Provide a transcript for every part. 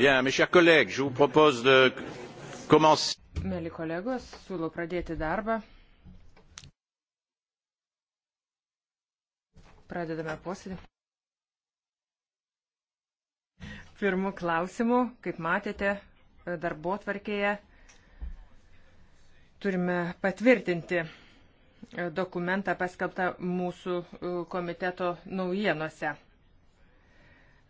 Bien, mes chers collègues, je vous propose de commencer. Mėly kolegos, siūlau pradėti darbą. Pradedame posėdį. Pirmų klausimų, kaip matėte, darbo tvarkėje turime patvirtinti dokumentą paskelbtą mūsų komiteto naujienose.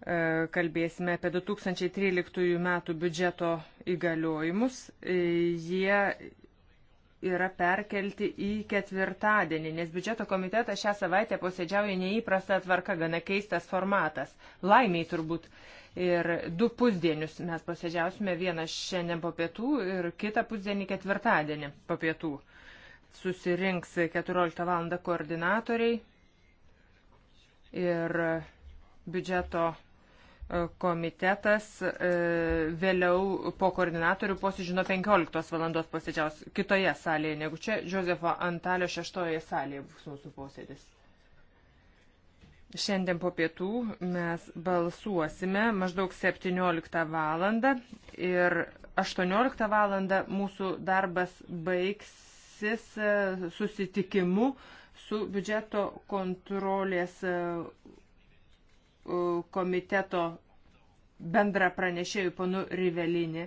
E, kalbėsime apie 2013 metų biudžeto įgaliojimus. E, jie yra perkelti į ketvirtadienį, nes biudžeto komitetas šią savaitę posėdžiauja neįprasta tvarka, gana keistas formatas. Laimiai turbūt. Ir du pusdienius mes posėdžiausime vieną šiandien po pietų ir kitą pusdienį ketvirtadienį po pietų. Susirinks 14 val. koordinatoriai ir biudžeto komitetas e, vėliau po koordinatorių posėdžių nuo 15 valandos posėdžiaus kitoje salėje negu čia, Josefo Antalio šeštoje salėje bus mūsų posėdis. Šiandien po pietų mes balsuosime maždaug 17 valandą ir 18 valandą mūsų darbas baigsis e, susitikimu su biudžeto kontrolės e, E, komiteto bendra pranešėjų ponu Rivelinį.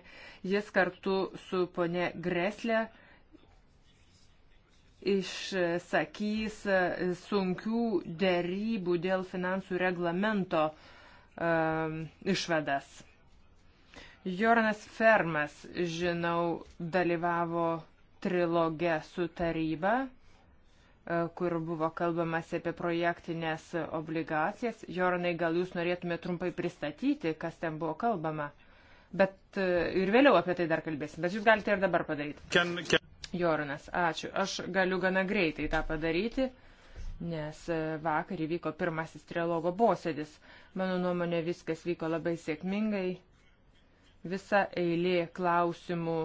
Jis kartu su ponė Greslė išsakys e, sunkių dėrybų dėl finansų reglamento um, išvadas. Jornas Fermas, žinau, dalyvavo trilogė su taryba E, kur buvo kalbamas apie projektinės obligacijas. Joranai, gal jūs norėtumėte trumpai pristatyti, kas ten buvo kalbama? Bet e, ir vėliau apie tai dar kalbėsim, bet jūs galite ir dabar padaryti. Can, can... Joranas, ačiū. Aš galiu gana greitai tą padaryti, nes e, vakar įvyko pirmasis trilogo posėdis. Mano nuomonė, viskas vyko labai sėkmingai. Visa eilė klausimų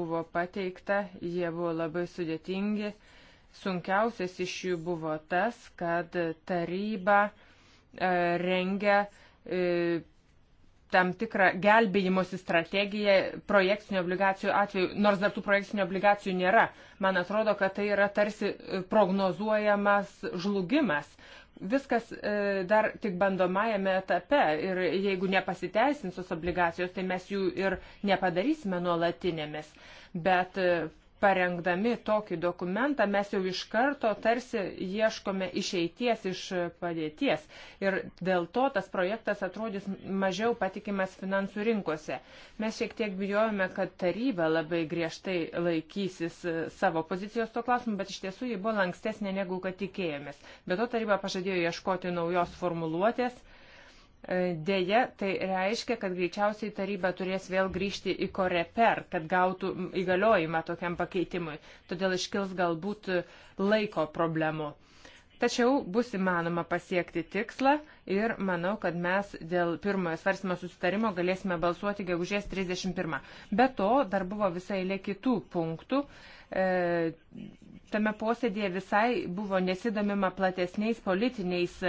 buvo pateikta, jie buvo labai sudėtingi Sunkiausias iš jų buvo tas, kad taryba e, rengia e, tam tikrą gelbėjimosi strategiją projekcinių obligacijų atveju, nors dar tų projekcinių obligacijų nėra. Man atrodo, kad tai yra tarsi e, prognozuojamas žlugimas. Viskas dar tik bandomajame etape ir jeigu nepasiteisins tos obligacijos, tai mes jų ir nepadarysime nuolatinėmis. Bet parengdami tokį dokumentą mes jau iš karto tarsi ieškome išeities iš padėties ir dėl to tas projektas atrodys mažiau patikimas finansų rinkose. Mes šiek tiek bijojame, kad taryba labai griežtai laikysis savo pozicijos to klausimu, bet iš tiesų ji buvo lankstesnė negu kad tikėjomės. Be to taryba pažadėjo ieškoti naujos formuluotės E, Deja, tai reiškia, kad greičiausiai taryba turės vėl grįžti į koreper, kad gautų įgaliojimą tokiam pakeitimui. Todėl iškils galbūt laiko problemų. Tačiau bus įmanoma pasiekti tikslą ir manau, kad mes dėl pirmojo svarstymo susitarimo galėsime balsuoti gegužės 31. Be to, dar buvo visai lė kitų punktų. E, tame posėdėje visai buvo nesidomima platesniais politiniais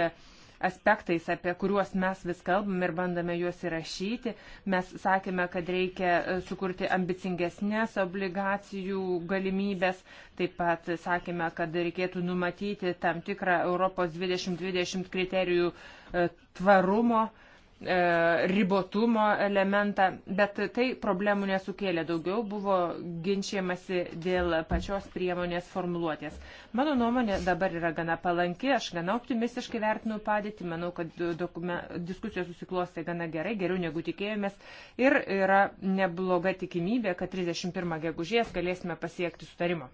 aspektais, apie kuriuos mes vis kalbam ir bandome juos įrašyti. Mes sakėme, kad reikia e, sukurti ambicingesnės obligacijų galimybės, taip pat sakėme, kad reikėtų numatyti tam tikrą Europos 2020 kriterijų e, tvarumo uh, E, ribotumo elementą, bet tai problemų nesukėlė. Daugiau buvo ginčiamasi dėl pačios priemonės formuluotės. Mano nuomonė dabar yra gana palanki, aš gana optimistiškai vertinu padėtį, manau, kad diskusijos susiklostė gana gerai, geriau negu tikėjomės ir yra nebloga tikimybė, kad 31 gegužės galėsime pasiekti sutarimo.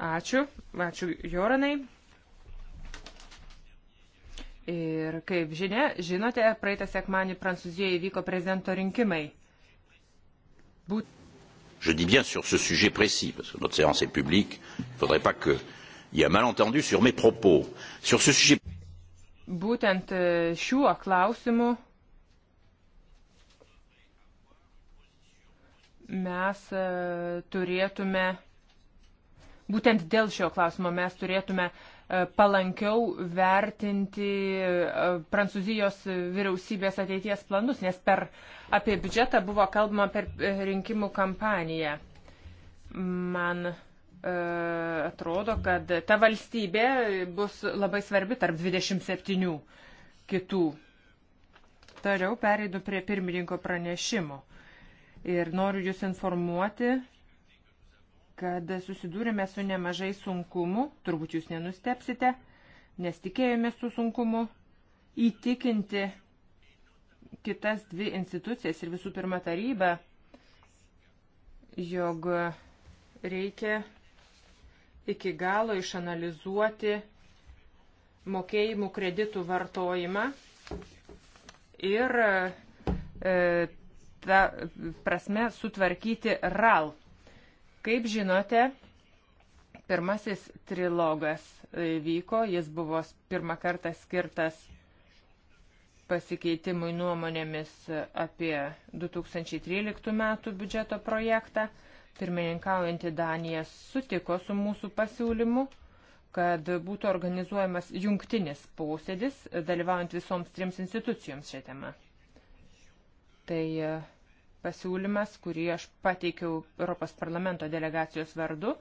Ačiū, ačiū Joranai. Ir kaip žinia, žinote, praeitą sekmanį Prancūzijoje įvyko prezidento rinkimai. Būt... Je dis bien sur ce sujet précis, parce que notre séance est publique, il ne faudrait pas qu'il y ait un malentendu sur mes propos. Sur ce sujet... Būtent e, šiuo klausimu mes e, turėtume, būtent dėl šio klausimo mes turėtume uh, palankiau vertinti e, Prancūzijos vyriausybės ateities planus, nes per, apie biudžetą buvo kalbama per e, rinkimų kampaniją. Man e, atrodo, kad ta valstybė bus labai svarbi tarp 27 kitų. Toliau pereidu prie pirmininko pranešimo. Ir noriu Jūs informuoti, kad susidūrėme su nemažai sunkumu, turbūt jūs nenustepsite, nes tikėjomės su sunkumu įtikinti kitas dvi institucijas ir visų pirma tarybą, jog reikia iki galo išanalizuoti mokėjimų kreditų vartojimą ir e, ta prasme sutvarkyti RAL Kaip žinote, pirmasis trilogas e, vyko, jis buvo pirmą kartą skirtas pasikeitimui nuomonėmis apie 2013 metų biudžeto projektą. Pirmininkaujantį Daniją sutiko su mūsų pasiūlymu, kad būtų organizuojamas jungtinis posėdis, dalyvaujant visoms trims institucijoms šią temą. Tai uh, pasiūlymas, kurį aš pateikiau Europos parlamento delegacijos vardu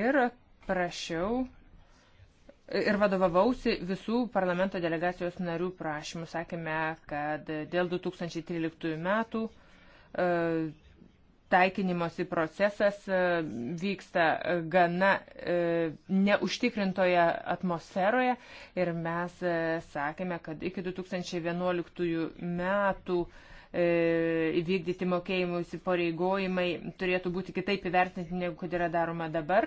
ir prašiau ir vadovavausi visų parlamento delegacijos narių prašymų. Sakėme, kad dėl 2013 metų e, taikinimosi procesas e, vyksta gana e, neužtikrintoje atmosferoje ir mes sakėme, kad iki 2011 metų E, įvykdyti mokėjimų įsipareigojimai turėtų būti kitaip įvertinti negu kad yra daroma dabar.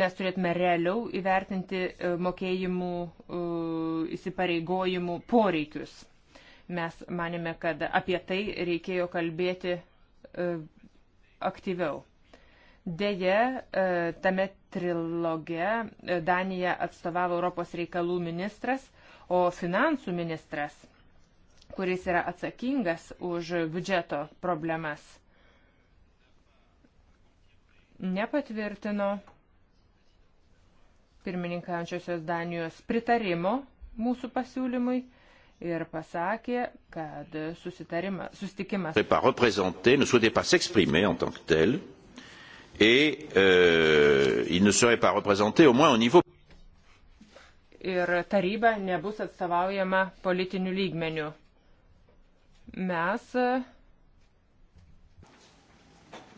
Mes turėtume realiau įvertinti e, mokėjimų e, įsipareigojimų poreikius. Mes manėme, kad apie tai reikėjo kalbėti aktyviau. Deja, tame triloge Danija atstovavo Europos reikalų ministras, o finansų ministras kuris yra atsakingas už biudžeto problemas, nepatvirtino pirmininkaujančiosios Danijos pritarimo mūsų pasiūlymui ir pasakė, kad susitikimas. Pas représenté, ne souhaitait pas s'exprimer en tant que tel et euh, il ne serait pas représenté au moins au niveau. Ir taryba nebus atstovaujama politiniu lygmeniu mes.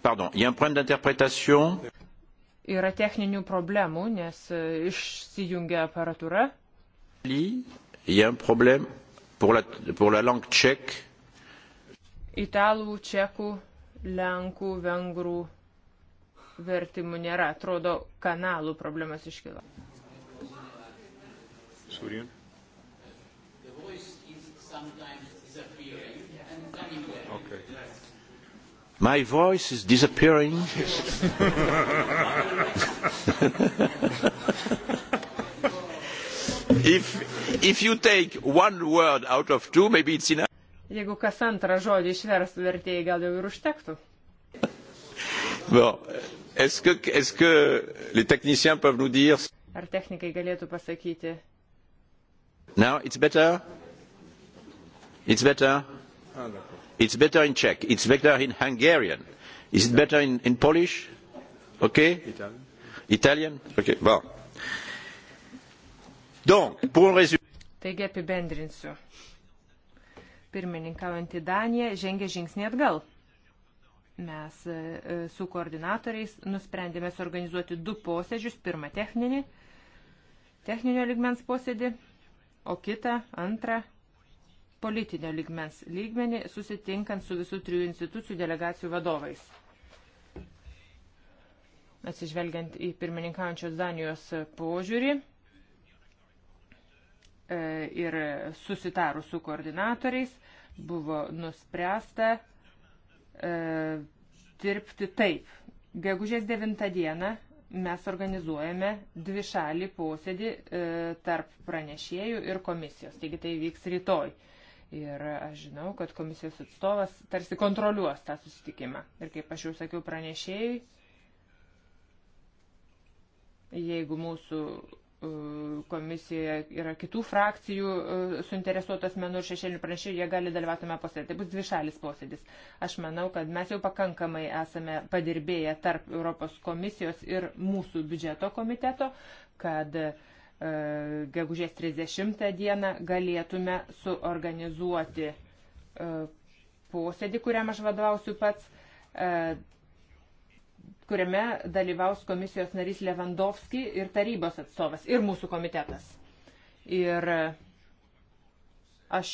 Pardon, il y a un problème d'interprétation. Yra techninių problemų, nes e, išsijungia aparatūra. Il y a un problème pour la, pour la langue tchèque. Italų, čekų, lenkų, vengrų vertimų nėra. Atrodo, kanalų problemas iškilo. Surien. My voice is disappearing. if, if you take one word out of two, maybe it's enough. Jeigu kas antrą žodį išverstų vertėjai, gal jau ir užtektų. Bon. Est-ce que, est que les techniciens peuvent nous dire Ar technikai galėtų pasakyti? Now it's better. It's better. Ah, It's better in Czech. It's better in Hungarian. Is it better in, in Polish? Okay Italian. Italian? Okay, bon. Donc, pour résumer. Taigi apibendrinsiu. Pirmininkaujantį Daniją žengė žingsnį atgal. Mes e, e, su koordinatoriais nusprendėme suorganizuoti du posėdžius. Pirmą techninį, techninio ligmens posėdį, o kitą, antrą politinio lygmens lygmenį, susitinkant su visų trijų institucijų delegacijų vadovais. Atsižvelgiant į pirmininkaujančios Danijos požiūrį e, ir susitarus su koordinatoriais, buvo nuspręsta e, dirbti taip. Gegužės 9 dieną mes organizuojame dvi šalį posėdį e, tarp pranešėjų ir komisijos. Taigi tai vyks rytoj. E, Ir aš žinau, kad komisijos atstovas tarsi kontroliuos tą susitikimą. Ir kaip aš jau sakiau pranešėjai, jeigu mūsų e, komisijoje yra kitų frakcijų e, suinteresuotas menų ir šešėlinių pranešėjų, jie gali dalyvauti tame posėdėje. Tai bus dvišalis posėdis. Aš manau, kad mes jau pakankamai esame padirbėję tarp Europos komisijos ir mūsų biudžeto komiteto, kad uh, E, gegužės 30 dieną galėtume suorganizuoti e, posėdį, kuriam aš vadovausiu pats, e, kuriame dalyvaus komisijos narys Levandovski ir tarybos atstovas ir mūsų komitetas. Ir aš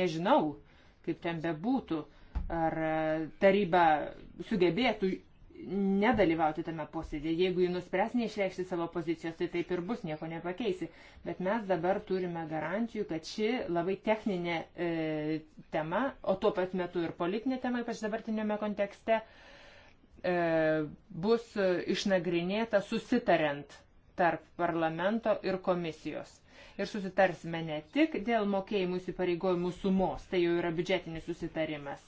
nežinau, kaip ten bebūtų, ar taryba sugebėtų nedalyvauti tame posėdėje. Jeigu ji nuspręs neišreikšti savo pozicijos, tai taip ir bus, nieko nepakeisi. Bet mes dabar turime garantijų, kad ši labai techninė e, tema, o tuo pat metu ir politinė tema, ypač dabartinėme kontekste, e, bus išnagrinėta susitariant tarp parlamento ir komisijos. Ir susitarsime ne tik dėl mokėjimų įsipareigojimų sumos, tai jau yra biudžetinis susitarimas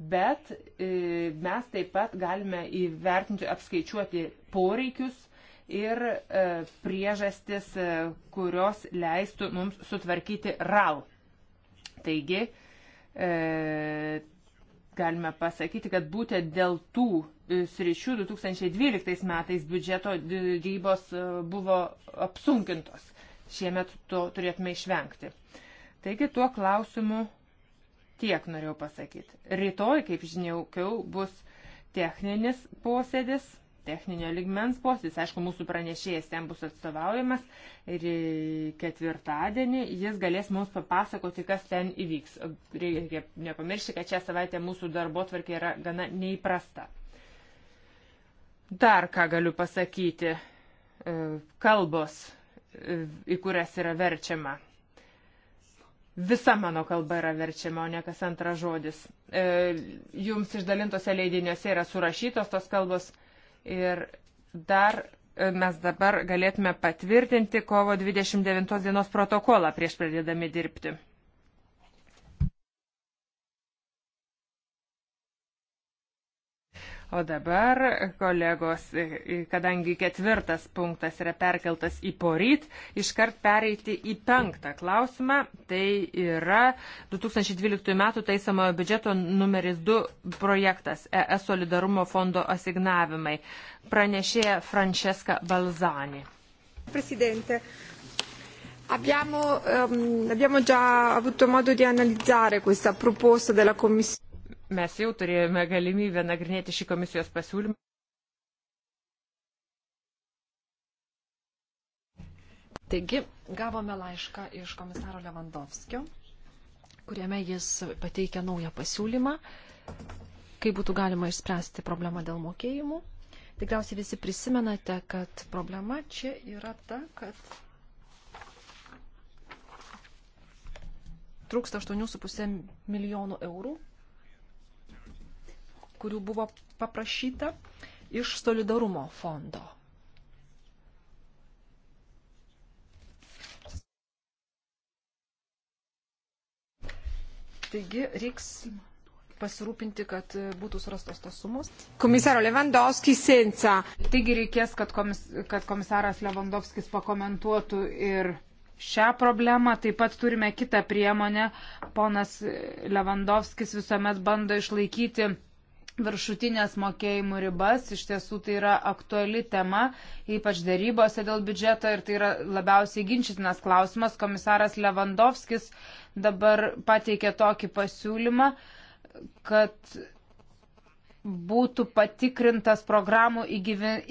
bet e, mes taip pat galime įvertinti, apskaičiuoti poreikius ir e, priežastis, e, kurios leistų mums sutvarkyti RAL. Taigi, galime pasakyti, kad būtent dėl tų sričių 2012 metais biudžeto dėrybos buvo apsunkintos. Šiemet to turėtume išvengti. Taigi, tuo klausimu Tiek norėjau pasakyti. Rytoj, kaip žiniaukiau, bus techninis posėdis, techninio ligmens posėdis. Aišku, mūsų pranešėjas ten bus atstovaujamas ir ketvirtadienį jis galės mums papasakoti, kas ten įvyks. Reikia nepamiršti, kad čia savaitė mūsų darbo tvarkė yra gana neįprasta. Dar ką galiu pasakyti. E, kalbos, e, į kurias yra verčiama visa mano kalba yra verčiama, o ne kas antras žodis. E, jums išdalintose leidiniuose yra surašytos tos kalbos ir dar e, mes dabar galėtume patvirtinti kovo 29 dienos protokolą prieš pradėdami dirbti. O dabar, kolegos, kadangi ketvirtas punktas yra perkeltas į poryt, iškart pereiti į penktą klausimą. Tai yra 2012 m. taisamojo biudžeto numeris 2 projektas ES solidarumo fondo asignavimai. Pranešėja Francesca Balzani. Presidente. Abbiamo, um, abbiamo già avuto modo di analizzare questa proposta della Commissione. Mes jau turėjome galimybę nagrinėti šį komisijos pasiūlymą. Taigi, gavome laišką iš komisaro Levandovskio, kuriame jis pateikia naują pasiūlymą, kaip būtų galima išspręsti problemą dėl mokėjimų. Tikriausiai visi prisimenate, kad problema čia yra ta, kad trūksta 8,5 milijonų eurų kurių buvo paprašyta iš solidarumo fondo. Taigi reiks pasirūpinti, kad būtų surastos tos sumos. Komisaro Levandovskis senca. Taigi reikės, kad, komis, kad komisaras Levandovskis pakomentuotų ir šią problemą. Taip pat turime kitą priemonę. Ponas Levandovskis visuomet bando išlaikyti viršutinės mokėjimų ribas. Iš tiesų tai yra aktuali tema, ypač darybose dėl biudžeto ir tai yra labiausiai ginčytinas klausimas. Komisaras Levandovskis dabar pateikė tokį pasiūlymą, kad būtų patikrintas programų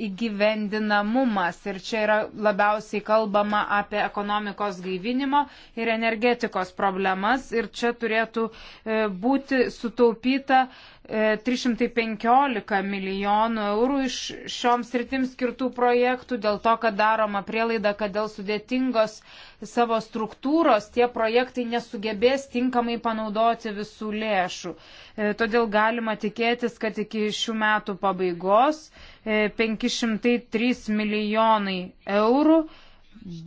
įgyvendinamumas. Ir čia yra labiausiai kalbama apie ekonomikos gaivinimo ir energetikos problemas. Ir čia turėtų e, būti sutaupyta 315 e, milijonų eurų iš šioms sritims skirtų projektų, dėl to, kad daroma prielaida, kad dėl sudėtingos savo struktūros tie projektai nesugebės tinkamai panaudoti visų lėšų. E, todėl galima tikėtis, kad iki šių metų pabaigos 503 e, milijonai eurų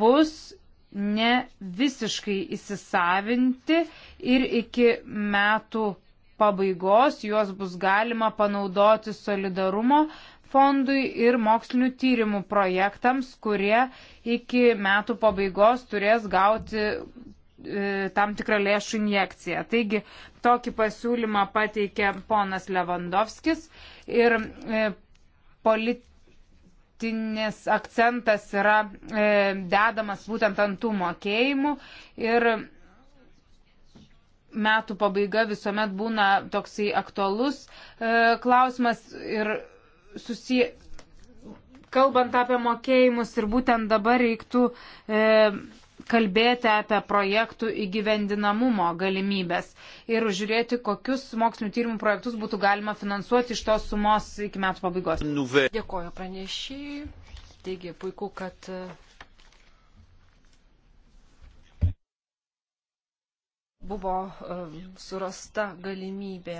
bus ne visiškai įsisavinti ir iki metų pabaigos juos bus galima panaudoti solidarumo fondui ir mokslinių tyrimų projektams, kurie iki metų pabaigos turės gauti e, tam tikrą lėšų injekciją. Taigi Tokį pasiūlymą pateikė ponas Levandovskis ir e, politinis akcentas yra e, dedamas būtent ant tų mokėjimų ir metų pabaiga visuomet būna toksai aktualus e, klausimas ir susi... kalbant apie mokėjimus ir būtent dabar reiktų kalbėti apie projektų įgyvendinamumo galimybės ir žiūrėti, kokius mokslinių tyrimų projektus būtų galima finansuoti iš tos sumos iki metų pabaigos. Dėkoju pranešėjai. Taigi, puiku, kad. E, buvo e, surasta galimybė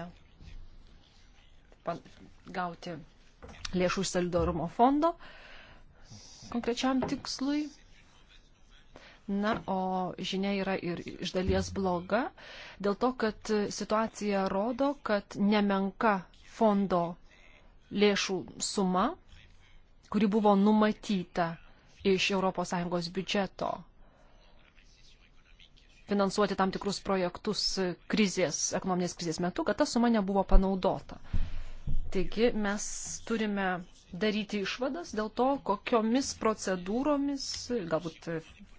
gauti lėšų iš solidarumo fondo konkrečiam tikslui. Na, o žinia yra ir iš dalies bloga, dėl to, kad situacija rodo, kad nemenka fondo lėšų suma, kuri buvo numatyta iš ES biudžeto finansuoti tam tikrus projektus krizės, ekonominės krizės metu, kad ta suma nebuvo panaudota. Taigi mes turime daryti išvadas dėl to, kokiomis procedūromis, galbūt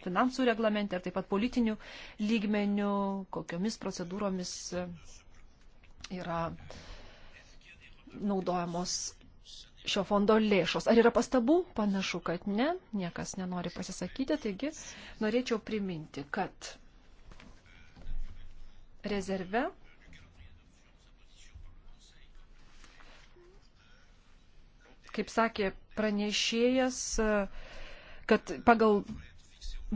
finansų reglamente, ar taip pat politinių lygmenių, kokiomis procedūromis e, yra naudojamos šio fondo lėšos. Ar yra pastabų? Panašu, kad ne, niekas nenori pasisakyti, taigi norėčiau priminti, kad rezerve kaip sakė pranešėjas, e, kad pagal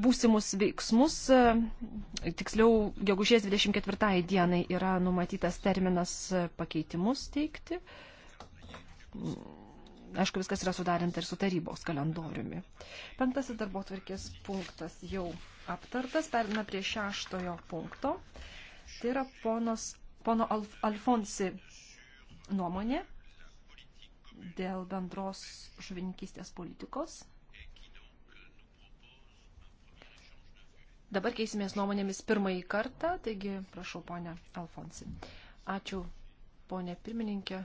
būsimus veiksmus, e, tiksliau, gegužės 24 dienai yra numatytas terminas e, pakeitimus teikti. Aišku, viskas yra sudarinta ir su tarybos kalendoriumi. Penktasis darbo tvarkės punktas jau aptartas, perina prie šeštojo punkto. Tai yra ponos, pono Alf, Alfonsi nuomonė dėl bendros žuvininkystės politikos. Dabar keisimės nuomonėmis pirmąjį kartą, taigi prašau, ponė Alfonsi. Ačiū, ponė pirmininkė.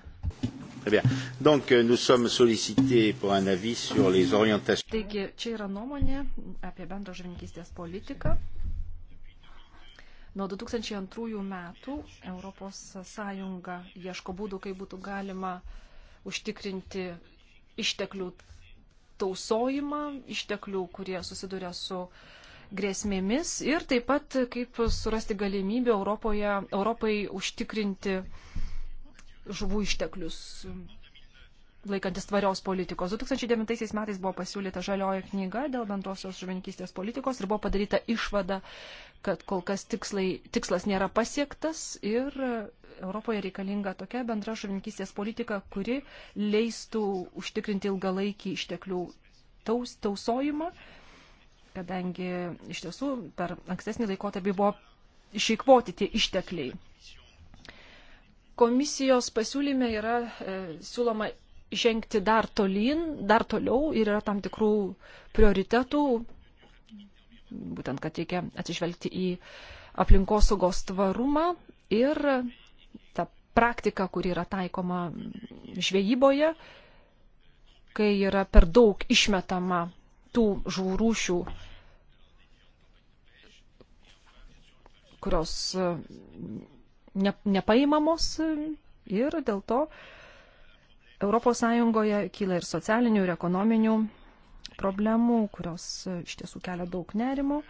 Donc, euh, taigi, čia yra nuomonė apie bendro žvininkystės politiką. Nuo 2002 metų ES ieško būdų, kaip būtų galima užtikrinti išteklių tausojimą, išteklių, kurie susiduria su uh, grėsmėmis ir taip pat kaip surasti galimybę Europoje, Europai užtikrinti žuvų išteklius laikantis tvarios politikos. 2009 metais buvo pasiūlyta žalioji knyga dėl bendrosios žuvininkystės politikos ir buvo padaryta išvada, kad kol kas tikslai, tikslas nėra pasiektas ir Europoje reikalinga tokia bendra žuvininkystės politika, kuri leistų užtikrinti ilgalaikį išteklių taus, tausojimą kadangi iš tiesų per ankstesnį laikotarpį buvo išeikvoti tie ištekliai. Komisijos pasiūlyme yra e, siūloma žengti dar tolyn, dar toliau ir yra tam tikrų prioritetų, būtent, kad reikia atsižvelgti į aplinkosaugos tvarumą ir tą praktiką, kuri yra taikoma žvejyboje, kai yra per daug išmetama tų žuvų rūšių, kurios e, ne, nepaimamos e, ir dėl to ES kyla ir socialinių, ir ekonominių problemų, kurios e, iš tiesų kelia daug nerimo.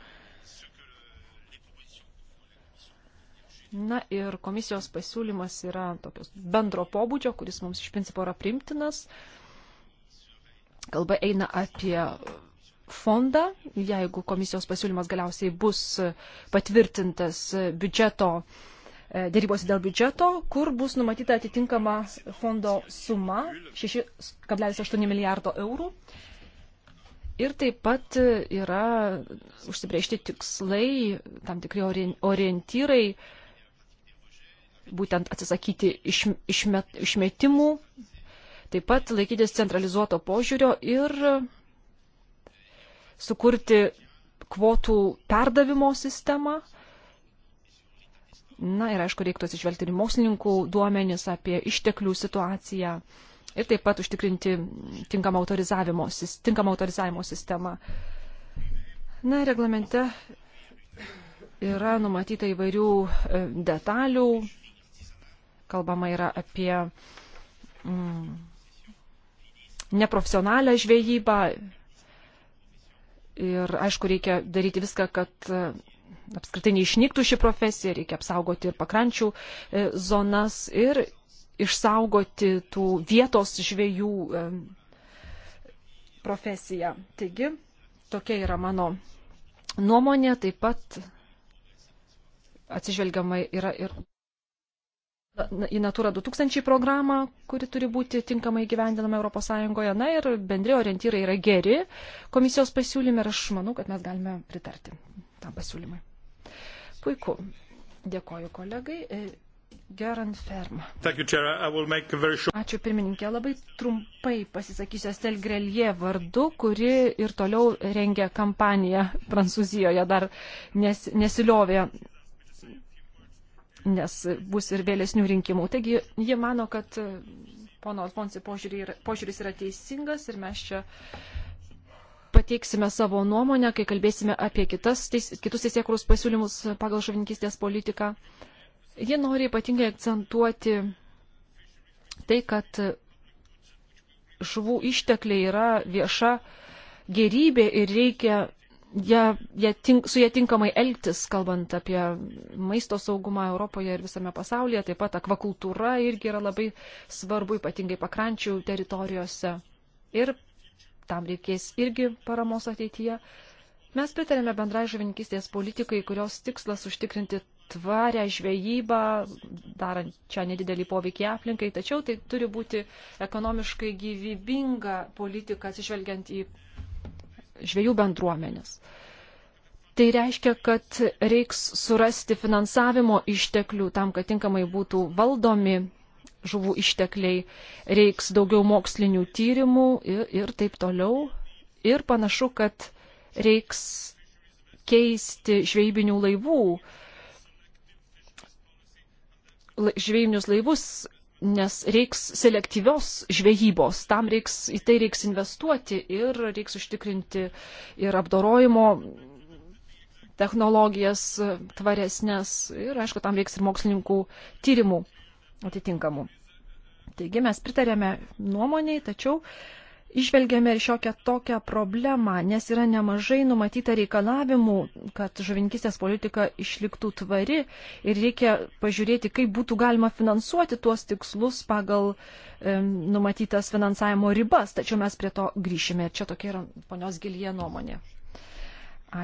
Na ir komisijos pasiūlymas yra tokios bendro pobūdžio, kuris mums iš principo yra primtinas. Kalba eina apie fondą, jeigu komisijos pasiūlymas galiausiai bus patvirtintas biudžeto, e, dėrybos dėl biudžeto, kur bus numatyta atitinkama fondo suma 6,8 milijardo eurų. Ir taip pat e, yra užsibriežti tikslai, tam tikri orientyrai, būtent atsisakyti iš, išmet, išmetimų, taip pat laikytis centralizuoto požiūrio ir sukurti kvotų perdavimo sistemą. Na ir aišku, reiktų atsižvelgti ir mokslininkų duomenis apie išteklių situaciją ir taip pat užtikrinti tinkamą autorizavimo, tinkamą autorizavimo sistemą. Na, reglamente yra numatyta įvairių e, detalių, kalbama yra apie mm, neprofesionalią žvejybą, Ir aišku, reikia daryti viską, kad e, apskritai neišnyktų ši profesija, reikia apsaugoti ir pakrančių e, zonas ir išsaugoti tų vietos žvėjų e, profesiją. Taigi, tokia yra mano nuomonė, taip pat atsižvelgiama yra ir į Natūra 2000 programą, kuri turi būti tinkamai gyvendinama ES. Na ir bendri orientyrai yra geri komisijos pasiūlymai ir aš manau, kad mes galime pritarti tam pasiūlymui. Puiku. Dėkoju kolegai. E, Geran Ferma. Ačiū pirmininkė. Labai trumpai pasisakysiu Estel Grelie vardu, kuri ir toliau rengia kampaniją Prancūzijoje, dar nes, nesiliovė nes bus ir vėlesnių rinkimų. Taigi jie mano, kad e, pono Alfonsi požiūris yra teisingas ir mes čia pateiksime savo nuomonę, kai kalbėsime apie kitas, teis, kitus teisėkurus pasiūlymus pagal žuvininkystės politiką. Jie nori ypatingai akcentuoti tai, kad žuvų ištekliai yra vieša gerybė ir reikia jie, jie tink, su jie tinkamai elgtis, kalbant apie maisto saugumą Europoje ir visame pasaulyje. Taip pat akvakultūra irgi yra labai svarbu, ypatingai pakrančių teritorijose. Ir tam reikės irgi paramos ateityje. Mes pritarėme bendrai žuvininkistės politikai, kurios tikslas užtikrinti tvarę žvejybą, darant čia nedidelį poveikį aplinkai, tačiau tai turi būti ekonomiškai gyvybinga politika, atsižvelgiant į žviejų bendruomenės. Tai reiškia, kad reiks surasti finansavimo išteklių tam, kad tinkamai būtų valdomi žuvų ištekliai, reiks daugiau mokslinių tyrimų ir, ir taip toliau. Ir panašu, kad reiks keisti žvejybinių laivų, žvejybinius laivus nes reiks selektyvios žvejybos, tam reiks, į tai reiks investuoti ir reiks užtikrinti ir apdorojimo technologijas tvaresnės ir, aišku, tam reiks ir mokslininkų tyrimų atitinkamų. Taigi mes pritarėme nuomoniai, tačiau išvelgiame ir šiokią tokią problemą, nes yra nemažai numatyta reikalavimų, kad žuvinkistės politika išliktų tvari ir reikia pažiūrėti, kaip būtų galima finansuoti tuos tikslus pagal e, numatytas finansavimo ribas, tačiau mes prie to grįšime ir čia tokia yra ponios gilyje nuomonė.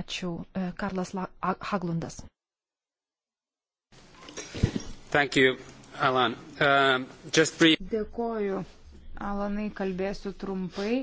Ačiū. E, Karlas La Haglundas. Thank you, Alan. Uh, just brief... Dėkoju. Alanai, kalbėsiu trumpai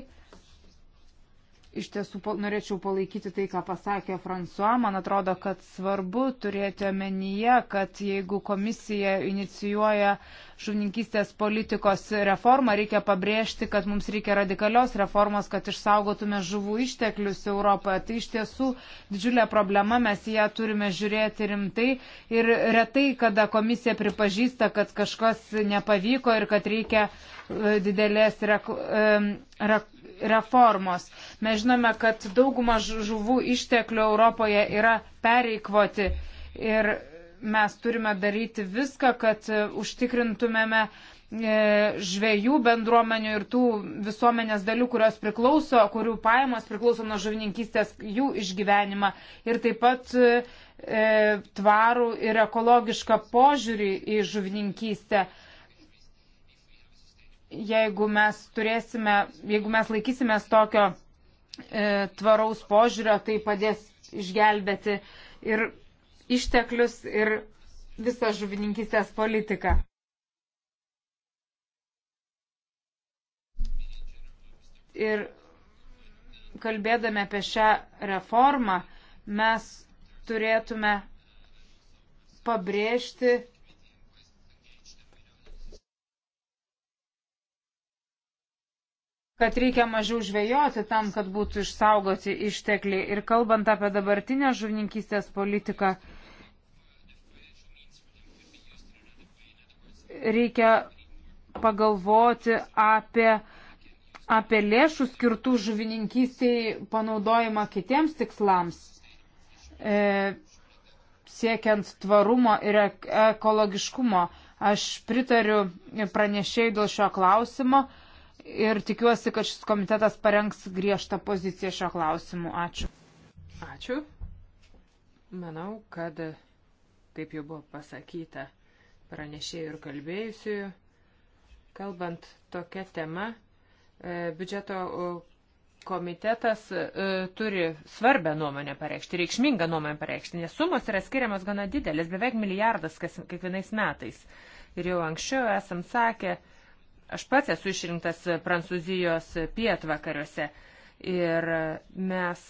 iš tiesų po, norėčiau palaikyti tai, ką pasakė Fransuo. Man atrodo, kad svarbu turėti omenyje, kad jeigu komisija inicijuoja žuvininkystės politikos reformą, reikia pabrėžti, kad mums reikia radikalios reformos, kad išsaugotume žuvų išteklius Europoje. Tai iš tiesų didžiulė problema, mes ją turime žiūrėti rimtai ir retai, kada komisija pripažįsta, kad kažkas nepavyko ir kad reikia e, didelės rek, e, rek, reformos. Mes žinome, kad dauguma žuvų išteklių Europoje yra pereikvoti ir mes turime daryti viską, kad e, užtikrintumėme e, žvėjų bendruomenių ir tų visuomenės dalių, kurios priklauso, kurių pajamos priklauso nuo žuvininkystės, jų išgyvenimą ir taip pat e, e tvarų ir ekologišką požiūrį į žuvininkystę. E, jeigu mes turėsime, jeigu mes laikysimės tokio e, tvaraus požiūrio, tai padės išgelbėti ir išteklius, ir visą žuvininkystės politiką. Ir kalbėdami apie šią reformą, mes turėtume pabrėžti kad reikia mažiau žvejoti tam, kad būtų išsaugoti ištekliai. Ir kalbant apie dabartinę žuvininkystės politiką, reikia pagalvoti apie, apie lėšų skirtų žuvininkystiai panaudojimą kitiems tikslams, e, siekiant tvarumo ir ekologiškumo. Aš pritariu pranešėjai dėl šio klausimo. E, ir tikiuosi, kad šis komitetas parengs griežtą poziciją šio klausimu. Ačiū. Ačiū. Manau, kad, kaip jau buvo pasakyta, pranešėjų ir kalbėjusiųjų, kalbant tokia tema, e, biudžeto komitetas e, turi svarbę nuomonę pareikšti, reikšmingą nuomonę pareikšti, nes sumos yra skiriamas gana didelis, beveik milijardas kas, kiekvienais metais. Ir jau anksčiau esam sakę, Aš pats esu išrinktas Prancūzijos pietvakariuose ir mes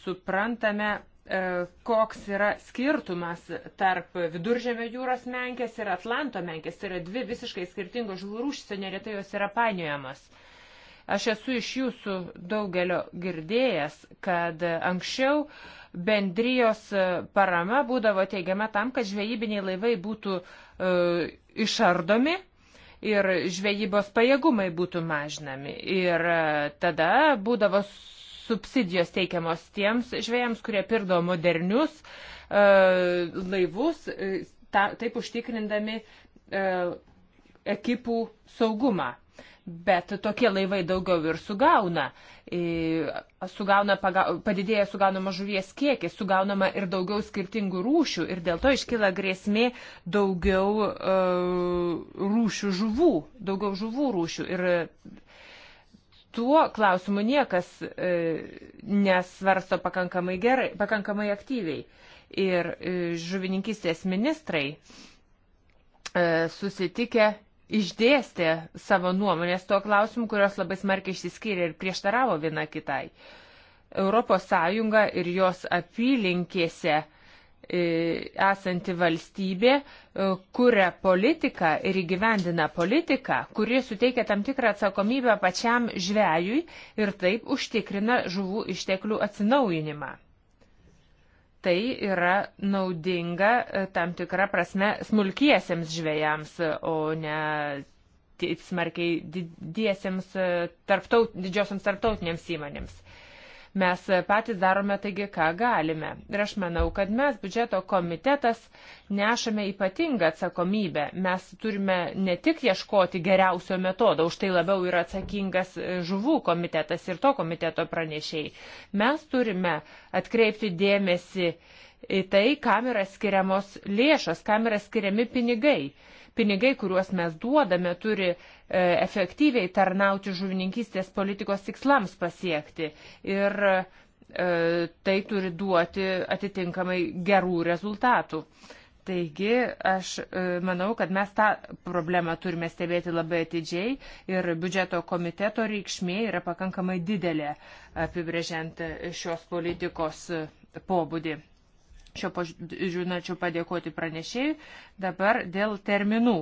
suprantame, e, koks yra skirtumas tarp viduržėmio jūros menkės ir Atlanto menkės. Tai yra dvi visiškai skirtingos žuvų rūšys, neretai jos yra painiojamos. Aš esu iš jūsų daugelio girdėjęs, kad anksčiau bendrijos parama būdavo teigiama tam, kad žvejybiniai laivai būtų e, išardomi ir žvejybos pajėgumai būtų mažinami. Ir e, tada būdavo subsidijos teikiamos tiems žvėjams, kurie pirdo modernius e, laivus, e, ta, taip užtikrindami e, ekipų saugumą. Bet tokie laivai daugiau ir sugauna. sugauna padidėja sugaunama žuvies kiekis, sugaunama ir daugiau skirtingų rūšių ir dėl to iškyla grėsmė daugiau uh, rūšių žuvų, daugiau žuvų rūšių. Ir tuo klausimu niekas uh, nesvarsto pakankamai gerai, pakankamai aktyviai. Ir uh, e, žuvininkistės ministrai uh, susitikę išdėstė savo nuomonės tuo klausimu, kurios labai smarkiai išsiskyrė ir prieštaravo viena kitai. Europos Sąjunga ir jos apylinkėse e, esanti valstybė e, kuria politiką ir įgyvendina politiką, kuri suteikia tam tikrą atsakomybę pačiam žvėjui ir taip užtikrina žuvų išteklių atsinaujinimą tai yra naudinga e, tam tikrą prasme smulkiesiems žvėjams, e, o ne smarkiai didiesiems e, tarptaut, didžiosiams tarptautinėms įmonėms. Mes patys darome taigi, ką galime. Ir aš manau, kad mes, biudžeto komitetas, nešame ypatingą atsakomybę. Mes turime ne tik ieškoti geriausio metodo, už tai labiau yra atsakingas e, žuvų komitetas ir to komiteto pranešėjai. Mes turime atkreipti dėmesį į tai, kam yra skiriamos lėšos, kam yra skiriami pinigai. Pinigai, kuriuos mes duodame, turi e, efektyviai tarnauti žuvininkystės politikos tikslams pasiekti. Ir e, tai turi duoti atitinkamai gerų rezultatų. Taigi, aš e, manau, kad mes tą problemą turime stebėti labai atidžiai ir biudžeto komiteto reikšmė yra pakankamai didelė apibrėžiant šios politikos pobūdį. Šio požiūriu norėčiau padėkoti pranešėjui. Dabar dėl terminų.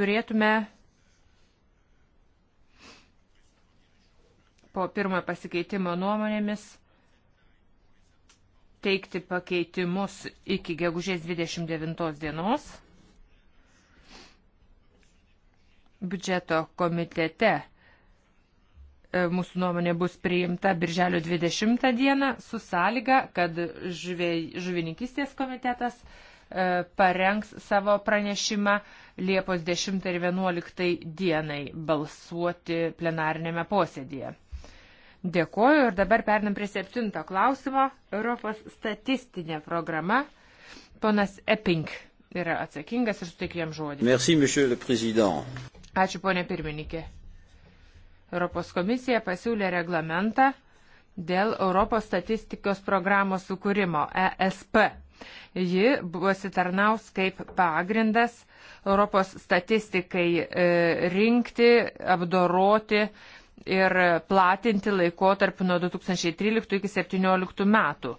Turėtume po pirmojo pasikeitimo nuomonėmis teikti pakeitimus iki gegužės 29 dienos. Biudžeto komitete E, mūsų nuomonė bus priimta birželio 20 dieną su sąlyga, kad žvėj, žuvininkystės komitetas e, parengs savo pranešimą Liepos 10 ir 11 dienai balsuoti plenarinėme posėdėje. Dėkuoju ir dabar pernam prie septinto klausimo. Europos statistinė programa. Ponas Epping yra atsakingas ir suteikiam žodį. Merci, Ačiū, ponė pirmininkė. Europos komisija pasiūlė reglamentą dėl Europos statistikos programos sukūrimo ESP. Ji pasitarnaus kaip pagrindas Europos statistikai e, rinkti, apdoroti ir platinti laikotarpį nuo 2013 iki 2017 metų.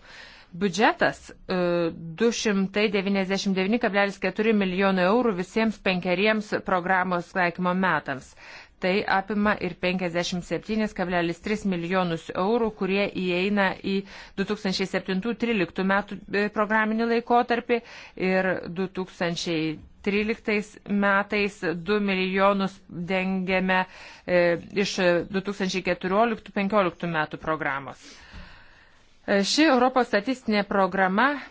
Biudžetas 299,4 e, milijonų eurų visiems penkeriems programos taikymo metams. Tai apima ir 57,3 milijonus eurų, kurie įeina į 2007-2013 metų e, programinį laikotarpį ir 2013 metais 2 milijonus dengiame e, iš 2014-2015 metų programos. E, ši Europos statistinė programa e,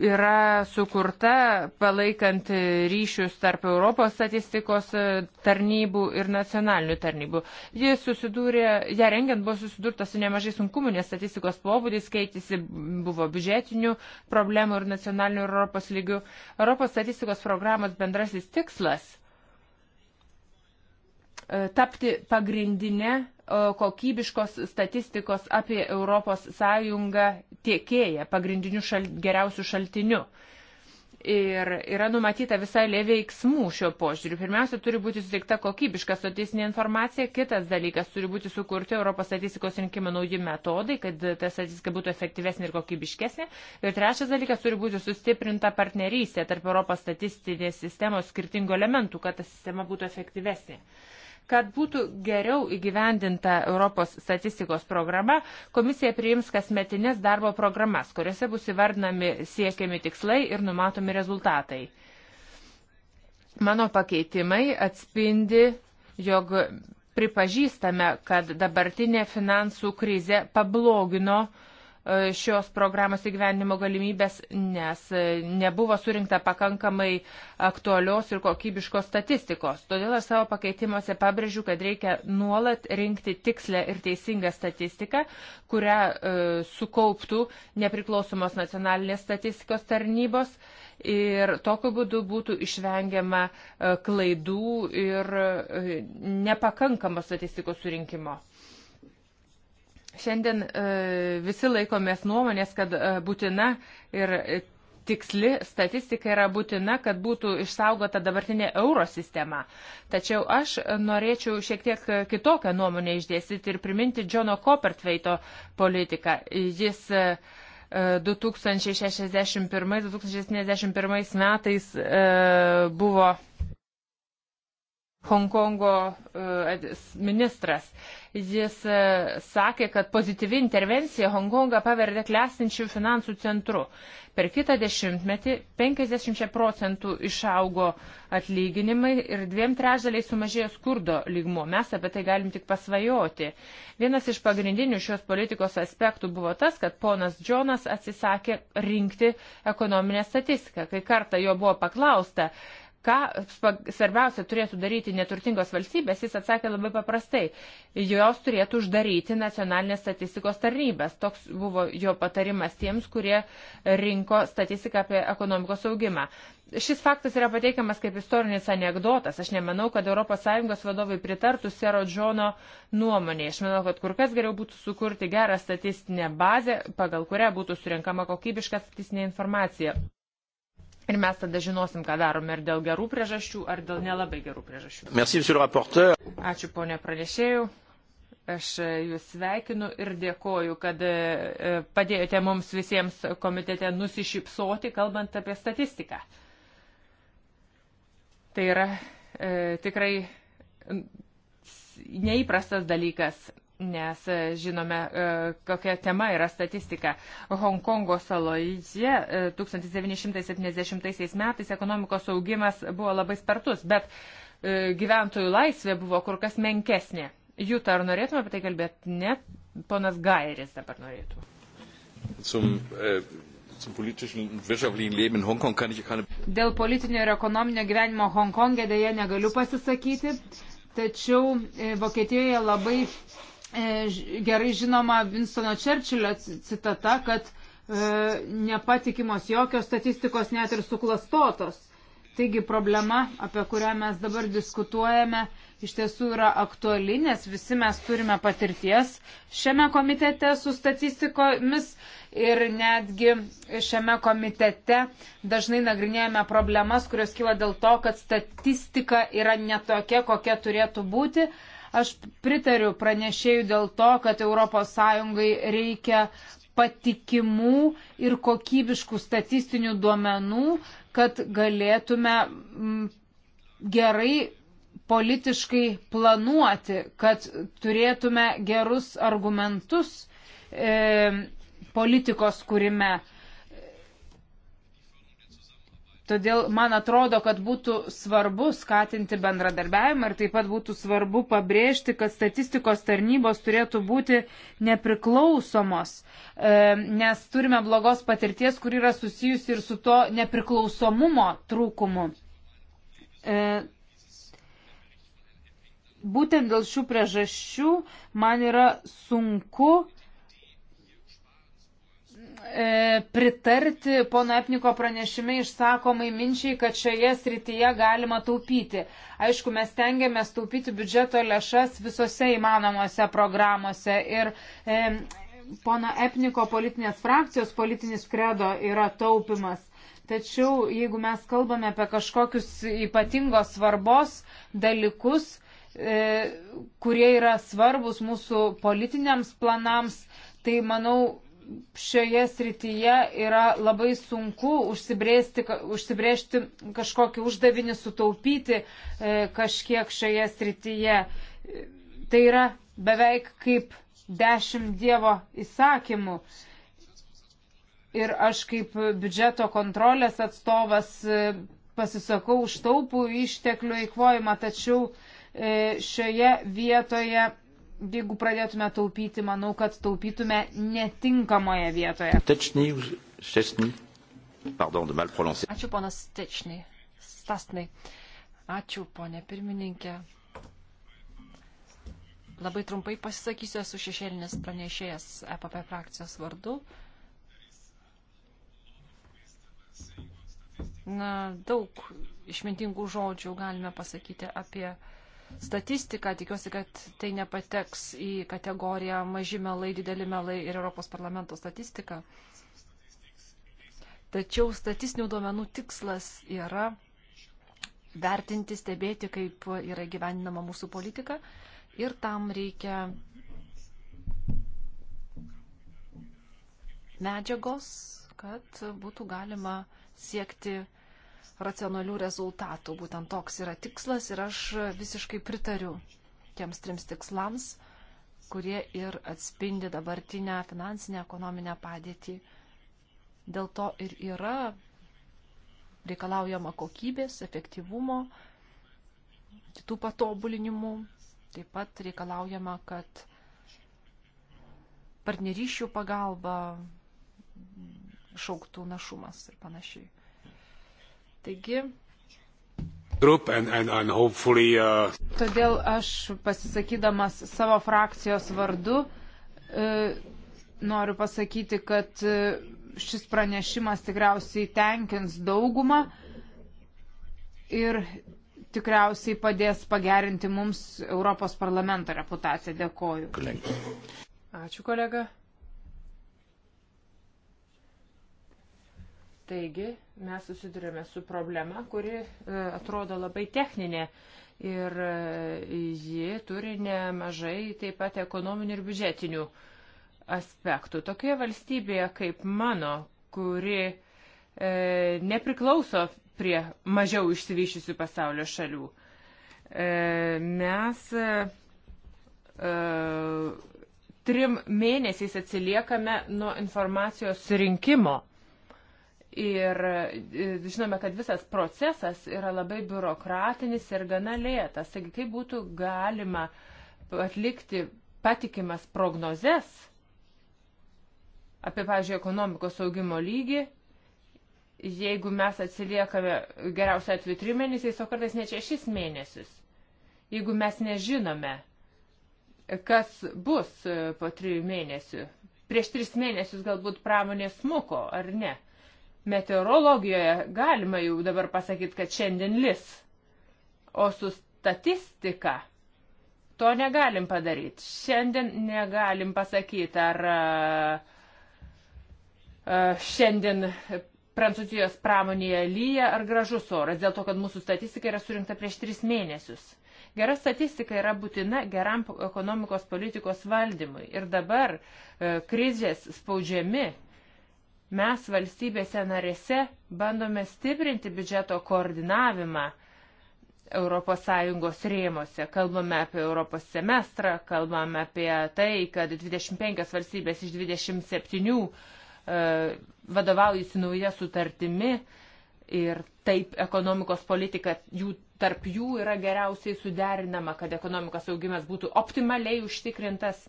yra sukurta palaikant ryšius tarp Europos statistikos tarnybų ir nacionalinių tarnybų. Ji susidūrė, ją rengiant buvo susidurta su nemažai sunkumu, nes statistikos pobūdis keitėsi, buvo biudžetinių problemų ir nacionalinių ir Europos lygių. Europos statistikos programos bendrasis tikslas e, - tapti pagrindinę kokybiškos statistikos apie ES tiekėją pagrindiniu šal, geriausiu šaltiniu. Ir yra numatyta visai lė veiksmų šio požiūriu. Pirmiausia, turi būti suteikta kokybiška statistinė informacija. Kitas dalykas, turi būti sukurti Europos statistikos rinkimo nauji metodai, kad ta statistika būtų efektyvesnė ir kokybiškesnė. Ir trečias dalykas, turi būti sustiprinta partnerystė tarp Europos statistinės sistemos skirtingų elementų, kad ta sistema būtų efektyvesnė. Uh, Kad būtų geriau įgyvendinta Europos statistikos programa, komisija priims kasmetinės darbo programas, kuriuose bus įvardinami siekiami tikslai ir numatomi rezultatai. Mano pakeitimai atspindi, jog pripažįstame, kad dabartinė finansų krizė pablogino uh, E, šios programos įgyvenimo galimybės, nes e, nebuvo surinkta pakankamai aktualios ir kokybiškos statistikos. Todėl aš savo pakeitimuose pabrėžiu, kad reikia nuolat rinkti tikslę ir teisingą statistiką, kurią e, sukauptų nepriklausomos nacionalinės statistikos tarnybos ir tokiu būdu būtų išvengiama e, klaidų ir nepakankamo statistikos surinkimo. Šiandien e, visi laikomės nuomonės, kad e, būtina ir tiksli statistika yra būtina, kad būtų išsaugota dabartinė euro sistema. Tačiau aš norėčiau šiek tiek kitokią nuomonę išdėstyti ir priminti Džono Kopertveito politiką. Jis 2061-2071 e, metais buvo Hongkongo e, ministras. Jis e, sakė, kad pozityvi intervencija Hongkongą paverdė klestinčių finansų centru. Per kitą dešimtmetį 50 procentų išaugo atlyginimai ir dviem trešdaliai sumažėjo skurdo lygmo. Mes apie tai galim tik pasvajoti. Vienas iš pagrindinių šios politikos aspektų buvo tas, kad ponas Džonas atsisakė rinkti ekonominę statistiką. Kai kartą jo buvo paklausta, ką svarbiausia turėtų daryti neturtingos valstybės, jis atsakė labai paprastai. Jos turėtų uždaryti nacionalinės statistikos tarnybės. Toks buvo jo patarimas tiems, kurie rinko statistiką apie ekonomikos augimą. Šis faktas yra pateikiamas kaip istorinis anegdotas. Aš nemanau, kad ES vadovai pritartų Sero Džono nuomonė. Aš manau, kad kur kas geriau būtų sukurti gerą statistinę bazę, pagal kurią būtų surinkama kokybiška statistinė informacija ir mes tada žinosim, ką darome ir dėl gerų priežasčių, ar dėl nelabai gerų priežasčių. Merci, Ačiū, ponė pranešėjau. Aš e, jūs sveikinu ir dėkoju, kad e, e, padėjote mums visiems komitete nusišypsoti, kalbant apie statistiką. Tai yra e, tikrai neįprastas dalykas nes e, žinome, e, kokia tema yra statistika. Hongkongo saloje 1970 e, metais ekonomikos augimas buvo labai spartus, bet gyventojų laisvė buvo kur kas menkesnė. Jūta, ar norėtume apie tai kalbėti? Ne, ponas Gairis dabar norėtų. Zum, äh, zum politischen und wirtschaftlichen Leben in Hongkong kann ich keine. Dėl politinio ir ekonominio gyvenimo Hongkonge dėje negaliu pasisakyti, tačiau Vokietijoje labai E, gerai žinoma Winstono Čerčilio citata, kad e, nepatikimos jokios statistikos net ir suklastotos. Taigi problema, apie kurią mes dabar diskutuojame, iš tiesų yra aktuali, nes visi mes turime patirties šiame komitete su statistikomis ir netgi šiame komitete dažnai nagrinėjame problemas, kurios kyla dėl to, kad statistika yra netokia, kokia turėtų būti Aš pritariu pranešėjų dėl to, kad ES reikia patikimų ir kokybiškų statistinių duomenų, kad galėtume mm, gerai politiškai planuoti, kad turėtume gerus argumentus e, politikos kūrime. Todėl man atrodo, kad būtų svarbu skatinti bendradarbiavimą ir taip pat būtų svarbu pabrėžti, kad statistikos tarnybos turėtų būti nepriklausomos, e, nes turime blogos patirties, kur yra susijusi ir su to nepriklausomumo trūkumu. E, būtent dėl šių priežasčių man yra sunku E, pritarti pono Epniko pranešime išsakomai minčiai, kad šioje srityje galima taupyti. Aišku, mes tengiamės taupyti biudžeto lėšas visose įmanomose programuose. Ir e, pono Epniko politinės frakcijos politinis kredo yra taupimas. Tačiau, jeigu mes kalbame apie kažkokius ypatingos svarbos dalykus, e, kurie yra svarbus mūsų politiniams planams, tai manau, šioje srityje yra labai sunku užsibrėžti kažkokį uždavinį, sutaupyti e, kažkiek šioje srityje. Tai yra beveik kaip dešimt Dievo įsakymų. Ir aš kaip biudžeto kontrolės atstovas e, pasisakau už taupų išteklių įkvojimą, tačiau e, šioje vietoje jeigu pradėtume taupyti, manau, kad taupytume netinkamoje vietoje. Tečny, šešny. Pardon, de mal prononcé. Ačiū, ponas Tečny. Stasny. Ačiū, ponė pirmininkė. Labai trumpai pasisakysiu, esu šešėlinis pranešėjas EPP frakcijos vardu. Na, daug išmintingų žodžių galime pasakyti apie uh, statistiką. Tikiuosi, kad tai nepateks į kategoriją maži melai, dideli melai ir Europos parlamento statistiką. Tačiau statistinių duomenų tikslas yra vertinti, stebėti, kaip yra gyveninama mūsų politika. Ir tam reikia medžiagos, kad būtų galima siekti racionalių rezultatų. Būtent toks yra tikslas ir aš visiškai pritariu tiems trims tikslams, kurie ir atspindi dabartinę finansinę ekonominę padėtį. Dėl to ir yra reikalaujama kokybės, efektyvumo, kitų patobulinimų. Taip pat reikalaujama, kad partnerysčių pagalba šauktų našumas ir panašiai. Taigi. And, and, and hopefully, uh... Todėl aš pasisakydamas savo frakcijos vardu e, noriu pasakyti, kad e, šis pranešimas tikriausiai tenkins daugumą ir tikriausiai padės pagerinti mums Europos parlamento reputaciją. Dėkoju. Kolega. Ačiū kolega. Taigi mes susidurėme su problema, kuri e, atrodo labai techninė ir e, ji turi nemažai taip pat ekonominių ir biudžetinių aspektų. Tokioje valstybėje kaip mano, kuri e, nepriklauso prie mažiau išsivyšusių pasaulio šalių, e, mes e, e, trim mėnesiais atsiliekame nuo informacijos rinkimo Ir e, žinome, kad visas procesas yra labai biurokratinis ir gana lėtas. Taigi, kaip būtų galima atlikti patikimas prognozes apie, pavyzdžiui, ekonomikos augimo lygį, jeigu mes atsiliekame geriausia atveju trim mėnesiais, o kartais net šešis mėnesius. Jeigu mes nežinome, kas bus e, po trijų mėnesių. Prieš tris mėnesius galbūt pramonė smuko, ar ne? Meteorologijoje galima jau dabar pasakyti, kad šiandien lis. O su statistika to negalim padaryti. Šiandien negalim pasakyti, ar a, e, a, e, šiandien Prancūzijos pramonėje lyja ar gražus oras, dėl to, kad mūsų statistika yra surinkta prieš tris mėnesius. Gera statistika yra būtina geram ekonomikos politikos valdymui. Ir dabar e, krizės spaudžiami Mes valstybėse narėse bandome stiprinti biudžeto koordinavimą ES rėmose. Kalbame apie Europos semestrą, kalbame apie tai, kad 25 valstybės iš 27 e, vadovaujasi nauja sutartimi ir taip ekonomikos politika jų, tarp jų yra geriausiai suderinama, kad ekonomikos augimas būtų optimaliai užtikrintas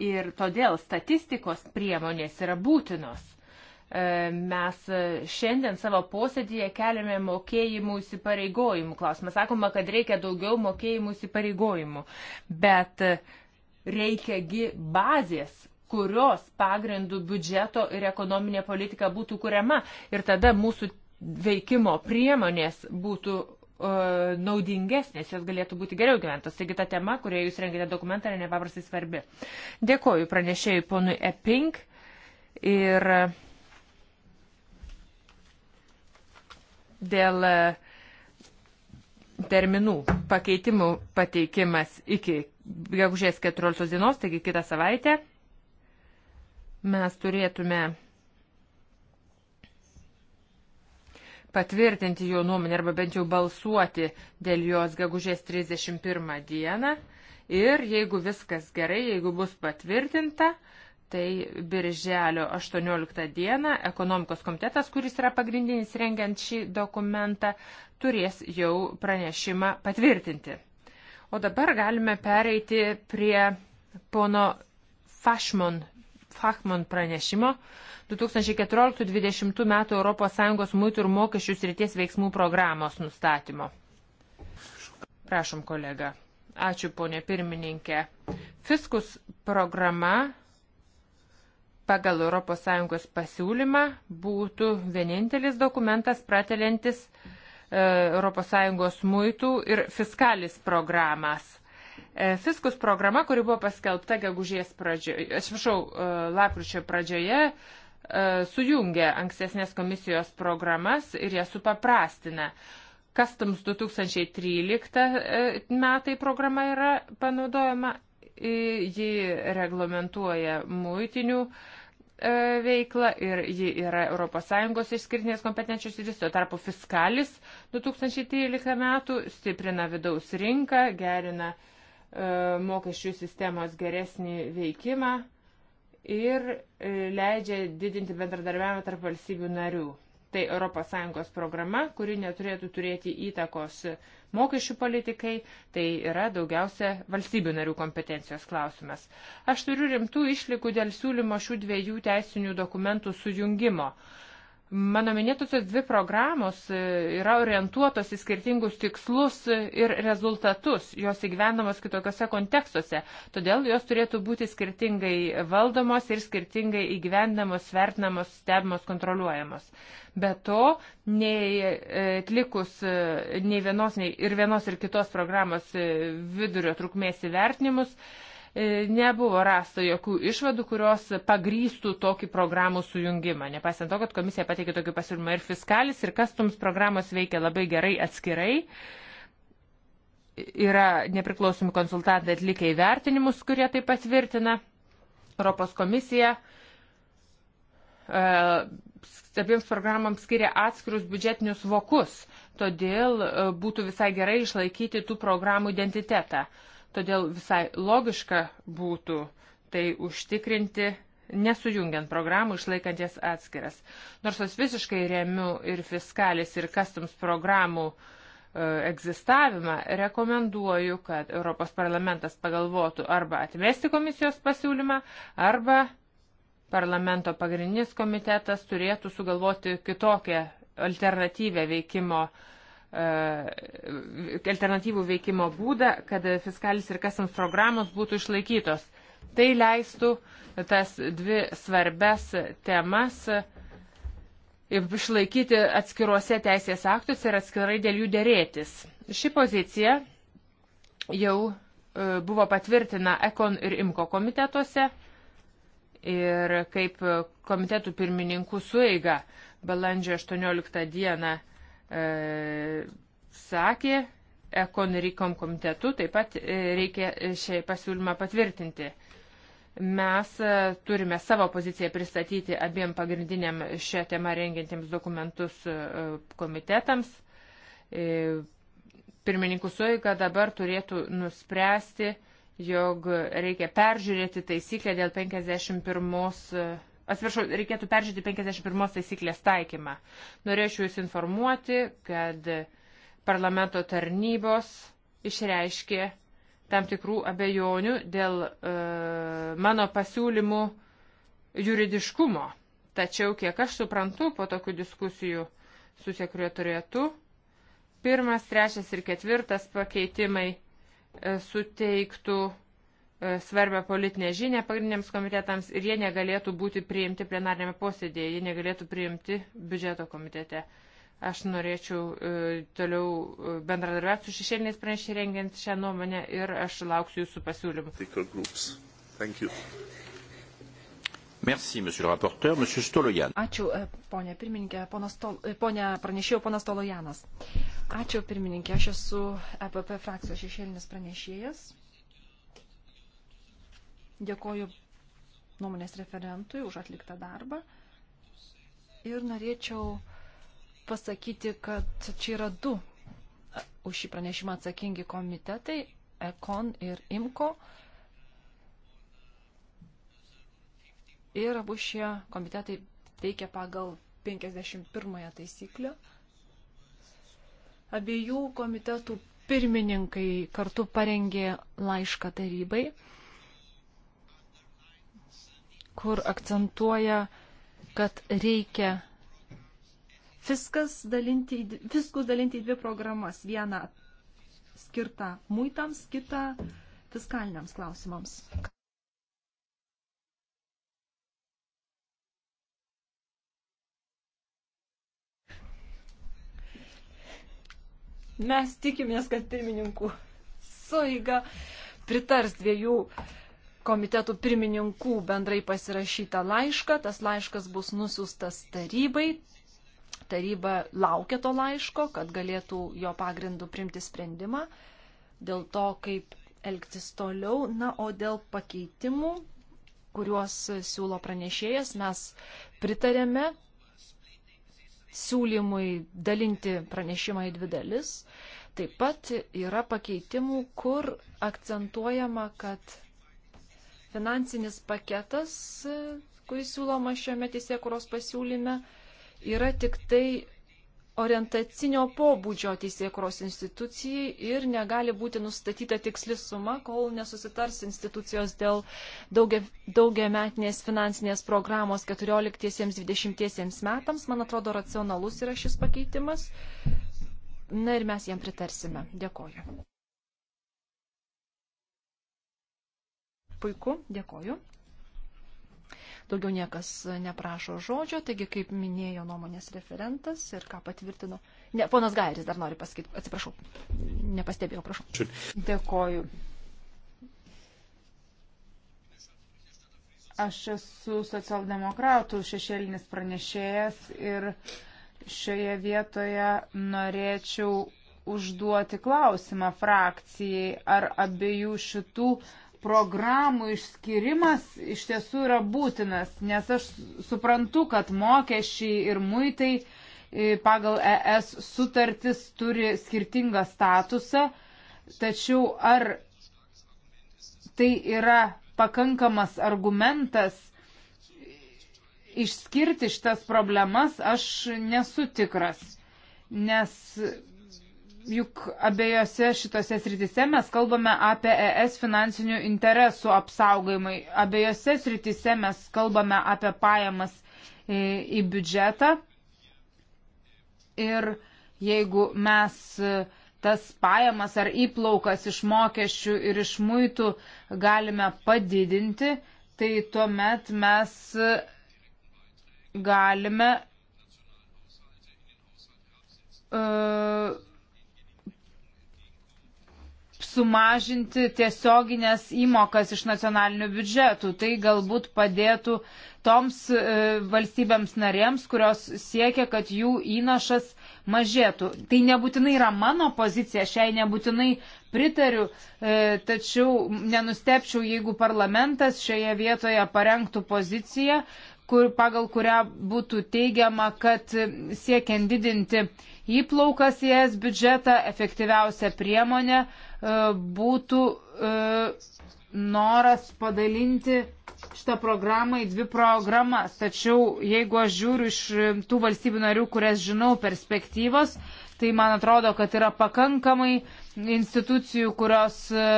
ir todėl statistikos priemonės yra būtinos. E, mes šiandien savo posėdėje keliame mokėjimų įsipareigojimų klausimą. Sakoma, kad reikia daugiau mokėjimų įsipareigojimų, bet reikiagi bazės, kurios pagrindų biudžeto ir ekonominė politika būtų kuriama ir tada mūsų veikimo priemonės būtų E, naudingesnės, jos galėtų būti geriau gyventos. Taigi ta tema, kurioje jūs rengite dokumentą, yra nepaprastai svarbi. Dėkoju pranešėjui ponui Epink ir dėl e, terminų pakeitimų pateikimas iki gegužės 14 dienos, taigi kitą savaitę, mes turėtume patvirtinti jo nuomonę arba bent jau balsuoti dėl jos gegužės 31 dieną. Ir jeigu viskas gerai, jeigu bus patvirtinta, tai birželio 18 dieną ekonomikos komitetas, kuris yra pagrindinis rengiant šį dokumentą, turės jau pranešimą patvirtinti. O dabar galime pereiti prie pono Fašmon Fachman pranešimo 2014-2020 metų ES muitų ir mokesčių srities veiksmų programos nustatymo. Prašom, kolega. Ačiū, ponė pirmininkė. Fiskus programa pagal ES pasiūlymą būtų vienintelis dokumentas pratelintis ES muitų ir fiskalis programas E, Fiskus programa, kuri buvo paskelbta gegužės pradžioje, atsiprašau, e, lapkričio pradžioje, e, sujungia ankstesnės komisijos programas ir jas supaprastina. Customs 2013 metai programa yra panaudojama, ji reglamentuoja muitinių veiklą ir ji yra ES išskirtinės kompetencijos ir viso tarpu fiskalis 2013 metų stiprina vidaus rinką, gerina uh, E, mokesčių sistemos geresnį veikimą ir e, leidžia didinti bendradarbiavimą tarp valstybių narių. Tai ES programa, kuri neturėtų turėti įtakos mokesčių politikai, tai yra daugiausia valstybių narių kompetencijos klausimas. Aš turiu rimtų išlikų dėl siūlymo šių dviejų teisinių dokumentų sujungimo. Uh, Mano minėtusios dvi programos e, yra orientuotos į skirtingus tikslus ir rezultatus, jos įgyvenamos kitokiose kontekstuose, todėl jos turėtų būti skirtingai valdomos ir skirtingai įgyvendamos, vertinamos, stebimos, kontroliuojamos. Be to, nei e, atlikus e, nei vienos nei ir vienos ir kitos programos vidurio trukmės įvertinimus, E, nebuvo rasta jokių išvadų, kurios pagrystų tokį programų sujungimą. Nepaisant to, kad komisija pateikė tokį pasiūlymą ir fiskalis, ir kas tums programos veikia labai gerai atskirai. Yra nepriklausomi konsultantai atlikę įvertinimus, kurie tai patvirtina. Europos komisija e, abiems programams skiria atskirus biudžetinius vokus, todėl e, būtų visai gerai išlaikyti tų programų identitetą. Uh, Todėl visai logiška būtų tai užtikrinti nesujungiant programų, išlaikant jas atskiras. Nors aš visiškai remiu ir fiskalis, ir customs programų e, egzistavimą, rekomenduoju, kad Europos parlamentas pagalvotų arba atmesti komisijos pasiūlymą, arba parlamento pagrindinis komitetas turėtų sugalvoti kitokią alternatyvę veikimo uh, E, alternatyvų veikimo būdą, kad fiskalis ir kasams programos būtų išlaikytos. Tai leistų tas dvi svarbes temas e, išlaikyti atskiruose teisės aktuose ir atskirai dėl jų dėrėtis. Ši pozicija jau e, buvo patvirtina Ekon ir Imko komitetuose ir kaip komitetų pirmininkų sueiga balandžio 18 dieną e, sakė, Ekon Rykom komitetu taip pat e, reikia e, šiai pasiūlymą patvirtinti. Mes e, turime savo poziciją pristatyti abiem pagrindiniam šią temą rengiantiems dokumentus komitetams. Pirmininkų suėga dabar turėtų nuspręsti, jog reikia peržiūrėti taisyklę dėl 51 Atsiprašau, reikėtų peržiūrėti 51 taisyklės taikymą. Norėčiau Jūs informuoti, kad parlamento tarnybos išreiškė tam tikrų abejonių dėl e, mano pasiūlymų juridiškumo. Tačiau, kiek aš suprantu, po tokių diskusijų su sekretorietu, pirmas, trečias ir ketvirtas pakeitimai e, suteiktų E, svarbę politinę žinę pagrindiniams komitetams ir jie negalėtų būti priimti plenarnėme posėdėje, jie negalėtų priimti biudžeto komitete. Aš norėčiau e, toliau e, bendradarbiauti su šešėliniais pranešiai rengiant šią nuomonę ir aš lauksiu jūsų pasiūlymų. Merci, monsieur le rapporteur, monsieur Stolojan. Ačiū, ponė pirmininkė, Stol... ponė pranešėjo, ponas Stolojanas. Ačiū, pirmininkė, aš esu EPP frakcijos šešėlinis pranešėjas Dėkoju nuomonės referentui už atliktą darbą. Ir norėčiau pasakyti, kad čia yra du e, už šį pranešimą atsakingi komitetai - ECON ir IMCO. Ir abu šie komitetai veikia pagal 51 taisyklę. Abiejų komitetų pirmininkai kartu parengė laišką tarybai kur akcentuoja, kad reikia viskas dalinti, viskus dalinti į dvi programas. Vieną skirtą muitams, kitą fiskaliniams klausimams. Mes tikimės, kad pirmininkų suiga pritars dviejų komitetų pirmininkų bendrai pasirašytą laišką. Tas laiškas bus nusiustas tarybai. Taryba laukia to laiško, kad galėtų jo pagrindų primti sprendimą dėl to, kaip elgtis toliau. Na, o dėl pakeitimų, kuriuos siūlo pranešėjas, mes pritarėme siūlymui dalinti pranešimą į dvi dalis. Taip pat yra pakeitimų, kur akcentuojama, kad Finansinis paketas, e, kuris siūloma šiame teisėkuros pasiūlyme, yra tik tai orientacinio pobūdžio teisėkuros institucijai ir negali būti nustatyta tiksli suma, kol nesusitars institucijos dėl daugia, daugiametinės finansinės programos 14-20 metams. Man atrodo, racionalus yra šis pakeitimas. Na ir mes jam pritarsime. Dėkoju. Puiku, dėkoju. Daugiau niekas neprašo žodžio, taigi kaip minėjo nuomonės referentas ir ką patvirtino. Ne, ponas Gairis dar nori pasakyti, atsiprašau, nepastebėjau, prašau. Dėkoju. Aš esu socialdemokratų šešėlinis pranešėjas ir šioje vietoje norėčiau užduoti klausimą frakcijai, ar abiejų šitų programų išskirimas iš tiesų yra būtinas, nes aš suprantu, kad mokesčiai ir muitai e, pagal ES sutartis turi skirtingą statusą, tačiau ar tai yra pakankamas argumentas išskirti šitas problemas, aš nesu tikras, nes juk abiejose šitose sritise mes kalbame apie ES finansinių interesų apsaugojimai. Abiejose sritise mes kalbame apie pajamas į biudžetą. Ir jeigu mes tas pajamas ar įplaukas iš mokesčių ir iš muitų galime padidinti, tai tuomet mes galime uh, sumažinti tiesioginės įmokas iš nacionalinių biudžetų. Tai galbūt padėtų toms e, valstybėms narėms, kurios siekia, kad jų įnašas mažėtų. Tai nebūtinai yra mano pozicija, aš jai nebūtinai pritariu, e, tačiau nenustepčiau, jeigu parlamentas šioje vietoje parengtų poziciją, kur, pagal kurią būtų teigiama, kad siekiant didinti įplaukas į es biudžetą, efektyviausia priemonė e, būtų e, noras padalinti šitą programą į dvi programas. Tačiau jeigu aš žiūriu iš tų valstybių narių, kurias žinau perspektyvos, tai man atrodo, kad yra pakankamai institucijų, kurios e,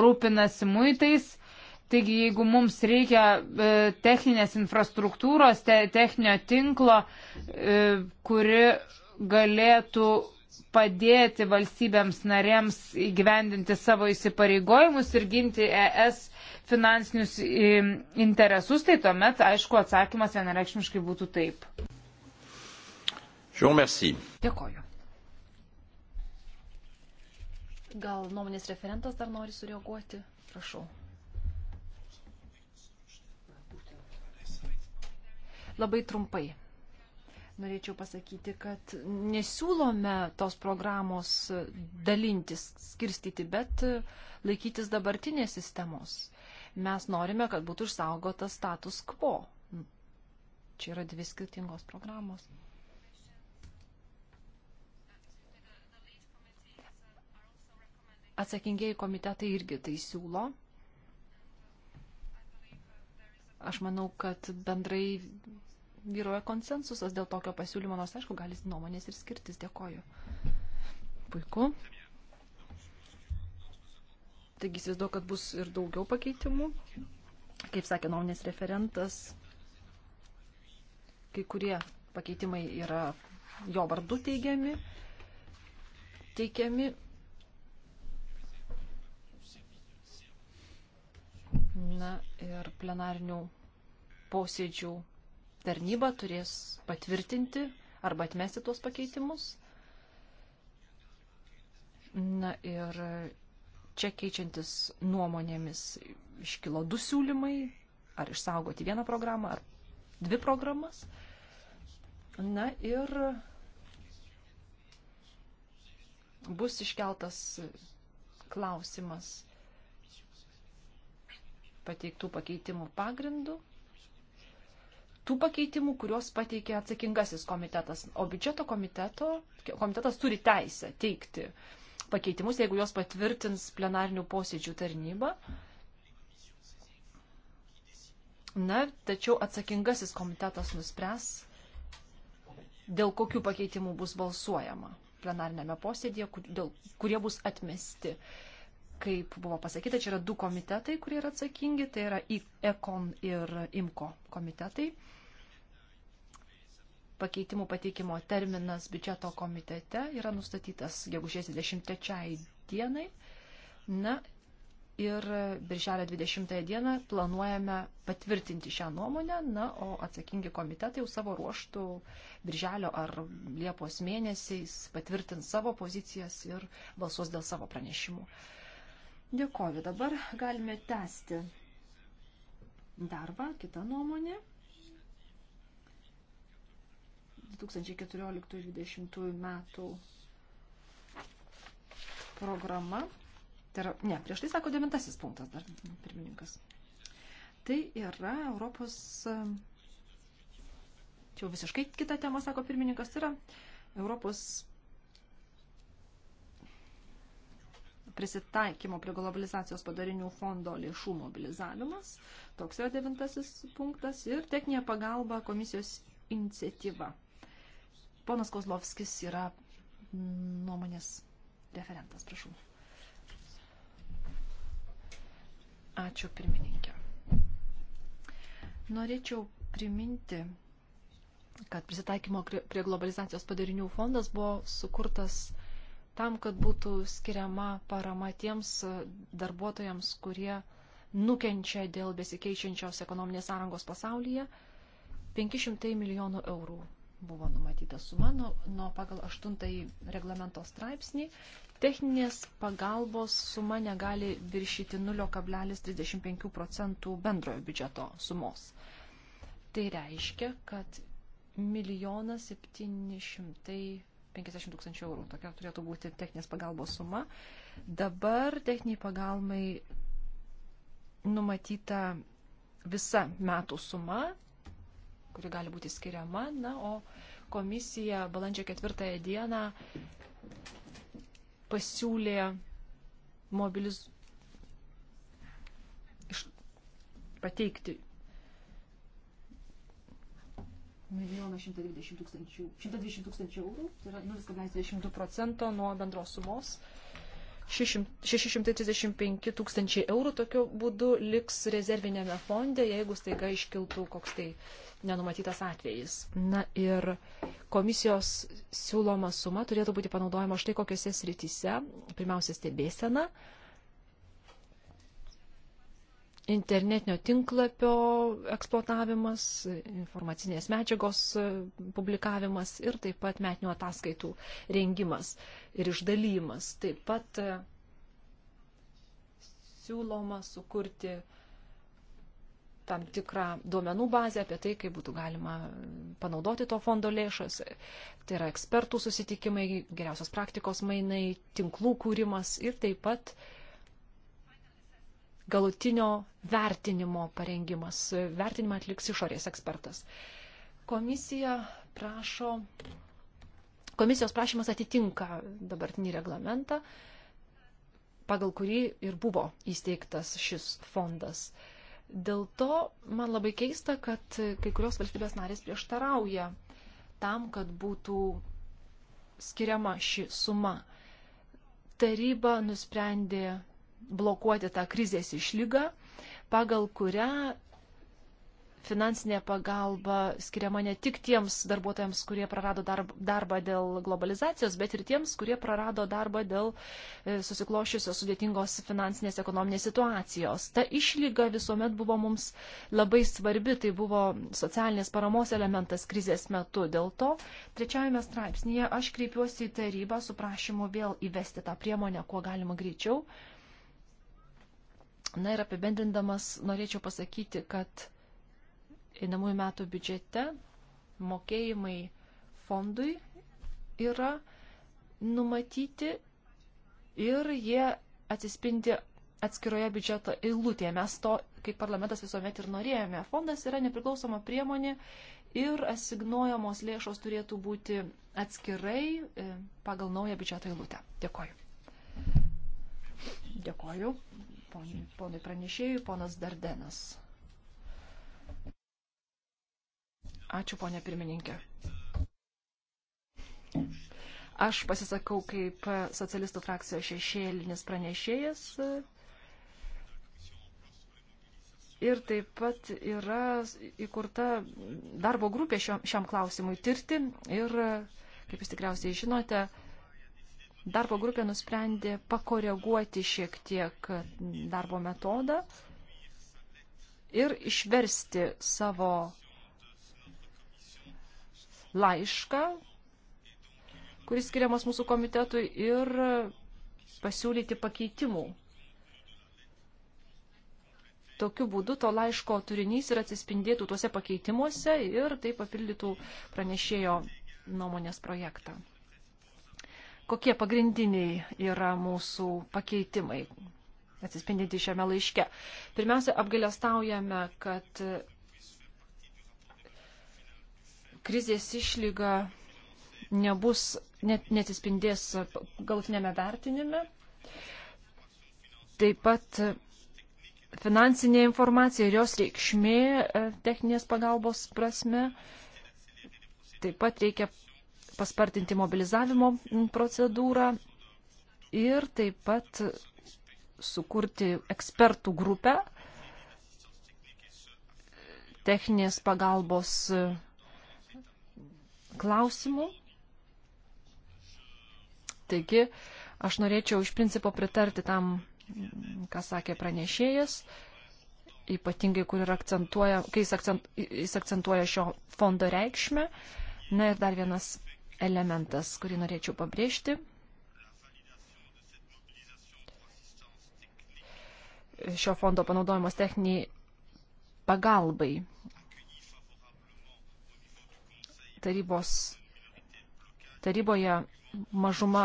rūpinasi muitais Taigi, jeigu mums reikia e, techninės infrastruktūros, te, techninio tinklo, e, kuri galėtų padėti valstybėms narėms įgyvendinti savo įsipareigojimus ir ginti ES finansinius e, interesus, tai tuomet, aišku, atsakymas vienareikšmiškai būtų taip. Dėkoju. Gal nuomonės referentas dar nori sureaguoti? Prašau. Labai trumpai. Norėčiau pasakyti, kad nesiūlome tos programos dalintis, skirstyti, bet laikytis dabartinės sistemos. Mes norime, kad būtų išsaugotas status quo. Čia yra dvi skirtingos programos. atsakingiai komitetai irgi tai siūlo. Aš manau, kad bendrai vyroja konsensusas dėl tokio pasiūlymo, nors aišku, gali nuomonės ir skirtis. Dėkoju. Puiku. Taigi įsivaizduoju, kad bus ir daugiau pakeitimų. Kaip sakė nuomonės referentas, kai kurie pakeitimai yra jo vardu teigiami, teikiami. Na ir plenarinių posėdžių tarnyba turės patvirtinti arba atmesti tuos pakeitimus. Na ir čia keičiantis nuomonėmis iškilo du siūlymai, ar išsaugoti vieną programą, ar dvi programas. Na ir bus iškeltas klausimas pateiktų pakeitimų pagrindų tų pakeitimų, kuriuos pateikė atsakingasis komitetas. O biudžeto komiteto, komitetas turi teisę teikti pakeitimus, jeigu juos patvirtins plenarinių posėdžių tarnyba. Na, tačiau atsakingasis komitetas nuspręs, dėl kokių pakeitimų bus balsuojama plenarinėme posėdėje, kur, dėl, kurie bus atmesti. Kaip buvo pasakyta, čia yra du komitetai, kurie yra atsakingi, tai yra ECON ir IMCO komitetai pakeitimų pateikimo terminas biudžeto komitete yra nustatytas gegužės 23 dienai. Na ir birželio 20 dieną planuojame patvirtinti šią nuomonę, na, o atsakingi komitetai jau savo ruoštų birželio ar liepos mėnesiais patvirtins savo pozicijas ir balsuos dėl savo pranešimų. Dėkoju. Dabar galime tęsti darbą, kitą nuomonę. 2014-2020 metų programa. Tai yra, ne, prieš tai sako devintasis punktas dar pirmininkas. Tai yra Europos, čia jau visiškai kita tema, sako pirmininkas, tai yra Europos prisitaikymo prie globalizacijos padarinių fondo lėšų mobilizavimas. Toks yra devintasis punktas ir techninė pagalba komisijos iniciatyva. Ponas Kozlovskis yra nuomonės referentas, prašau. Ačiū pirmininkė. Norėčiau priminti, kad prisitaikymo prie globalizacijos padarinių fondas buvo sukurtas tam, kad būtų skiriama parama tiems darbuotojams, kurie nukenčia dėl besikeičiančios ekonominės sąrangos pasaulyje 500 milijonų eurų buvo numatyta suma nuo, nuo pagal 8 reglamento straipsnį. Techninės pagalbos suma negali viršyti 0,35 procentų bendrojo biudžeto sumos. Tai reiškia, kad 1 750 tūkstančių eurų tokia turėtų būti techninės pagalbos suma. Dabar techniniai pagalbai numatyta visa metų suma kuri gali būti skiriama. Na, o komisija balandžio ketvirtąją dieną pasiūlė mobiliz... iš... pateikti 1 120 tūkstančių eurų, tai yra 0,22 procento nuo bendros sumos. Uh, 635 tūkstančiai eurų tokiu būdu liks rezervinėme fonde, jeigu staiga iškiltų koks tai nenumatytas atvejis. Na ir komisijos siūloma suma turėtų būti panaudojama štai kokiuose srityse. Pirmiausia, stebėsena. Tai internetinio tinklapio eksploatavimas, informacinės medžiagos e, publikavimas ir taip pat metinių ataskaitų rengimas ir išdalymas. Taip pat e, siūloma sukurti tam tikrą duomenų bazę apie tai, kaip būtų galima panaudoti to fondo lėšas. Tai yra ekspertų susitikimai, geriausios praktikos mainai, tinklų kūrimas ir taip pat uh, galutinio vertinimo parengimas. Vertinimą atliks išorės ekspertas. Komisija prašo, komisijos prašymas atitinka dabartinį reglamentą, pagal kurį ir buvo įsteigtas šis fondas. Dėl to man labai keista, kad kai kurios valstybės narės prieštarauja tam, kad būtų skiriama ši suma. Taryba nusprendė blokuoti tą krizės išlygą, pagal kurią finansinė pagalba skiriama ne tik tiems darbuotojams, kurie prarado darbą dėl globalizacijos, bet ir tiems, kurie prarado darbą dėl e, susiklošiusios sudėtingos finansinės ekonominės situacijos. Ta išlyga visuomet buvo mums labai svarbi, tai buvo socialinės paramos elementas krizės metu. Dėl to trečiajame straipsnėje aš kreipiuosi į tarybą su prašymu vėl įvesti tą priemonę, kuo galima greičiau Na ir apibendindamas norėčiau pasakyti, kad einamųjų metų biudžete mokėjimai fondui yra numatyti ir jie atsispindi atskiroje biudžeto eilutėje. Mes to, kaip parlamentas visuomet ir norėjome. Fondas yra nepriklausoma priemonė ir asignuojamos lėšos turėtų būti atskirai e, pagal naują biudžeto eilutę. Dėkoju. Dėkoju ponui, ponui pranešėjui, ponas Dardenas. Ačiū, ponė pirmininkė. Aš pasisakau kaip socialistų frakcijos šešėlinis pranešėjas. Ir taip pat yra įkurta darbo grupė šiam, šiam klausimui tirti. Ir, kaip jūs tikriausiai žinote, darbo grupė nusprendė pakoreguoti šiek tiek darbo metodą ir išversti savo laišką, kuris skiriamas mūsų komitetui ir pasiūlyti pakeitimų. Tokiu būdu to laiško turinys ir atsispindėtų tuose pakeitimuose ir tai papildytų pranešėjo nuomonės projektą kokie pagrindiniai yra mūsų pakeitimai atsispindinti šiame laiške. Pirmiausia, apgailestaujame, kad krizės išlyga nebus, net, netispindės galutinėme vertinime. Taip pat finansinė informacija ir jos reikšmė techninės pagalbos prasme. Taip pat reikia paspartinti mobilizavimo procedūrą ir taip pat sukurti ekspertų grupę techninės pagalbos klausimų. Taigi, aš norėčiau iš principo pritarti tam, ką sakė pranešėjas, ypatingai, kur ir akcentuoja, kai jis, akcent, jis akcentuoja šio fondo reikšmę. Na ir dar vienas elementas, kurį norėčiau pabrėžti. Šio fondo panaudojimas techniniai pagalbai. Tarybos, taryboje mažuma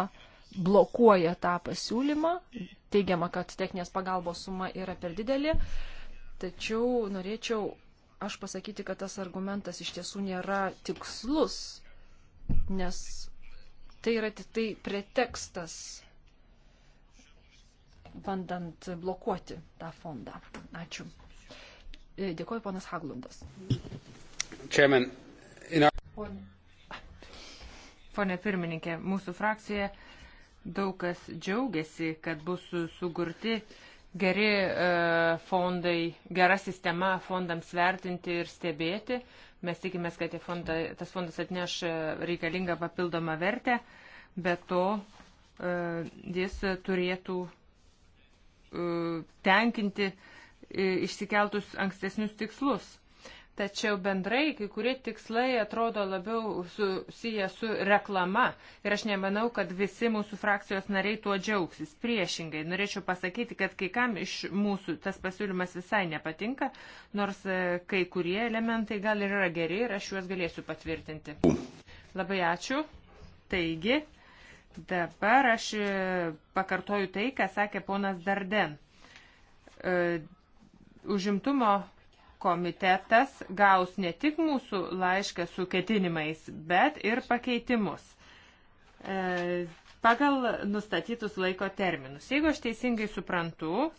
blokuoja tą pasiūlymą. Teigiama, kad techninės pagalbos suma yra per didelė. Tačiau norėčiau aš pasakyti, kad tas argumentas iš tiesų nėra tikslus nes tai yra tik tai pretekstas, bandant blokuoti tą fondą. Ačiū. E, Dėkuoju, ponas Haglundas. Chairman, in our... Pone pirmininkė, mūsų frakcija daug kas džiaugiasi, kad bus sugurti geri e, fondai, gera sistema fondams vertinti ir stebėti. Mes tikimės, kad fonda, tas fondas atneš e, reikalingą papildomą vertę, bet to e, jis turėtų e, tenkinti išsikeltus ankstesnius tikslus. Tačiau bendrai kai kurie tikslai atrodo labiau susiję su reklama ir aš nemanau, kad visi mūsų frakcijos nariai tuo džiaugsis. Priešingai, norėčiau pasakyti, kad kai kam iš mūsų tas pasiūlymas visai nepatinka, nors e, kai kurie elementai gal ir yra geri ir aš juos galėsiu patvirtinti. Labai ačiū. Taigi, dabar aš e, pakartoju tai, ką sakė ponas Darden. E, užimtumo komitetas gaus ne tik mūsų laišką su ketinimais, bet ir pakeitimus e, pagal nustatytus laiko terminus. Jeigu aš teisingai suprantu,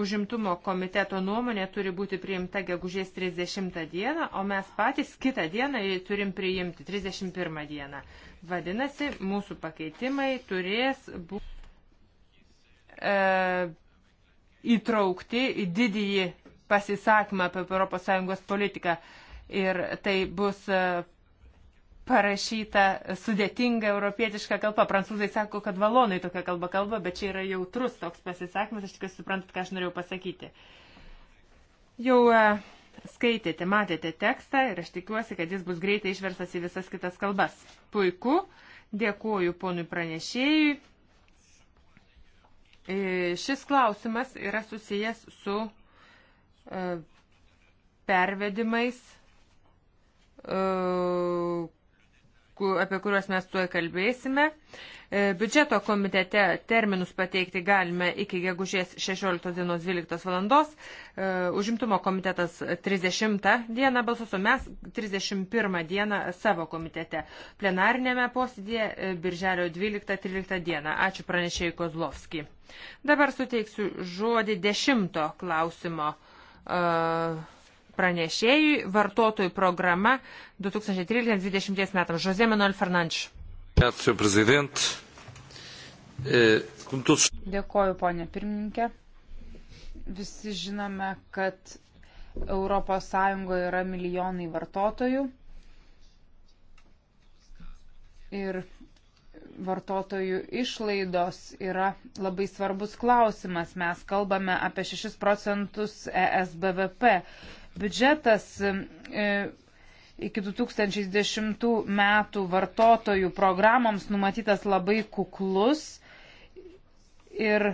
užimtumo komiteto nuomonė turi būti priimta gegužės 30 dieną, o mes patys kitą dieną jį turim priimti 31 dieną. Vadinasi, mūsų pakeitimai turės būti. E, įtraukti į didįjį pasisakymą apie ES politiką. Ir tai bus e, parašyta sudėtinga europietiška kalba. Prancūzai sako, kad valonai tokia kalba kalba, bet čia yra jautrus toks pasisakymas, aš tikiuosi suprantat, ką aš norėjau pasakyti. Jau e, skaitėte, matėte tekstą ir aš tikiuosi, kad jis bus greitai išversas į visas kitas kalbas. Puiku, dėkuoju ponui pranešėjui. E, šis klausimas yra susijęs su pervedimais, e, apie kuriuos mes tuoj kalbėsime. E, biudžeto komitete terminus pateikti galime iki gegužės 16 dienos 12 valandos. E, užimtumo komitetas 30 dieną balsus, o mes 31 dieną savo komitete. Plenarinėme posėdėje birželio 12-13 dieną. Ačiū pranešėjai Kozlovski. Dabar suteiksiu žodį 10 klausimo pranešėjui vartotojų programa 2013-2020 metams. Žozė Manuel Fernandes. Dėkoju, ponė pirmininkė. Visi žinome, kad ES yra milijonai vartotojų. Ir vartotojų išlaidos yra labai svarbus klausimas. Mes kalbame apie 6 procentus ESBVP. Biudžetas e, iki 2010 metų vartotojų programoms numatytas labai kuklus ir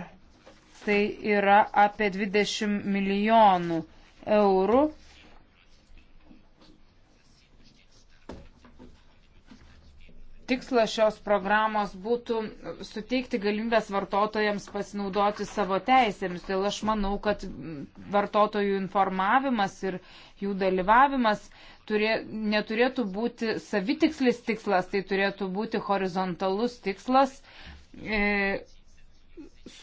tai yra apie 20 milijonų eurų tikslas šios programos būtų suteikti galimybės vartotojams pasinaudoti savo teisėmis. Todėl aš manau, kad vartotojų informavimas ir jų dalyvavimas turė, neturėtų būti savitikslis tikslas, tai turėtų būti horizontalus tikslas. E,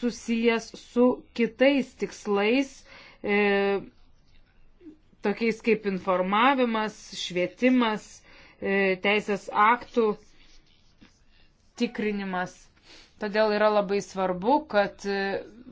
susijęs su kitais tikslais, e, tokiais kaip informavimas, švietimas, e, teisės aktų tikrinimas. Todėl yra labai svarbu, kad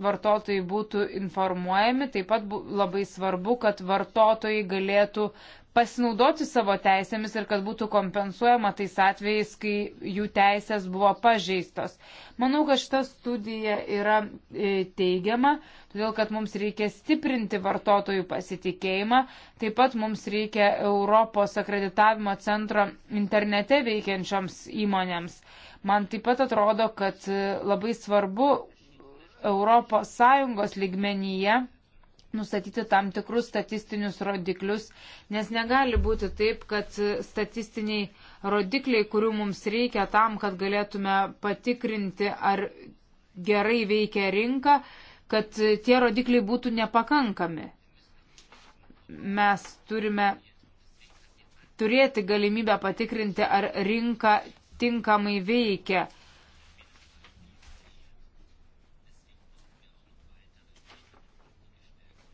vartotojai būtų informuojami, taip pat labai svarbu, kad vartotojai galėtų pasinaudoti savo teisėmis ir kad būtų kompensuojama tais atvejais, kai jų teisės buvo pažeistos. Manau, kad šita studija yra e, teigiama, todėl kad mums reikia stiprinti vartotojų pasitikėjimą, taip pat mums reikia Europos akreditavimo centro internete veikiančioms įmonėms. Man taip pat atrodo, kad e, labai svarbu Europos Sąjungos ligmenyje nustatyti tam tikrus statistinius rodiklius, nes negali būti taip, kad statistiniai rodikliai, kurių mums reikia tam, kad galėtume patikrinti, ar gerai veikia rinka, kad tie rodikliai būtų nepakankami. Mes turime turėti galimybę patikrinti, ar rinka tinkamai veikia.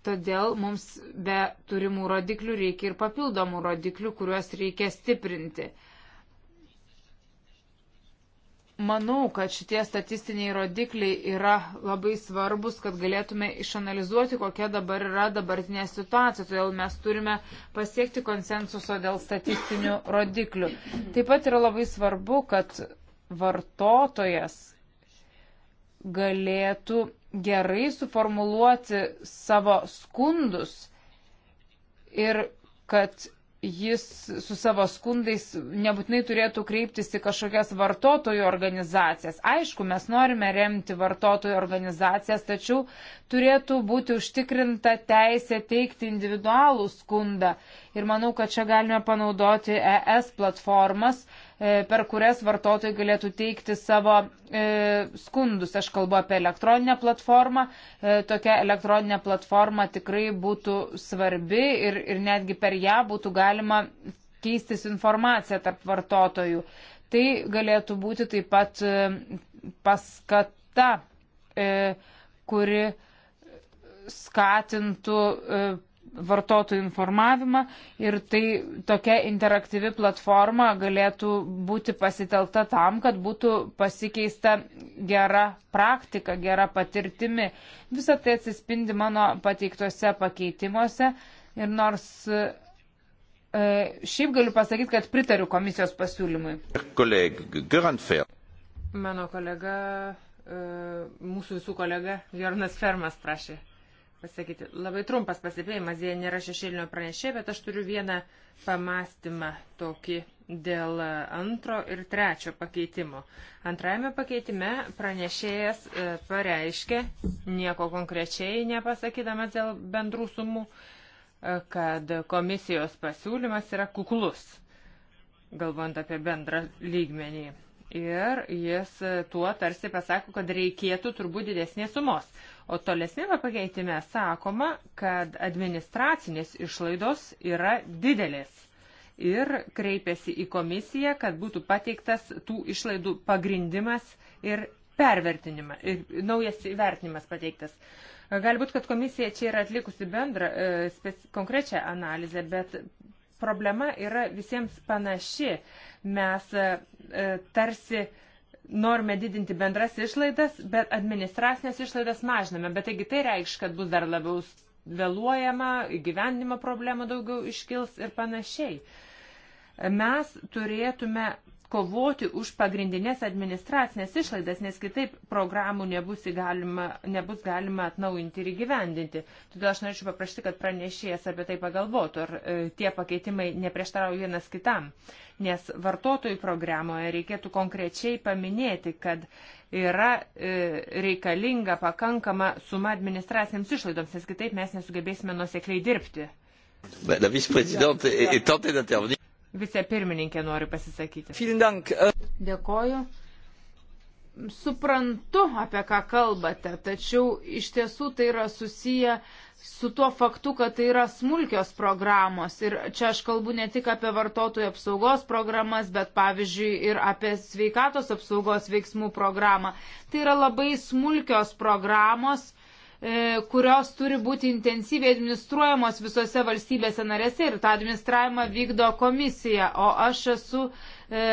Todėl mums be turimų rodiklių reikia ir papildomų rodiklių, kuriuos reikia stiprinti. Manau, kad šitie statistiniai rodikliai yra labai svarbus, kad galėtume išanalizuoti, kokia dabar yra dabartinė situacija. Todėl mes turime pasiekti konsensuso dėl statistinių rodiklių. Taip pat yra labai svarbu, kad vartotojas galėtų gerai suformuluoti savo skundus ir kad jis su savo skundais nebūtinai turėtų kreiptis į kažkokias vartotojų organizacijas. Aišku, mes norime remti vartotojų organizacijas, tačiau turėtų būti užtikrinta teisė teikti individualų skundą. Ir manau, kad čia galime panaudoti ES platformas, E, per kurias vartotojai galėtų teikti savo e, skundus. Aš kalbu apie elektroninę platformą. E, tokia elektroninė platforma tikrai būtų svarbi ir, ir netgi per ją būtų galima keistis informacija tarp vartotojų. Tai galėtų būti taip pat paskata, kuri skatintų vartotojų informavimą ir tai tokia interaktyvi platforma galėtų būti pasitelta tam, kad būtų pasikeista gera praktika, gera patirtimi. Visą tai atsispindi mano pateiktose pakeitimuose ir nors e, šiaip galiu pasakyti, kad pritariu komisijos pasiūlymui. Mano kolega, e, mūsų visų kolega Jornas Fermas prašė pasakyti. Labai trumpas pasipėjimas, jie nėra šešėlinio pranešė, bet aš turiu vieną pamastymą tokį dėl antro ir trečio pakeitimo. Antrajame pakeitime pranešėjas e, pareiškė, nieko konkrečiai nepasakydamas dėl bendrų sumų, e, kad komisijos pasiūlymas yra kuklus, galvojant apie bendrą lygmenį. Ir jis tuo tarsi pasako, kad reikėtų turbūt didesnės sumos. O tolesnėme pakeitime sakoma, kad administracinės išlaidos yra didelės ir kreipėsi į komisiją, kad būtų pateiktas tų išlaidų pagrindimas ir pervertinimas, ir naujas įvertinimas pateiktas. Galbūt, kad komisija čia yra atlikusi bendrą e, konkrečią analizę, bet problema yra visiems panaši. Mes e, tarsi norime didinti bendras išlaidas, bet administracinės išlaidas mažiname. Bet taigi tai reikš, kad bus dar labiau vėluojama, gyvenimo problemų daugiau iškils ir panašiai. Mes turėtume kovoti už pagrindinės administracinės išlaidas, nes kitaip programų nebus, įgalima, nebus galima atnaujinti ir įgyvendinti. Todėl aš norėčiau paprašyti, kad pranešėjas apie tai pagalvotų, ar e, tie pakeitimai neprieštarauja vienas kitam. Nes vartotojų programoje reikėtų konkrečiai paminėti, kad yra e, reikalinga pakankama suma administracinėms išlaidoms, nes kitaip mes nesugebėsime nusekliai dirbti. La vice-présidente est tentée d'intervenir. Vicepirmininkė nori pasisakyti. Dėkoju. Suprantu, apie ką kalbate, tačiau iš tiesų tai yra susiję su tuo faktu, kad tai yra smulkios programos. Ir čia aš kalbu ne tik apie vartotojų apsaugos programas, bet pavyzdžiui ir apie sveikatos apsaugos veiksmų programą. Tai yra labai smulkios programos E, kurios turi būti intensyviai administruojamos visose valstybėse narėse ir tą administravimą vykdo komisija. O aš esu e,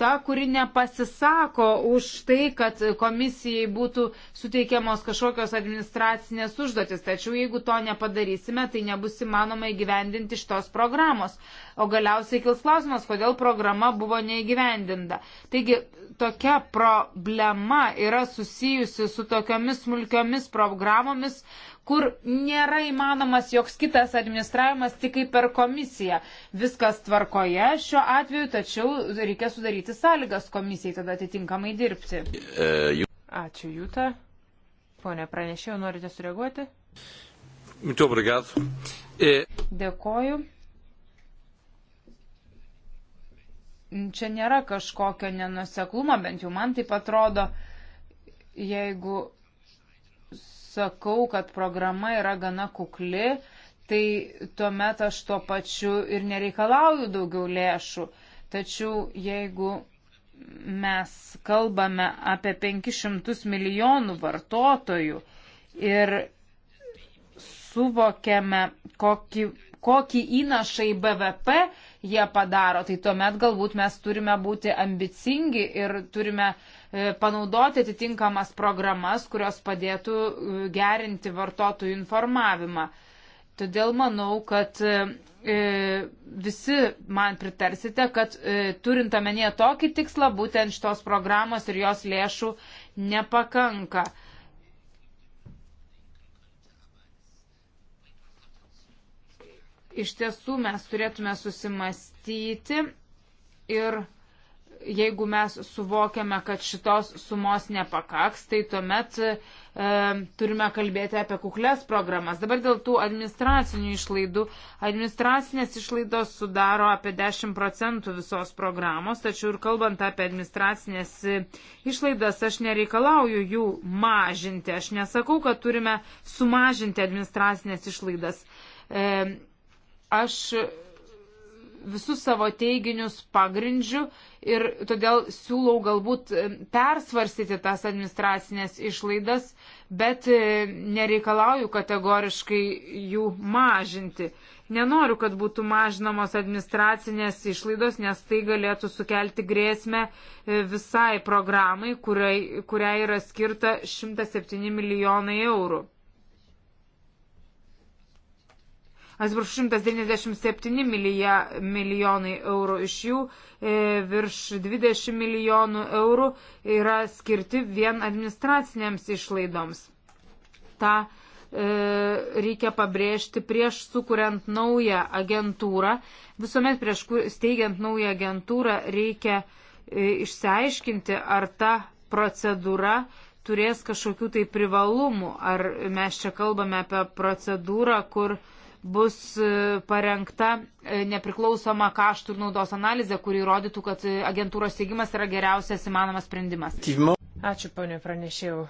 ta, kuri nepasisako už tai, kad komisijai būtų suteikiamos kažkokios administracinės užduotis. Tačiau jeigu to nepadarysime, tai nebus įmanoma įgyvendinti šitos programos. O galiausiai kils klausimas, kodėl programa buvo neįgyvendinta. Taigi tokia problema yra susijusi su tokiomis smulkiomis programomis, kur nėra įmanomas joks kitas administravimas tik kaip per komisiją. Viskas tvarkoje šiuo atveju, tačiau reikia sudaryti sąlygas komisijai tada atitinkamai dirbti. Ačiū, Jūta. Pone pranešėjau, norite sureaguoti? Muito obrigado. E... Dėkoju. Čia nėra kažkokio nenuseklumo, bent jau man tai atrodo, jeigu sakau, kad programa yra gana kukli, tai tuomet aš tuo pačiu ir nereikalauju daugiau lėšų. Tačiau jeigu mes kalbame apie 500 milijonų vartotojų ir suvokiame, kokį, kokį įnašą į BVP jie padaro, tai tuomet galbūt mes turime būti ambicingi ir turime uh, E, panaudoti atitinkamas programas, kurios padėtų e, gerinti vartotojų informavimą. Todėl manau, kad e, visi man pritarsite, kad turint omenyje tokį tikslą, būtent šitos programos ir jos lėšų nepakanka. Iš tiesų mes turėtume susimastyti ir jeigu mes suvokiame, kad šitos sumos nepakaks, tai tuomet e, turime kalbėti apie kuklės programas. Dabar dėl tų administracinių išlaidų. Administracinės išlaidos sudaro apie 10 procentų visos programos, tačiau ir kalbant apie administracinės išlaidas, aš nereikalauju jų mažinti. Aš nesakau, kad turime sumažinti administracinės išlaidas. E, aš visus savo teiginius pagrindžiu ir todėl siūlau galbūt e, persvarstyti tas administracinės išlaidas, bet e, nereikalauju kategoriškai jų mažinti. Nenoriu, kad būtų mažinamos administracinės išlaidos, nes tai galėtų sukelti grėsmę e, visai programai, kuriai, kuriai yra skirta 107 milijonai eurų. atsiprašau, 197 milija, milijonai eurų, iš jų e, virš 20 milijonų eurų yra skirti vien administracinėms išlaidoms. Ta e, reikia pabrėžti prieš sukuriant naują agentūrą. Visuomet prieš steigiant naują agentūrą reikia e, išsiaiškinti, ar ta procedūra turės kažkokių tai privalumų, ar mes čia kalbame apie procedūrą, kur e, bus e, parengta e, nepriklausoma kaštų ir naudos analizė, kuri rodytų, kad e, agentūros steigimas yra geriausias įmanomas sprendimas. Ačiū, ponė, pranešėjau.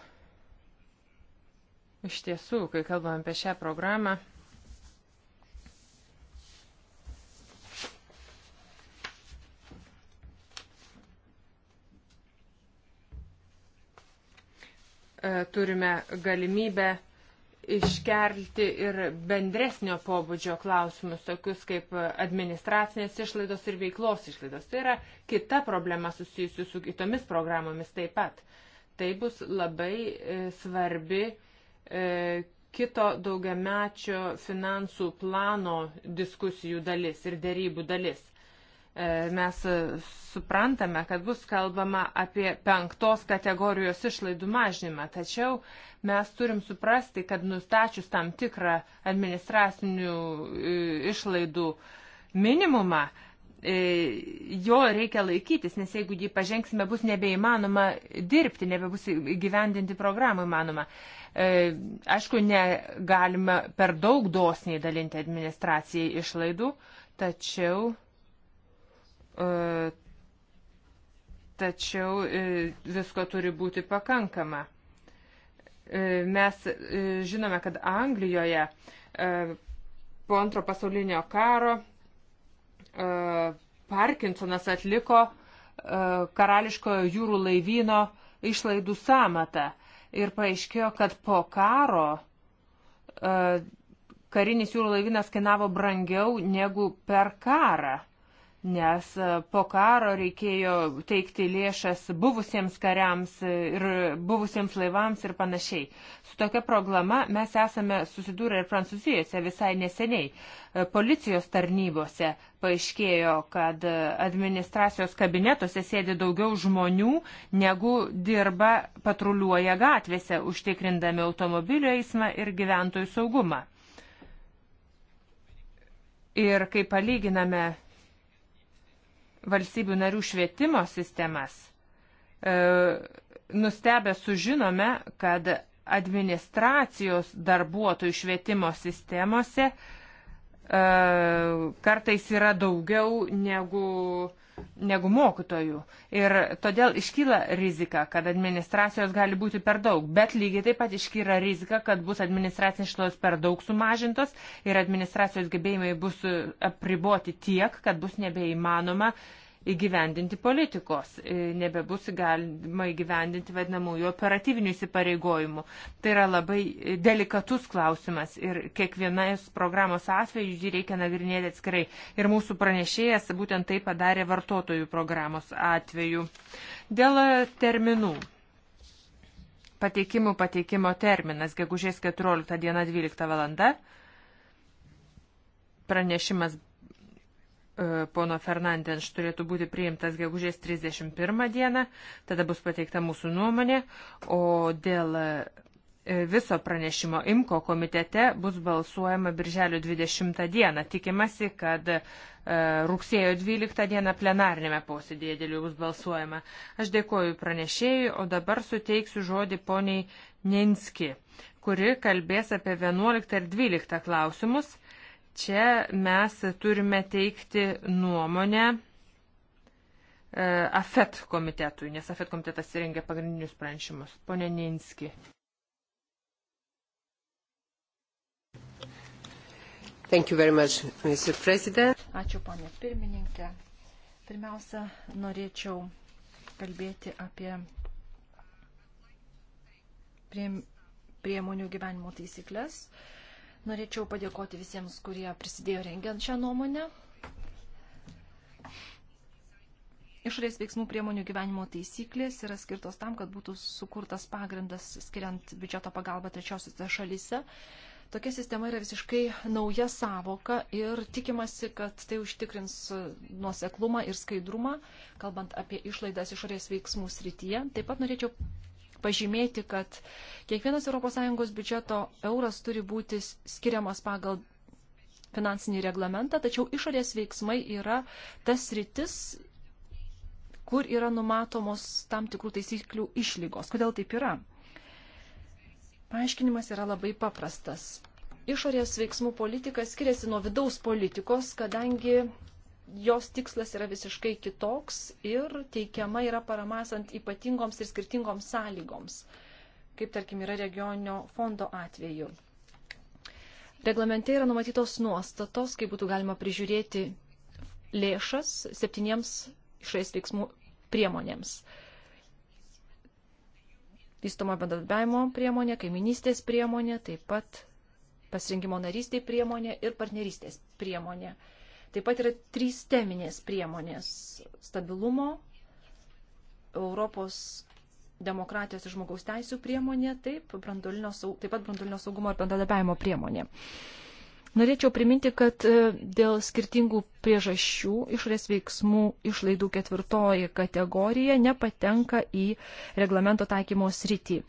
Iš tiesų, kai kalbam apie šią programą, turime galimybę iškelti ir bendresnio pobūdžio klausimus, tokius kaip administracinės išlaidos ir veiklos išlaidos. Tai yra kita problema susijusi su kitomis programomis taip pat. Tai bus labai e, svarbi e, kito daugiamečio finansų plano diskusijų dalis ir dėrybų dalis. E, mes suprantame, kad bus kalbama apie penktos kategorijos išlaidų mažinimą, tačiau mes turim suprasti, kad nustačius tam tikrą administracinių e, išlaidų minimumą, e, jo reikia laikytis, nes jeigu jį pažengsime, bus nebeįmanoma dirbti, nebebus gyvendinti programų įmanoma. Aišku, negalima per daug dosniai dalinti administracijai išlaidų, tačiau E, tačiau e, visko turi būti pakankama. E, mes žinome, kad Anglijoje po antro pasaulinio karo Parkinsonas atliko karališkojo jūrų laivyno išlaidų samatą. Ir paaiškėjo, kad po karo karinis jūrų laivynas kainavo brangiau negu per karą nes e, po karo reikėjo teikti lėšas buvusiems kariams ir buvusiems laivams ir panašiai. Su tokia problema mes esame susidūrę ir Prancūzijose visai neseniai. E, policijos tarnybose paaiškėjo, kad e, administracijos kabinetuose sėdi daugiau žmonių, negu dirba patruliuoja gatvėse, užtikrindami automobilio eismą ir gyventojų saugumą. Ir kai palyginame valstybių narių švietimo sistemas, e, nustebę sužinome, kad administracijos darbuotojų švietimo sistemose e, kartais yra daugiau negu negu mokytojų. Ir todėl iškyla rizika, kad administracijos gali būti per daug, bet lygiai taip pat iškyla rizika, kad bus administracinės išlaidos per daug sumažintos ir administracijos gebėjimai bus apriboti tiek, kad bus nebeįmanoma uh, įgyvendinti politikos, e, nebebus galima įgyvendinti vadinamųjų operatyvinių įsipareigojimų. Tai yra labai delikatus klausimas ir kiekvienais programos atveju jį reikia nagrinėti atskirai. Ir mūsų pranešėjas būtent tai padarė vartotojų programos atveju. Dėl terminų. Pateikimų pateikimo terminas gegužės 14 diena 12 valanda. Pranešimas E, pono Fernandens turėtų būti priimtas gegužės 31 dieną, tada bus pateikta mūsų nuomonė, o dėl e, viso pranešimo IMKO komitete bus balsuojama birželio 20 dieną. Tikimasi, kad e, rugsėjo 12 dieną plenarnėme posėdėje dėl jų bus balsuojama. Aš dėkoju pranešėjui, o dabar suteiksiu žodį poniai Ninski, kuri kalbės apie 11 ir 12 klausimus. Čia mes turime teikti nuomonę e, AFET komitetui, nes AFET komitetas rengia pagrindinius pranešimus. Pone Ninski. Much, Ačiū, ponė pirmininkė. Pirmiausia, norėčiau kalbėti apie priemonių gyvenimo taisyklės. Uh, Norėčiau padėkoti visiems, kurie prisidėjo rengiant šią nuomonę. Išorės veiksmų priemonių gyvenimo taisyklės yra skirtos tam, kad būtų sukurtas pagrindas skiriant biudžeto pagalbą trečiosiuose šalyse. Tokia sistema yra visiškai nauja savoka ir tikimasi, kad tai užtikrins nuoseklumą ir skaidrumą, kalbant apie išlaidas išorės veiksmų srityje. Taip pat norėčiau pažymėti, kad kiekvienas ES biudžeto euras turi būti skiriamas pagal finansinį reglamentą, tačiau išorės veiksmai yra tas rytis, kur yra numatomos tam tikrų taisyklių išlygos. Kodėl taip yra? Paaiškinimas yra labai paprastas. Išorės veiksmų politika skiriasi nuo vidaus politikos, kadangi jos tikslas yra visiškai kitoks ir teikiama yra parama esant ypatingoms ir skirtingoms sąlygoms, kaip tarkim yra regioninio fondo atveju. Reglamente yra numatytos nuostatos, kaip būtų galima prižiūrėti lėšas septyniems išorės veiksmų priemonėms. Vystomo bendradarbiavimo priemonė, kaiminystės priemonė, taip pat pasirinkimo narystiai priemonė ir partnerystės priemonė. priemonė Taip pat yra trys teminės priemonės - stabilumo, Europos demokratijos ir žmogaus teisų priemonė, taip, taip pat brandolinio saugumo ir bendradarbiavimo priemonė. Norėčiau priminti, kad e, dėl skirtingų priežasčių išorės veiksmų išlaidų ketvirtoji kategorija nepatenka į reglamento taikymo sritį.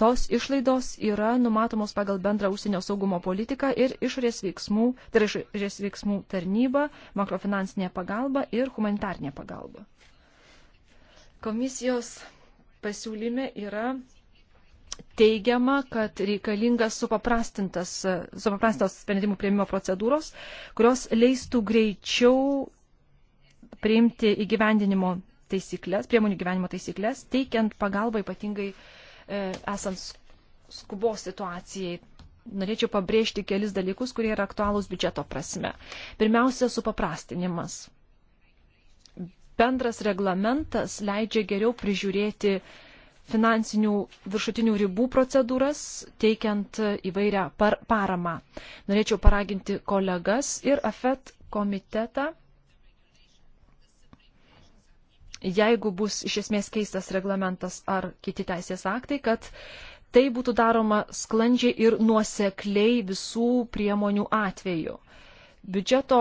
Tos išlaidos yra numatomos pagal bendrą užsienio saugumo politiką ir išorės veiksmų, tai yra išorės veiksmų tarnyba, makrofinansinė pagalba ir humanitarnė pagalba. Komisijos pasiūlyme yra teigiama, kad reikalingas supaprastintas, supaprastintas sprendimų prieimimo procedūros, kurios leistų greičiau priimti įgyvendinimo taisyklės, priemonių gyvenimo taisyklės, teikiant pagalbą ypatingai uh, E, esant skubos situacijai. Norėčiau pabrėžti kelis dalykus, kurie yra aktualūs biudžeto prasme. Pirmiausia, supaprastinimas. Bendras reglamentas leidžia geriau prižiūrėti finansinių viršutinių ribų procedūras, teikiant įvairią par paramą. Norėčiau paraginti kolegas ir AFET komitetą jeigu bus iš esmės keistas reglamentas ar kiti teisės aktai, kad tai būtų daroma sklandžiai ir nuosekliai visų priemonių atveju. Biudžeto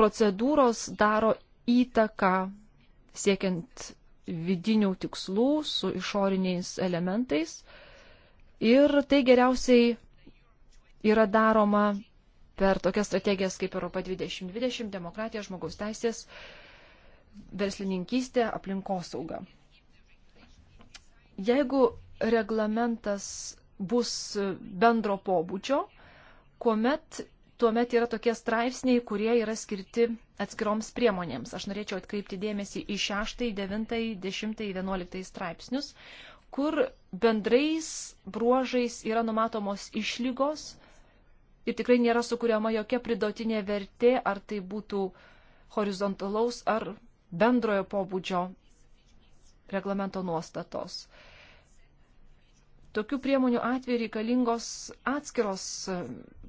procedūros daro įtaką siekiant vidinių tikslų su išoriniais elementais ir tai geriausiai yra daroma per tokias strategijas kaip Europa 2020, demokratija, žmogaus teisės, verslininkystė, aplinkosauga. Jeigu reglamentas bus bendro pobūdžio, kuomet, tuomet yra tokie straipsniai, kurie yra skirti atskiroms priemonėms. Aš norėčiau atkreipti dėmesį į 6, 9, 10, 11 straipsnius, kur bendrais bruožais yra numatomos išlygos ir tikrai nėra sukuriama jokia pridotinė vertė, ar tai būtų horizontalaus ar bendrojo pobūdžio reglamento nuostatos. Tokių priemonių atveju reikalingos atskiros e,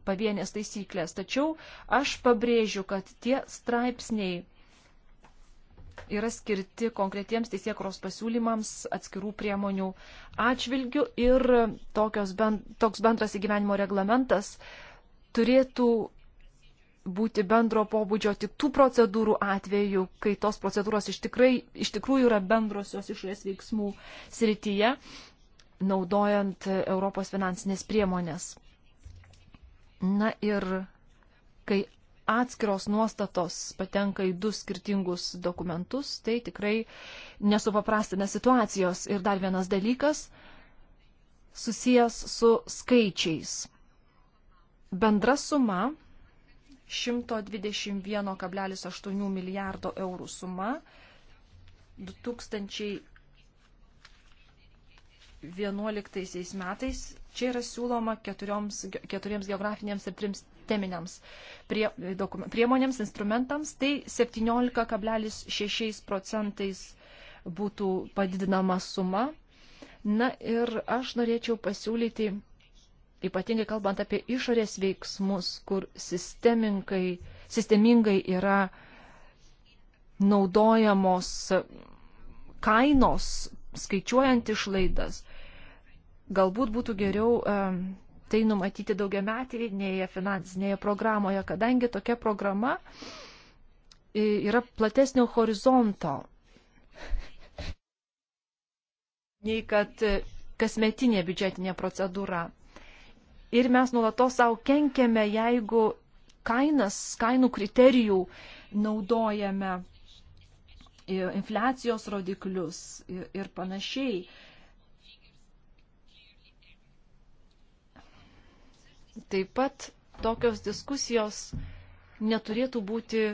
pavienės taisyklės, tačiau aš pabrėžiu, kad tie straipsniai yra skirti konkretiems teisėkros pasiūlymams atskirų priemonių atžvilgių ir ben, toks bendras įgyvenimo reglamentas turėtų būti bendro pobūdžio tik tų procedūrų atveju, kai tos procedūros iš, tikrai, iš tikrųjų yra bendrosios išorės veiksmų srityje, naudojant Europos finansinės priemonės. Na ir kai atskiros nuostatos patenka į du skirtingus dokumentus, tai tikrai nesupaprastina situacijos. Ir dar vienas dalykas susijęs su skaičiais. Bendra suma 121,8 milijardo eurų suma 2011 metais. Čia yra siūloma keturioms, keturiems geografinėms ir trims teminiams prie, dokum, priemonėms, instrumentams. Tai 17,6 procentais būtų padidinama suma. Na ir aš norėčiau pasiūlyti ypatingai kalbant apie išorės veiksmus, kur sistemingai, sistemingai yra naudojamos kainos, skaičiuojant išlaidas, galbūt būtų geriau tai numatyti daugiametinėje finansinėje programoje, kadangi tokia programa yra platesnio horizonto nei kad e, kasmetinė biudžetinė procedūra ir mes nuolatos savo kenkiame, jeigu kainas, kainų kriterijų naudojame infliacijos rodiklius ir, ir panašiai. Taip pat tokios diskusijos neturėtų būti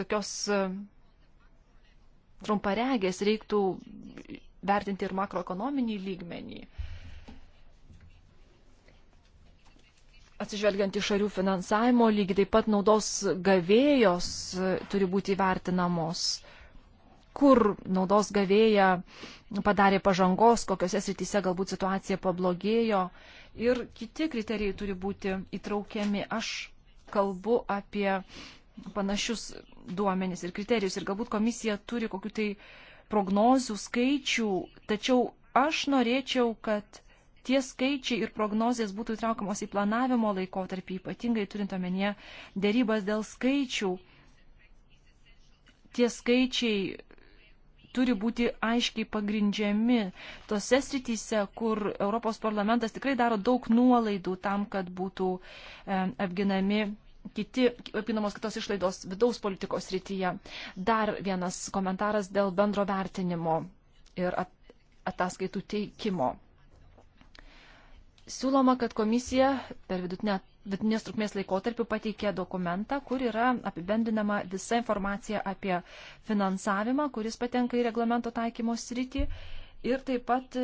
tokios e, trumparegės, reiktų vertinti ir makroekonominį lygmenį. atsižvelgiant į šalių finansavimo lygį, taip pat naudos gavėjos e, turi būti įvertinamos, kur naudos gavėja padarė pažangos, kokiuose srityse galbūt situacija pablogėjo ir kiti kriterijai turi būti įtraukiami. Aš kalbu apie panašius duomenis ir kriterijus ir galbūt komisija turi kokiu tai prognozių skaičių, tačiau aš norėčiau, kad tie skaičiai ir prognozijas būtų įtraukiamos į planavimo laikotarpį, ypatingai turint omenyje dėrybas dėl skaičių. Tie skaičiai turi būti aiškiai pagrindžiami tose srityse, kur Europos parlamentas tikrai daro daug nuolaidų tam, kad būtų e, apginami kiti, apginamos kitos išlaidos vidaus politikos srityje. Dar vienas komentaras dėl bendro vertinimo ir ataskaitų teikimo siūloma, kad komisija per vidutinę, vidutinės trukmės laikotarpį pateikė dokumentą, kur yra apibendrinama visa informacija apie finansavimą, kuris patenka į reglamento taikymo sritį ir taip pat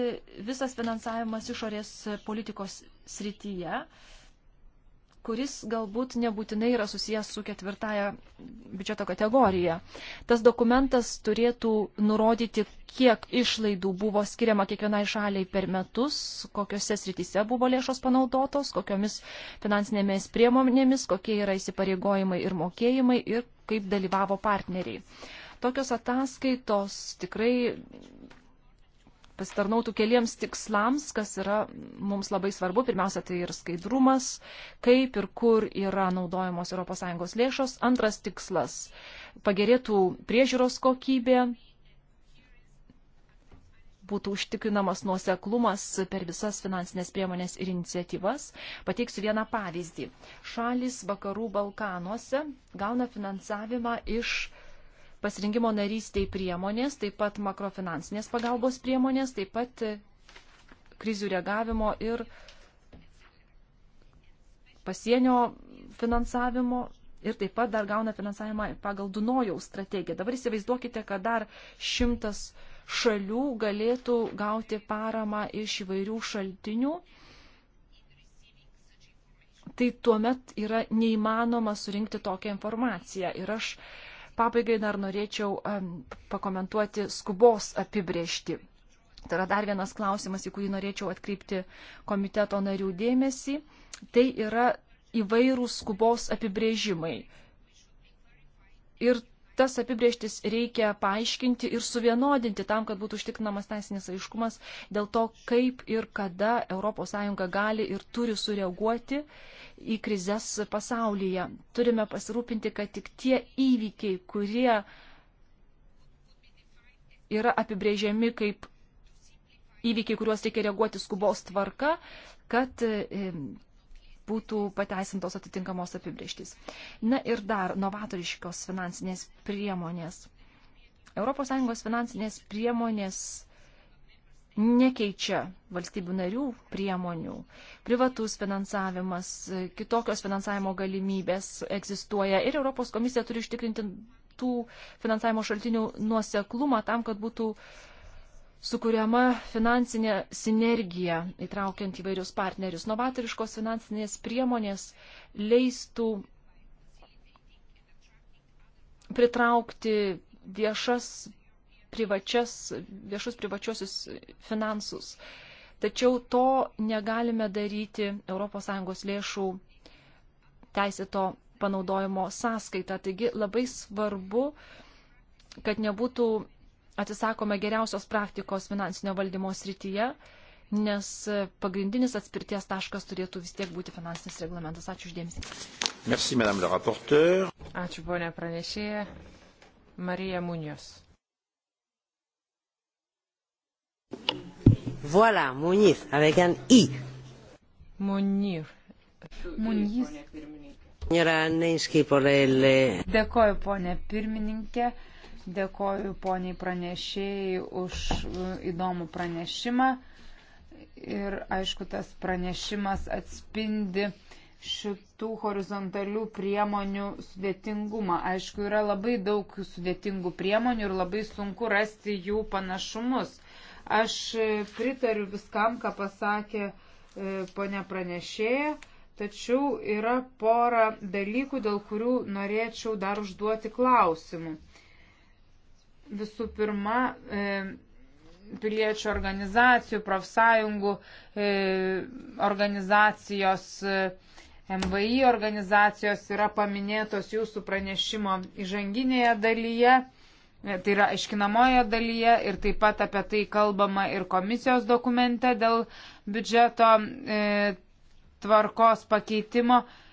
visas finansavimas išorės politikos srityje kuris galbūt nebūtinai yra susijęs su ketvirtaja biudžeto kategorija. Tas dokumentas turėtų nurodyti, kiek išlaidų buvo skiriama kiekvienai šaliai per metus, kokiuose srityse buvo lėšos panaudotos, kokiomis finansinėmis priemonėmis, kokie yra įsipareigojimai ir mokėjimai ir kaip dalyvavo partneriai. Tokios ataskaitos tikrai pasitarnautų keliems tikslams, kas yra mums labai svarbu. Pirmiausia, tai ir skaidrumas, kaip ir kur yra naudojamos ES lėšos. Antras tikslas - pagerėtų priežiūros kokybė, būtų užtikrinamas nuoseklumas per visas finansinės priemonės ir iniciatyvas. Pateiksiu vieną pavyzdį. Šalis vakarų Balkanuose gauna finansavimą iš pasirinkimo narystiai priemonės, taip pat makrofinansinės pagalbos priemonės, taip pat e, krizių reagavimo ir pasienio finansavimo ir taip pat dar gauna finansavimą pagal Dunojaus strategiją. Dabar įsivaizduokite, kad dar šimtas šalių galėtų gauti paramą iš įvairių šaltinių. Tai tuomet yra neįmanoma surinkti tokią informaciją. Ir aš uh, Pabaigai dar norėčiau um, pakomentuoti skubos apibriešti. Tai yra dar vienas klausimas, į kurį norėčiau atkreipti komiteto narių dėmesį. Tai yra įvairūs skubos apibrėžimai. Ir tas apibrieštis reikia paaiškinti ir suvienodinti tam, kad būtų užtikrinamas teisinis aiškumas dėl to, kaip ir kada ES gali ir turi sureaguoti į krizės pasaulyje. Turime pasirūpinti, kad tik tie įvykiai, kurie yra apibrėžiami kaip įvykiai, kuriuos reikia reaguoti skubos tvarka, kad būtų pateisintos atitinkamos apibrieštys. Na ir dar novatoriškos finansinės priemonės. ES finansinės priemonės nekeičia valstybių narių priemonių. Privatus finansavimas, kitokios finansavimo galimybės egzistuoja ir Europos komisija turi ištikrinti tų finansavimo šaltinių nuoseklumą tam, kad būtų uh, sukūriama finansinė sinergija, įtraukiant įvairius partnerius. Novatoriškos finansinės priemonės leistų pritraukti viešas, privačias, viešus privačiosius finansus. Tačiau to negalime daryti ES lėšų teisėto panaudojimo sąskaita. Taigi labai svarbu, kad nebūtų atsisakome geriausios praktikos finansinio valdymo srityje, nes pagrindinis atspirties taškas turėtų vis tiek būti finansinis reglamentas. Ačiū uždėmesi. Merci, madame la rapporteur. Ačiū, ponė pranešėja. Marija Munios. Voilà, Muniz, avec un I. Munir. Muniz. Eh, Dėkoju, ponė pirmininkė. Dėkoju poniai pranešėjai už e, įdomų pranešimą. Ir aišku, tas pranešimas atspindi šitų horizontalių priemonių sudėtingumą. Aišku, yra labai daug sudėtingų priemonių ir labai sunku rasti jų panašumus. Aš e, pritariu viskam, ką pasakė e, ponia pranešėja, tačiau yra pora dalykų, dėl kurių norėčiau dar užduoti klausimų. Visų pirma, e, piliečių organizacijų, profsąjungų e, organizacijos, e, MVI organizacijos yra paminėtos jūsų pranešimo įžanginėje dalyje. Tai yra aiškinamojo dalyje ir taip pat apie tai kalbama ir komisijos dokumente dėl biudžeto e, tvarkos pakeitimo. E,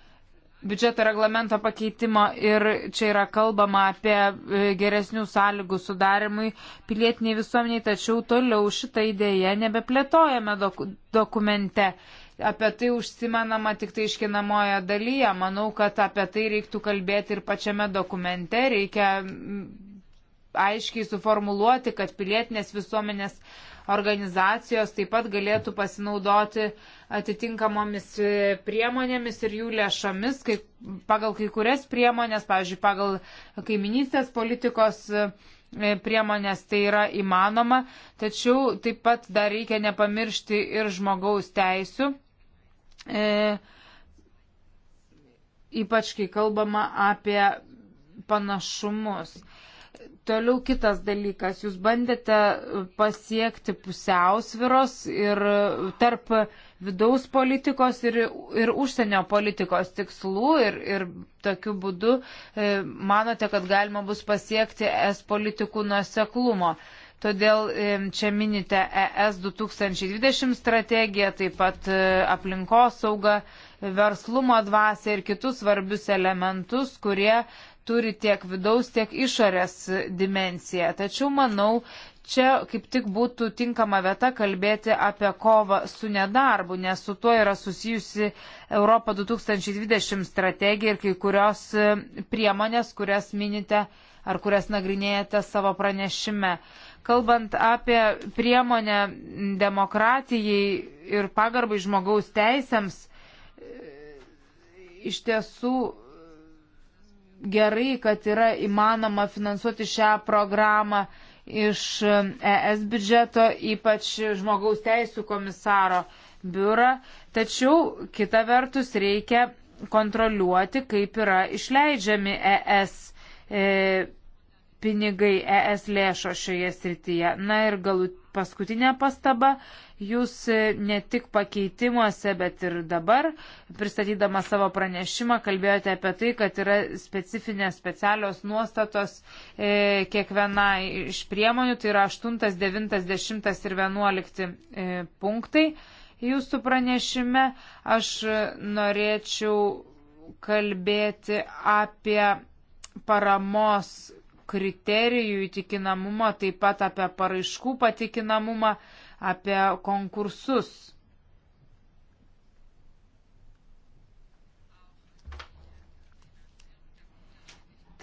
biudžeto reglamento pakeitimo ir čia yra kalbama apie e, geresnių sąlygų sudarimui pilietiniai visuomeniai, tačiau toliau šitą idėją nebeplėtojame dok dokumente. Apie tai užsimenama tik tai iškinamoje dalyje. Manau, kad apie tai reiktų kalbėti ir pačiame dokumente. Reikia aiškiai suformuluoti, kad pilietinės visuomenės organizacijos taip pat galėtų pasinaudoti atitinkamomis e, priemonėmis ir jų lėšomis, kai, pagal kai kurias priemonės, pavyzdžiui, pagal kaiminystės politikos e, priemonės tai yra įmanoma, tačiau taip pat dar reikia nepamiršti ir žmogaus teisų. E, ypač kai kalbama apie panašumus. Toliau kitas dalykas, jūs bandėte e, pasiekti pusiausviros ir e, tarp vidaus politikos ir, ir užsienio politikos tikslų ir, ir tokiu būdu e, manote, kad galima bus pasiekti es politikų nuoseklumo. Todėl čia minite ES 2020 strategiją, taip pat aplinkosaugą, verslumo dvasę ir kitus svarbius elementus, kurie turi tiek vidaus, tiek išorės dimenciją. Tačiau manau, čia kaip tik būtų tinkama vieta kalbėti apie kovą su nedarbu, nes su tuo yra susijusi Europa 2020 strategija ir kai kurios e, priemonės, kurias minite ar kurias nagrinėjate savo pranešime. Kalbant apie priemonę demokratijai ir pagarbai žmogaus teisėms, e, iš tiesų gerai, kad yra įmanoma finansuoti šią programą iš e, ES biudžeto, ypač žmogaus teisų komisaro biurą. Tačiau kita vertus reikia kontroliuoti, kaip yra išleidžiami ES e, pinigai, ES lėšo šioje srityje. Na ir galutinai paskutinė pastaba. Jūs e, ne tik pakeitimuose, bet ir dabar, pristatydama savo pranešimą, kalbėjote apie tai, kad yra specifinės specialios nuostatos e, kiekvienai iš priemonių, tai yra 8, 9, 10 ir 11 e, punktai. Jūsų pranešime aš norėčiau kalbėti apie paramos kriterijų įtikinamumą, taip pat apie paraiškų patikinamumą, apie konkursus.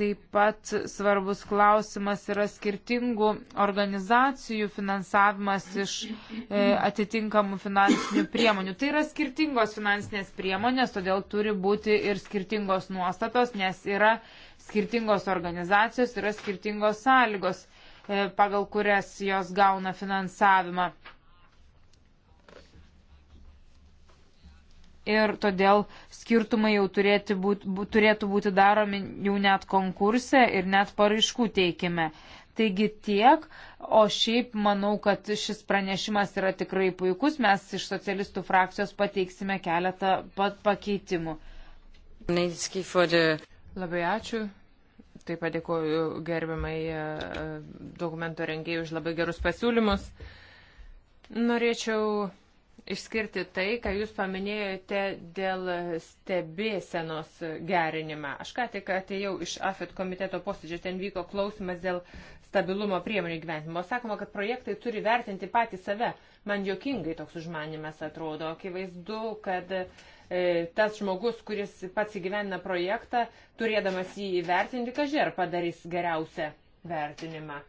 Taip pat svarbus klausimas yra skirtingų organizacijų finansavimas iš e, atitinkamų finansinių priemonių. Tai yra skirtingos finansinės priemonės, todėl turi būti ir skirtingos nuostatos, nes yra skirtingos organizacijos, yra skirtingos sąlygos, e, pagal kurias jos gauna finansavimą. ir todėl skirtumai jau turėtų būti, turėtų būti daromi jau net konkurse ir net paraiškų teikime. Taigi tiek, o šiaip manau, kad šis pranešimas yra tikrai puikus, mes iš socialistų frakcijos pateiksime keletą pat pakeitimų. Labai ačiū. Taip pat dėkuoju gerbiamai e, e, dokumento rengėjai už labai gerus pasiūlymus. Norėčiau išskirti tai, ką Jūs paminėjote dėl stebėsenos gerinimą. Aš ką tik atėjau iš AFET komiteto posėdžio, ten vyko klausimas dėl stabilumo priemonių gyvenimo. Sakoma, kad projektai turi vertinti patį save. Man jokingai toks užmanimas atrodo. Akivaizdu, kad e, tas žmogus, kuris pats įgyvena projektą, turėdamas jį įvertinti, kažkai ar padarys geriausią vertinimą.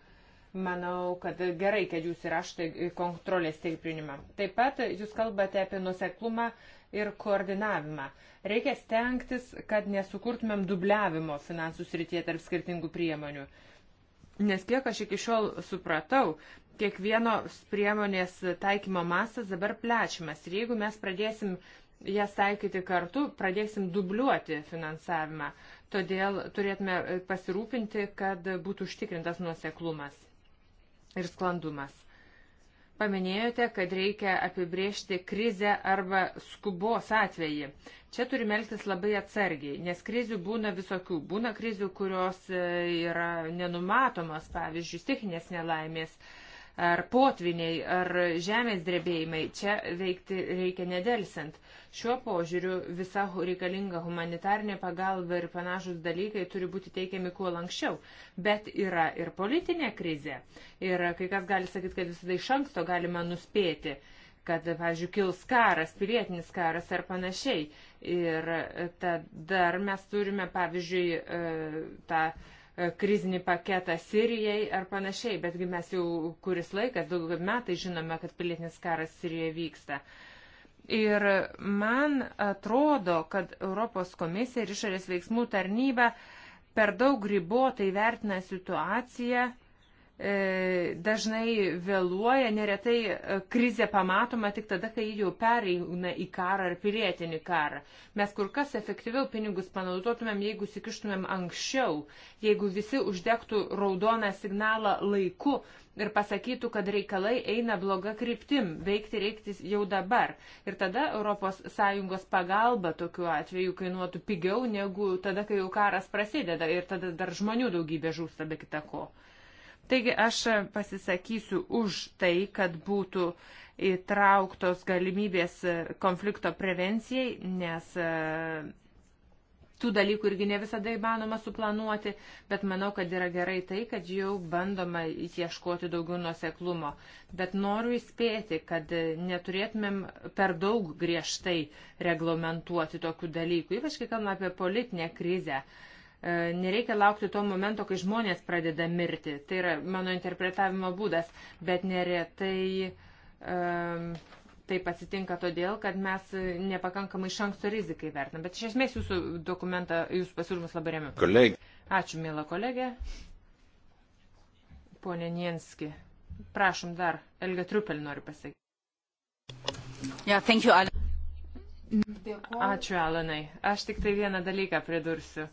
Manau, kad gerai, kad jūs įrašote kontrolės stiprinimą. Taip pat jūs kalbate apie nuseklumą ir koordinavimą. Reikia stengtis, kad nesukurtumėm dubliavimo finansų srityje tarp skirtingų priemonių. Nes kiek aš iki šiol supratau, kiekvienos priemonės taikymo masas dabar plečiamas. Ir jeigu mes pradėsim jas taikyti kartu, pradėsim dubliuoti finansavimą. Todėl turėtume pasirūpinti, kad būtų užtikrintas nuoseklumas ir sklandumas. Paminėjote, kad reikia apibriežti krizę arba skubos atvejį. Čia turime elgtis labai atsargiai, nes krizių būna visokių. Būna krizių, kurios e, yra nenumatomas, pavyzdžiui, stichinės nelaimės ar potviniai, ar žemės drebėjimai. Čia veikti reikia nedelsint. Šiuo požiūriu visa reikalinga humanitarinė pagalba ir panašus dalykai turi būti teikiami kuo anksčiau. Bet yra ir politinė krizė. Ir kai kas gali sakyti, kad visada iš anksto galima nuspėti kad, pavyzdžiui, kils karas, pilietinis karas ar panašiai. Ir e, tada mes turime, pavyzdžiui, e, tą e, krizinį paketą Sirijai ar panašiai, betgi mes jau kuris laikas, daugiau kaip metai žinome, kad pilietinis karas Sirijoje vyksta. Uh, Ir man atrodo, kad Europos komisija ir išorės veiksmų tarnyba per daug ribotai vertina situaciją E, dažnai vėluoja, neretai e, krizė pamatoma tik tada, kai jau pereina į karą ar pilietinį karą. Mes kur kas efektyviau pinigus panaudotumėm, jeigu sikištumėm anksčiau, jeigu visi uždegtų raudoną signalą laiku ir pasakytų, kad reikalai eina bloga kryptim, veikti reiktis jau dabar. Ir tada ES pagalba tokiu atveju kainuotų pigiau negu tada, kai jau karas prasideda ir tada dar žmonių daugybė žūsta be kita ko. Taigi aš pasisakysiu už tai, kad būtų įtrauktos galimybės konflikto prevencijai, nes e, tų dalykų irgi ne visada įmanoma suplanuoti, bet manau, kad yra gerai tai, kad jau bandoma ieškoti daugiau nuoseklumo. Bet noriu įspėti, kad neturėtumėm per daug griežtai reglamentuoti tokių dalykų, ypač kai kalbame apie politinę krizę. Uh, E, nereikia laukti to momento, kai žmonės pradeda mirti. Tai yra mano interpretavimo būdas, bet neretai um, taip atsitinka todėl, kad mes nepakankamai iš anksto rizikai vertinam. Bet iš esmės jūsų dokumentą, jūsų pasiūlymus labai remiu. Kolegė. Ačiū, mėla kolegė. Pone Nienski, prašom dar, Elga Triupel nori pasakyti. Yeah, thank you, Alan. Dėkuoju. Ačiū, Alanai. Aš tik tai vieną dalyką pridursiu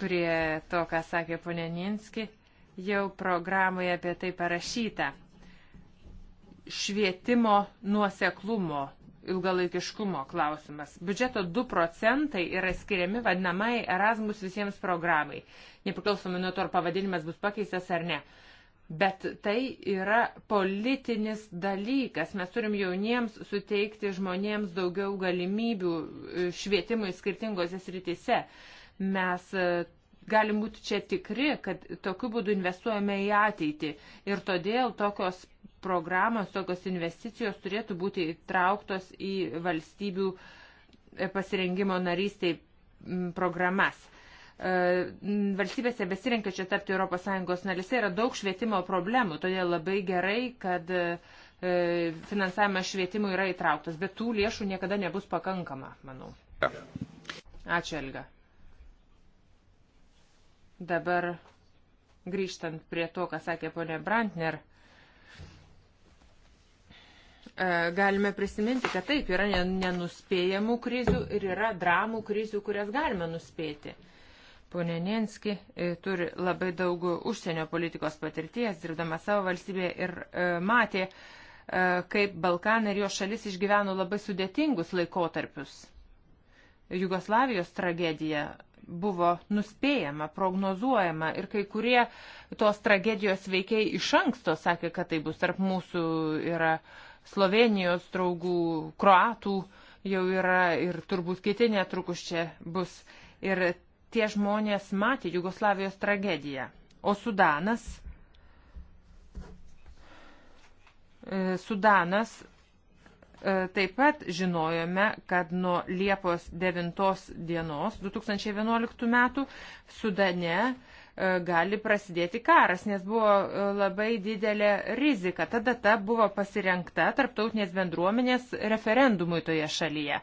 prie to, ką sakė ponė Ninski, jau programoje apie tai parašyta. Švietimo nuoseklumo, ilgalaikiškumo klausimas. Biudžeto 2 procentai yra skiriami vadinamai Erasmus visiems programai. Nepriklausomai nuo to, ar pavadinimas bus pakeistas ar ne. Bet tai yra politinis dalykas. Mes turim jauniems suteikti žmonėms daugiau galimybių e, švietimui skirtingose srityse. Mes e, galim būti čia tikri, kad tokiu būdu investuojame į ateitį. Ir todėl tokios programos, tokios investicijos turėtų būti įtrauktos į valstybių e, pasirengimo narystiai programas. E, valstybėse besirinkačia tapti ES narise yra daug švietimo problemų, todėl labai gerai, kad finansavimas švietimui yra įtrauktas, bet tų lėšų niekada nebus pakankama, manau. Ačiū, Elga. Dabar grįžtant prie to, ką sakė ponė Brantner, e, galime prisiminti, kad taip yra nenuspėjamų krizių ir yra dramų krizių, kurias galime nuspėti. Pone Nenski e, turi labai daug užsienio politikos patirties, dirbdama savo valstybėje ir e, matė, kaip Balkanai ir jo šalis išgyveno labai sudėtingus laikotarpius. Jugoslavijos tragedija buvo nuspėjama, prognozuojama ir kai kurie tos tragedijos veikiai iš anksto sakė, kad tai bus tarp mūsų yra Slovenijos draugų, Kroatų jau yra ir turbūt kiti netrukus čia bus. Ir tie žmonės matė Jugoslavijos tragediją. O Sudanas. E, Sudanas E, taip pat žinojome, kad nuo Liepos 9 dienos 2011 metų Sudane E, gali prasidėti karas, nes buvo e, labai didelė rizika. Ta data buvo pasirenkta tarptautinės bendruomenės referendumui toje šalyje.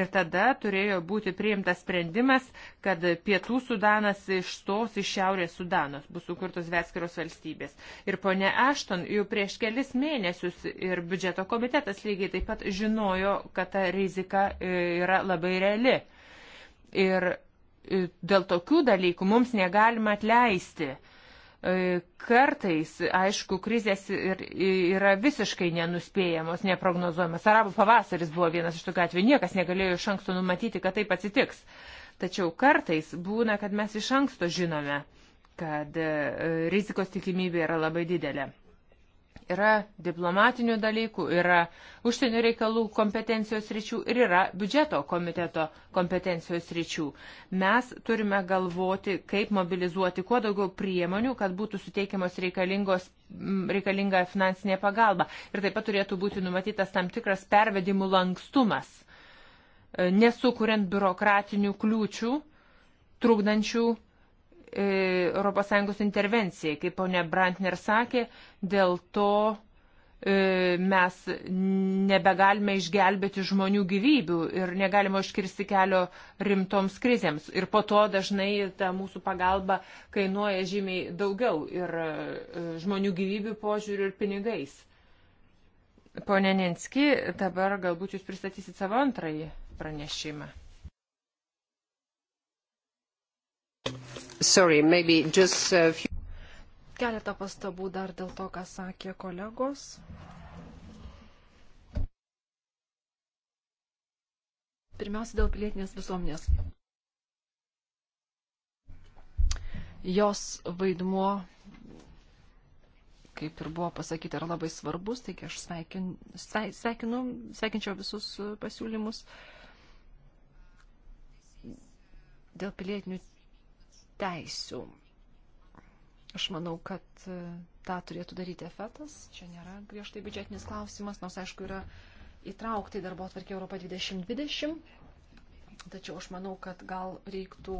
Ir tada turėjo būti priimtas sprendimas, kad pietų Sudanas išstos iš šiaurės Sudanos, bus sukurtos atskiros valstybės. Ir ponė Ašton jau prieš kelis mėnesius ir biudžeto komitetas lygiai taip pat žinojo, kad ta rizika e, yra labai reali. Ir dėl tokių dalykų mums negalima atleisti. Kartais, aišku, krizės ir, yra visiškai nenuspėjamos, neprognozuojamos. Arabų pavasaris buvo vienas iš tokių atvejų, niekas negalėjo iš anksto numatyti, kad taip atsitiks. Tačiau kartais būna, kad mes iš anksto žinome, kad e, rizikos tikimybė yra labai didelė yra diplomatinių dalykų, yra užsienio reikalų kompetencijos ryčių ir yra biudžeto komiteto kompetencijos ryčių. Mes turime galvoti, kaip mobilizuoti kuo daugiau priemonių, kad būtų suteikiamos reikalingos reikalinga finansinė pagalba. Ir taip pat turėtų būti numatytas tam tikras pervedimų lankstumas, e, nesukuriant biurokratinių kliūčių, trukdančių E, ES intervencijai. Kaip ponė Brantner sakė, dėl to e, mes nebegalime išgelbėti žmonių gyvybių ir negalime užkirsti kelio rimtoms krizėms. Ir po to dažnai ta mūsų pagalba kainuoja žymiai daugiau ir e, žmonių gyvybių požiūrių ir pinigais. Pone Ninski, dabar galbūt jūs pristatysit savo antrąjį pranešimą. Sorry, maybe just a few... Keletą pastabų dar dėl to, ką sakė kolegos. Pirmiausia, dėl pilietinės visuomenės. Jos vaidmuo, kaip ir buvo pasakyti, yra labai svarbus, taigi aš sveikin, sveikinu, sveikinčiau visus pasiūlymus dėl pilietinių teisių. Aš manau, kad e, tą turėtų daryti efetas. Čia nėra griežtai biudžetinis klausimas, nors aišku yra įtraukti į darbo atvarkį Europą 2020. Tačiau aš manau, kad gal reiktų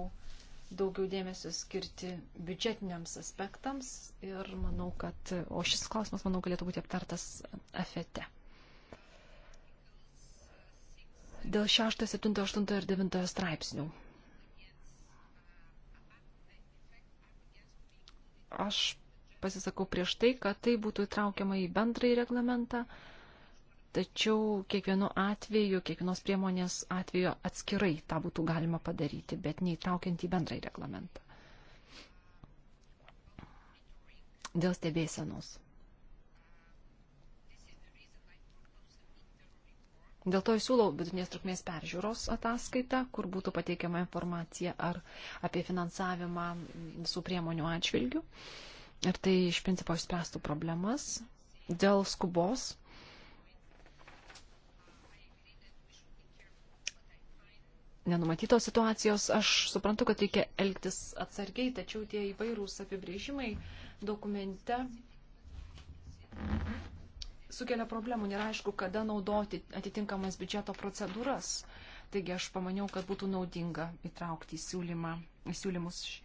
daugiau dėmesio skirti biudžetiniams aspektams ir manau, kad, o šis klausimas, manau, galėtų būti aptartas afete. Dėl 6, 7, 8 ir 9 straipsnių Aš pasisakau prieš tai, kad tai būtų įtraukiama į bendrąjį reglamentą, tačiau kiekvienu atveju, kiekvienos priemonės atveju atskirai tą būtų galima padaryti, bet neįtraukiant į bendrąjį reglamentą. Dėl stebėsenos. Dėl to įsiūlau vidutinės trukmės peržiūros ataskaitą, kur būtų pateikiama informacija ar apie finansavimą visų priemonių atžvilgių. Ir tai iš principo išspręstų problemas. Dėl skubos. Nenumatytos situacijos, aš suprantu, kad reikia elgtis atsargiai, tačiau tie įvairūs apibrėžimai dokumente sukelia problemų, nėra aišku, kada naudoti atitinkamas biudžeto procedūras. Taigi aš pamaniau, kad būtų naudinga įtraukti į, siūlymą, į siūlymus šį,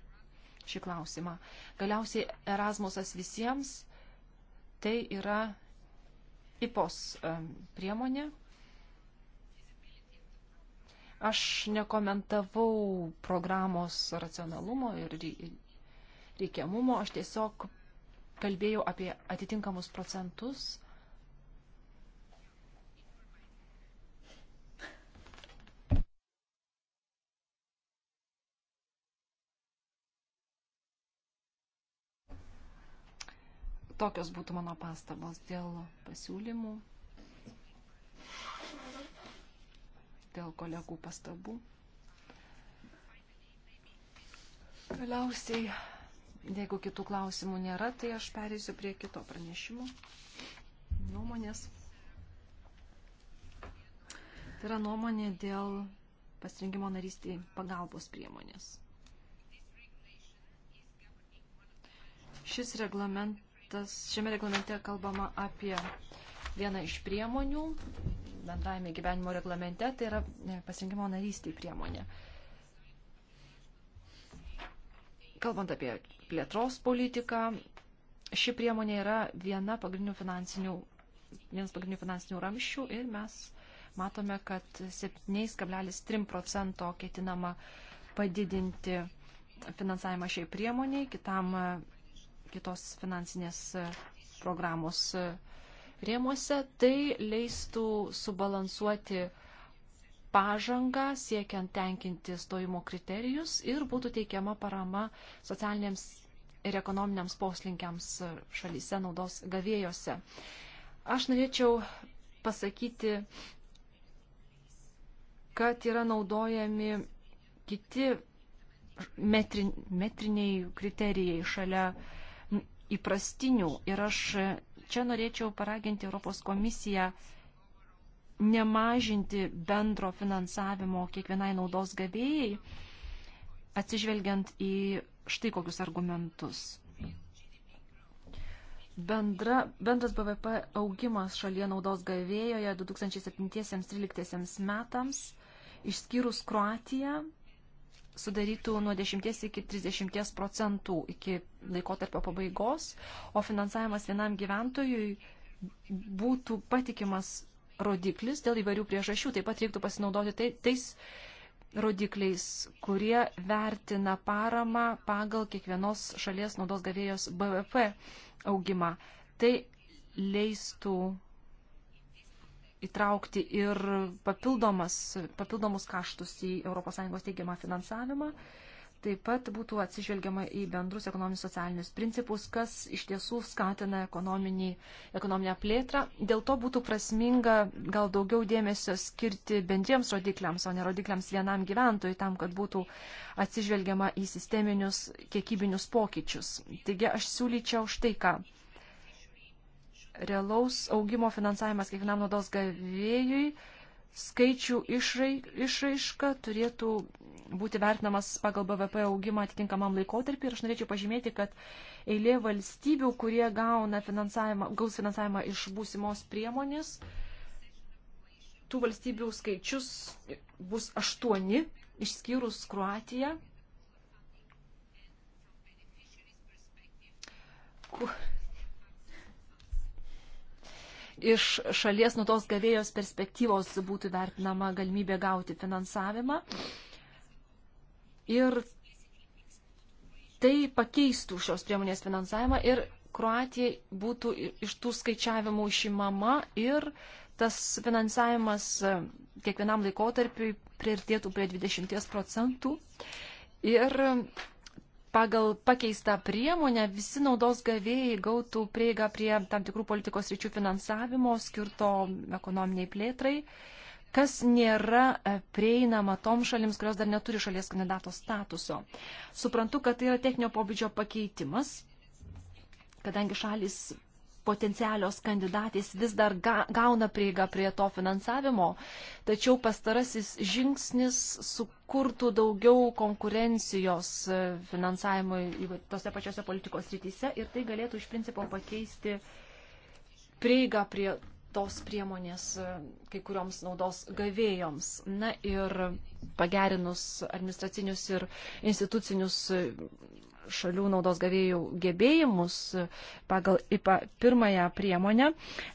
šį klausimą. Galiausiai Erasmusas visiems tai yra IPOS e, priemonė. Aš nekomentavau programos racionalumo ir reikiamumo, aš tiesiog kalbėjau apie atitinkamus procentus Tokios būtų mano pastabos dėl pasiūlymų, dėl kolegų pastabų. Galiausiai, jeigu kitų klausimų nėra, tai aš perėsiu prie kito pranešimo nuomonės. Tai yra nuomonė dėl pasirinkimo narystį pagalbos priemonės. Šis reglamentas reglamentas, šiame reglamente kalbama apie vieną iš priemonių bendrajame gyvenimo reglamente, tai yra e, pasirinkimo narystiai priemonė. Kalbant apie plėtros politiką, ši priemonė yra viena pagrindinių finansinių, vienas pagrindinių finansinių ramščių ir mes matome, kad 7,3 procento ketinama padidinti finansavimą šiai priemoniai, kitam kitos finansinės e, programos e, rėmuose. Tai leistų subalansuoti pažangą siekiant tenkinti stojimo kriterijus ir būtų teikiama parama socialiniams ir ekonominiams poslinkiams e, šalyse naudos gavėjose. Aš norėčiau pasakyti, kad yra naudojami kiti metrin, metriniai kriterijai šalia uh, įprastinių. Ir aš čia norėčiau paraginti Europos komisiją nemažinti bendro finansavimo kiekvienai naudos gavėjai, atsižvelgiant į štai kokius argumentus. Bendra, bendras BVP augimas šalyje naudos gavėjoje 2007-2013 metams, išskyrus Kroatiją, sudarytų nuo 10 iki 30 procentų iki laikotarpio pabaigos, o finansavimas vienam gyventojui būtų patikimas rodiklis dėl įvairių priežasčių. Taip pat reiktų pasinaudoti tai, tais rodikliais, kurie vertina paramą pagal kiekvienos šalies naudos gavėjos BVP augimą. Tai leistų įtraukti ir papildomus kaštus į ES teigiamą finansavimą. Taip pat būtų atsižvelgiama į bendrus ekonominius socialinius principus, kas iš tiesų skatina ekonominę plėtrą. Dėl to būtų prasminga gal daugiau dėmesio skirti bendriems rodikliams, o ne rodikliams vienam gyventojui, tam, kad būtų atsižvelgiama į sisteminius kiekybinius pokyčius. Taigi aš siūlyčiau štai ką realaus augimo finansavimas kiekvienam naudos gavėjui, skaičių išrai, išraiška turėtų būti vertinamas pagal BVP augimą atitinkamam laikotarpį. Ir aš norėčiau pažymėti, kad eilė valstybių, kurie gauna finansavimą, gaus finansavimą iš būsimos priemonės, tų valstybių skaičius bus aštuoni, išskyrus Kroatiją iš šalies nutos gavėjos perspektyvos būtų vertinama galimybė gauti finansavimą. Ir tai pakeistų šios priemonės finansavimą ir Kroatijai būtų iš tų skaičiavimų išimama ir tas finansavimas e, kiekvienam laikotarpiui priartėtų prie 20 procentų. Ir pagal pakeistą priemonę visi naudos gavėjai gautų prieigą prie tam tikrų politikos ryčių finansavimo skirto ekonominiai plėtrai, kas nėra e, prieinama tom šalims, kurios dar neturi šalies kandidato statuso. Suprantu, kad tai yra techninio pobūdžio pakeitimas, kadangi šalis potencialios kandidatės vis dar ga, gauna prieigą prie to finansavimo, tačiau pastarasis žingsnis sukurtų daugiau konkurencijos e, finansavimui tose pačiose politikos rytise ir tai galėtų iš principo pakeisti prieigą prie tos priemonės e, kai kurioms naudos gavėjoms. Na ir pagerinus administracinius ir institucinius e, šalių naudos gavėjų gebėjimus pagal IPA pirmąją priemonę,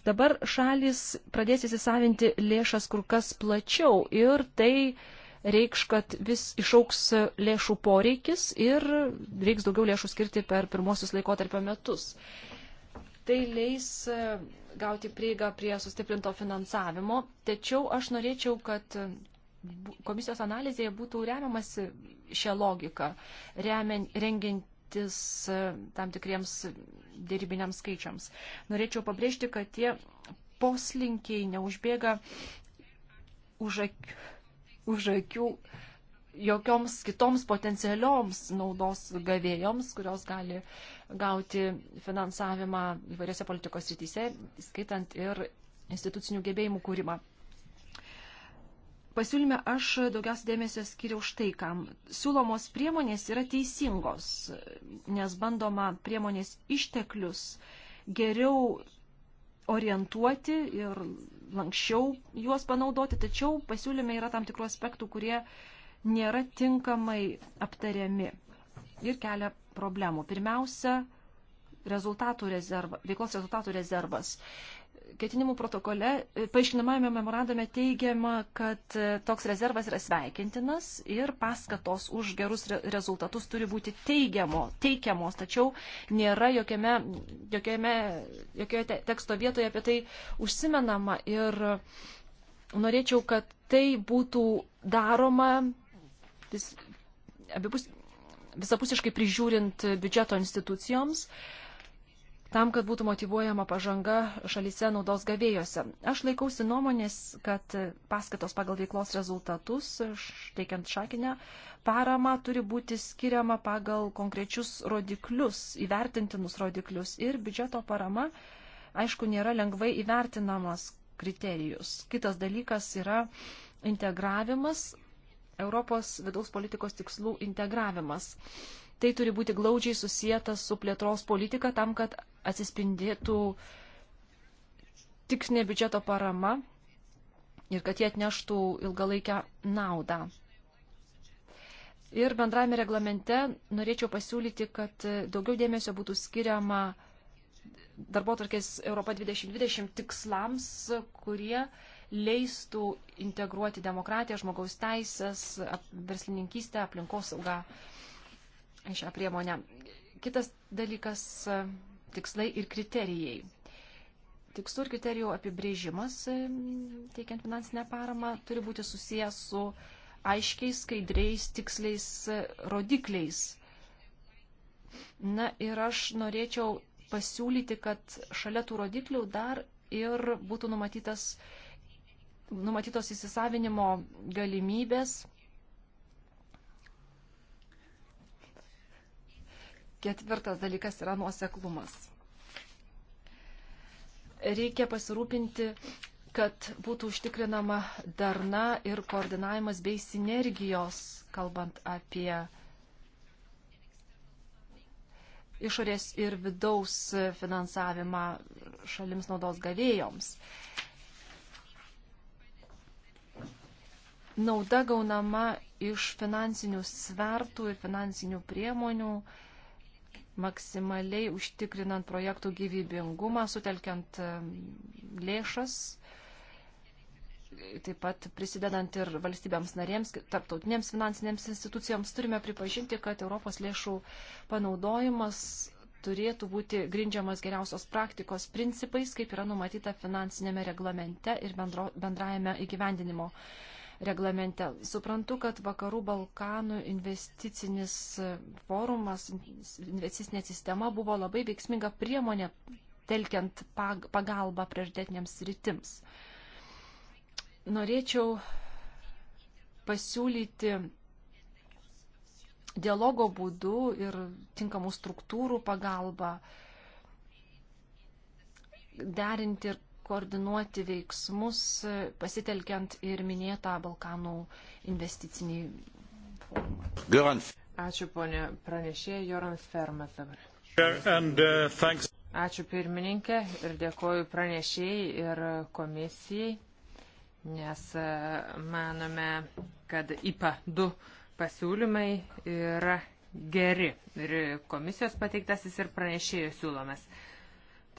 dabar šalis pradės įsisavinti lėšas kur kas plačiau ir tai reikš, kad vis išauks lėšų poreikis ir reiks daugiau lėšų skirti per pirmosius laikotarpio metus. Tai leis e, gauti prieigą prie sustiprinto finansavimo, tačiau aš norėčiau, kad komisijos analizėje būtų remiamas šią logiką, remen, rengintis e, tam tikriems dėrybiniams skaičiams. Norėčiau pabrėžti, kad tie poslinkiai neužbėga už, ak, už akių jokioms kitoms potencialioms naudos gavėjoms, kurios gali gauti finansavimą įvairiose politikos rytise, skaitant ir institucinių gebėjimų kūrimą pasiūlyme aš daugiausia dėmesio skiriau štai kam. Siūlomos priemonės yra teisingos, nes bandoma priemonės išteklius geriau orientuoti ir lankščiau juos panaudoti, tačiau pasiūlyme yra tam tikrų aspektų, kurie nėra tinkamai aptariami ir kelia problemų. Pirmiausia, rezultatų rezerva, veiklos rezultatų rezervas ketinimų protokole, e, paaiškinamajame memorandume teigiama, kad e, toks rezervas yra sveikintinas ir paskatos už gerus rezultatus turi būti teigiamo, teikiamos, tačiau nėra jokiame, jokiame, jokioje teksto vietoje apie tai užsimenama ir norėčiau, kad tai būtų daroma vis, abipus, visapusiškai prižiūrint biudžeto institucijoms. Uh, tam, kad būtų motivuojama pažanga šalyse naudos gavėjose. Aš laikausi nuomonės, kad paskatos pagal veiklos rezultatus, teikiant šakinę paramą, turi būti skiriama pagal konkrečius rodiklius, įvertintinus rodiklius ir biudžeto parama, aišku, nėra lengvai įvertinamas kriterijus. Kitas dalykas yra integravimas, Europos vidaus politikos tikslų integravimas tai turi būti glaudžiai susijęta su plėtros politika tam, kad atsispindėtų tikslinė biudžeto parama ir kad jie atneštų ilgalaikę naudą. Ir bendrame reglamente norėčiau pasiūlyti, kad daugiau dėmesio būtų skiriama darbo tarkės Europa 2020 tikslams, kurie leistų integruoti demokratiją, žmogaus teisės, verslininkystę, aplinkosaugą. saugą šią priemonę. Kitas dalykas - tikslai ir kriterijai. Tikslų ir kriterijų apibrėžimas, teikiant finansinę paramą, turi būti susijęs su aiškiais, skaidriais, tiksliais rodikliais. Na ir aš norėčiau pasiūlyti, kad šalia tų rodiklių dar ir būtų numatytas, numatytos įsisavinimo galimybės Ketvirtas dalykas yra nuoseklumas. Reikia pasirūpinti, kad būtų užtikrinama darna ir koordinavimas bei sinergijos, kalbant apie išorės ir vidaus finansavimą šalims naudos gavėjoms. Nauda gaunama iš finansinių svertų ir finansinių priemonių, uh, maksimaliai užtikrinant projektų gyvybingumą, sutelkiant lėšas, taip pat prisidedant ir valstybėms narėms, tarptautinėms finansinėms institucijoms, turime pripažinti, kad Europos lėšų panaudojimas turėtų būti grindžiamas geriausios praktikos principais, kaip yra numatyta finansinėme reglamente ir bendro, bendrajame įgyvendinimo reglamente. Suprantu, kad Vakarų Balkanų investicinis forumas, investicinė sistema buvo labai veiksminga priemonė telkiant pagalbą prioritetiniams rytims. Norėčiau pasiūlyti dialogo būdu ir tinkamų struktūrų pagalba derinti ir koordinuoti veiksmus, pasitelkiant ir minėtą Balkanų investicinį forumą. Görans. Ačiū, ponė pranešėja Jorans Fermas dabar. And, uh, Ačiū pirmininkė ir dėkoju pranešėjai ir komisijai, nes uh, manome, kad IPA 2 pasiūlymai yra geri ir komisijos pateiktasis ir pranešėjų siūlomas.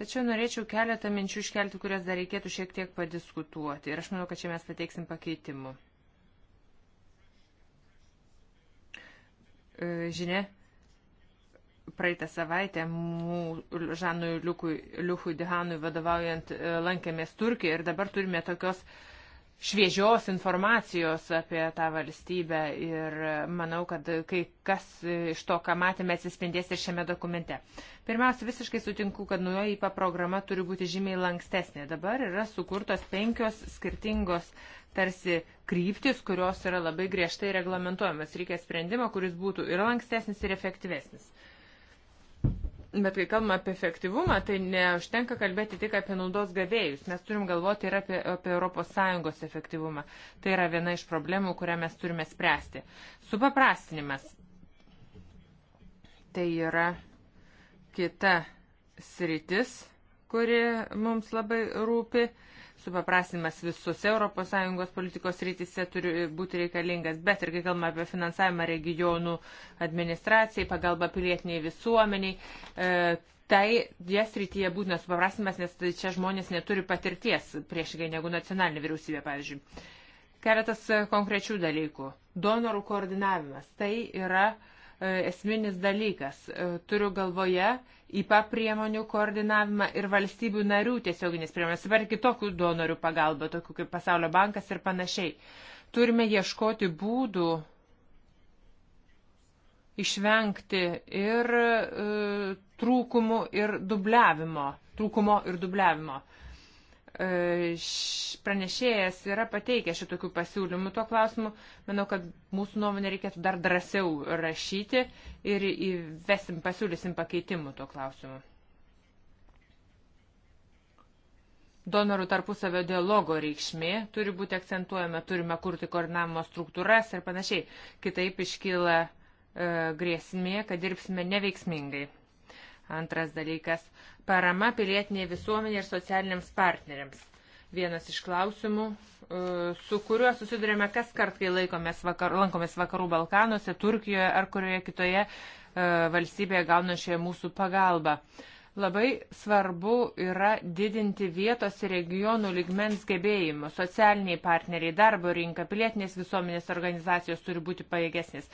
Tačiau norėčiau keletą minčių iškelti, kurias dar reikėtų šiek tiek padiskutuoti. Ir aš manau, kad čia mes pateiksim pakeitimų. E, žinia, praeitą savaitę Žanui Liukui, Liukui Dihanui vadovaujant e, lankėmės Turkiją ir dabar turime tokios uh, šviežios informacijos apie tą valstybę ir manau, kad kai kas iš to, ką matėme, atsispindės ir šiame dokumente. Pirmiausia, visiškai sutinku, kad naujoji IPA programa turi būti žymiai lankstesnė. Dabar yra sukurtos penkios skirtingos tarsi kryptis, kurios yra labai griežtai reglamentuojamas. Reikia sprendimo, kuris būtų ir lankstesnis, ir efektyvesnis. Bet kai kalbame apie efektyvumą, tai neužtenka kalbėti tik apie naudos gavėjus. Mes turim galvoti ir apie, apie ES efektyvumą. Tai yra viena iš problemų, kurią mes turime spręsti. Supaprastinimas. Tai yra kita sritis, kuri mums labai rūpi. Uh, Supaprastinimas visose ES politikos rytise turi būti reikalingas, bet ir kai kalbame apie finansavimą regionų administracijai, pagalba pilietiniai visuomeniai, e, tai jas rytyje būtinas supaprastinimas, nes tai čia žmonės neturi patirties priešingai negu nacionalinė vyriausybė, pavyzdžiui. Keletas konkrečių dalykų. Donorų koordinavimas. Tai yra e, esminis dalykas. E, turiu galvoje IPA priemonių koordinavimą ir valstybių narių tiesioginės priemonės, ar kitokių donorių pagalbą, tokių kaip Pasaulio bankas ir panašiai. Turime ieškoti būdų išvengti ir e, trūkumų ir dubliavimo, trūkumo ir dubliavimo. E, E, pranešėjas yra pateikęs šitokių pasiūlymų tuo klausimu. Manau, kad mūsų nuomonė reikėtų dar drąsiau rašyti ir įvesim, pasiūlysim pakeitimų tuo klausimu. Donorų tarpusavio dialogo reikšmė turi būti akcentuojama, turime kurti koordinavimo struktūras ir panašiai. Kitaip iškyla e, grėsmė, kad dirbsime neveiksmingai. Antras dalykas - parama pilietiniai visuomeniai ir socialiniams partneriams. Vienas iš klausimų, e, su kuriuo susidurėme kas kart, kai laikomės vakar, lankomės vakarų Balkanuose, Turkijoje ar kurioje kitoje e, valstybėje gaunančioje mūsų pagalbą. Labai svarbu yra didinti vietos ir regionų ligmens gebėjimus. Socialiniai partneriai, darbo rinka, pilietinės visuomenės organizacijos turi būti pajėgesnės.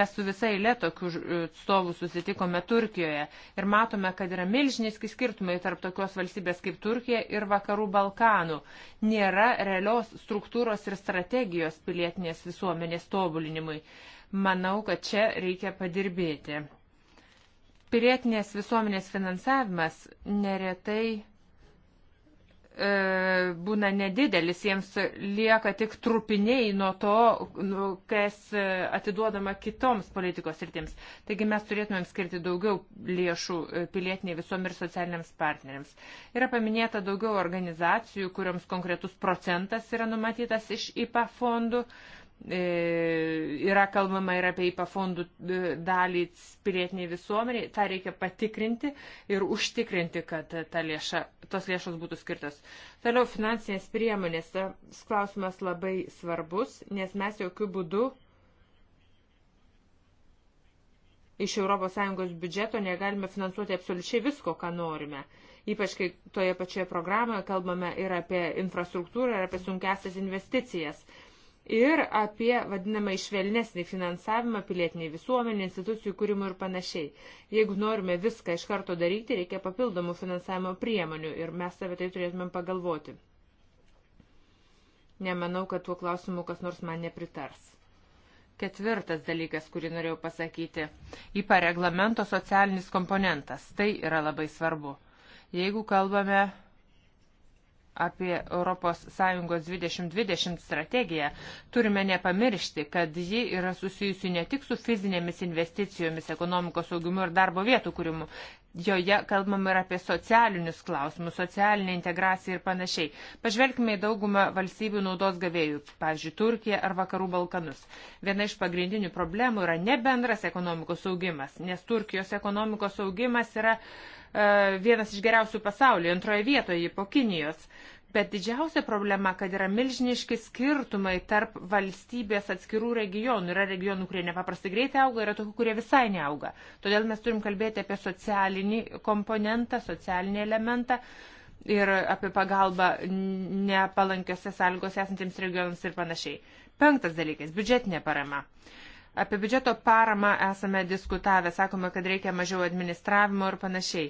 Mes su visai lietokių atstovų susitikome Turkijoje ir matome, kad yra milžiniski skirtumai tarp tokios valstybės kaip Turkija ir Vakarų Balkanų. Nėra realios struktūros ir strategijos pilietinės visuomenės tobulinimui. Manau, kad čia reikia padirbėti. Pilietinės visuomenės finansavimas neretai e, būna nedidelis, jiems lieka tik trupiniai nuo to, nu, kas atiduodama kitoms politikos rytims. Taigi mes turėtumėm skirti daugiau lėšų e, pilietiniai visom ir socialiniams partneriams. Yra paminėta daugiau organizacijų, kuriams konkretus procentas yra numatytas iš IPA fondų. Uh, E, yra kalbama ir apie IPA fondų e, dalį pilietiniai visuomeniai. Ta reikia patikrinti ir užtikrinti, kad ta lėša, tos lėšos būtų skirtos. Toliau finansinės priemonės. Tas klausimas labai svarbus, nes mes jokių būdų iš ES biudžeto negalime finansuoti absoliučiai visko, ką norime. Ypač kai toje pačioje programoje kalbame ir apie infrastruktūrą, ir apie sunkesias investicijas ir apie vadinamą išvelnesnį finansavimą pilietiniai visuomenė, institucijų kūrimų ir panašiai. Jeigu norime viską iš karto daryti, reikia papildomų finansavimo priemonių ir mes apie tai turėtumėm pagalvoti. Nemanau, kad tuo klausimu kas nors man nepritars. Ketvirtas dalykas, kurį norėjau pasakyti - įpa reglamento socialinis komponentas. Tai yra labai svarbu. Jeigu kalbame apie ES 2020 strategiją, turime nepamiršti, kad ji yra susijusi ne tik su fizinėmis investicijomis, ekonomikos augimu ir darbo vietų kūrimu. Joje kalbam ir apie socialinius klausimus, socialinę integraciją ir panašiai. Pažvelkime į daugumą valstybių naudos gavėjų, pavyzdžiui, Turkiją ar Vakarų Balkanus. Viena iš pagrindinių problemų yra ne bendras ekonomikos augimas, nes Turkijos ekonomikos augimas yra uh, E, vienas iš geriausių pasaulyje, antroje vietoje po Kinijos. Bet didžiausia problema, kad yra milžiniški skirtumai tarp valstybės atskirų regionų. Yra regionų, kurie nepaprastai greitai auga, yra tokių, kurie visai neauga. Todėl mes turim kalbėti apie socialinį komponentą, socialinį elementą ir apie pagalbą nepalankiose sąlygos esantiems regionams ir panašiai. Penktas dalykas - biudžetinė parama. Uh, Apie biudžeto paramą esame diskutavę, sakome, kad reikia mažiau administravimo ir panašiai.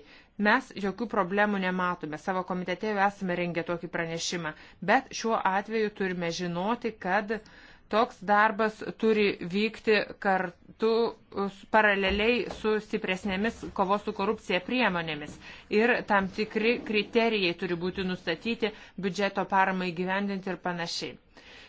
Mes jokių problemų nematome. Savo komitete jau esame rengę tokį pranešimą. Bet šiuo atveju turime žinoti, kad toks darbas turi vykti kartu paraleliai su stipresnėmis kovos su korupcija priemonėmis. Ir tam tikri kriterijai turi būti nustatyti, biudžeto paramai gyvendinti ir panašiai.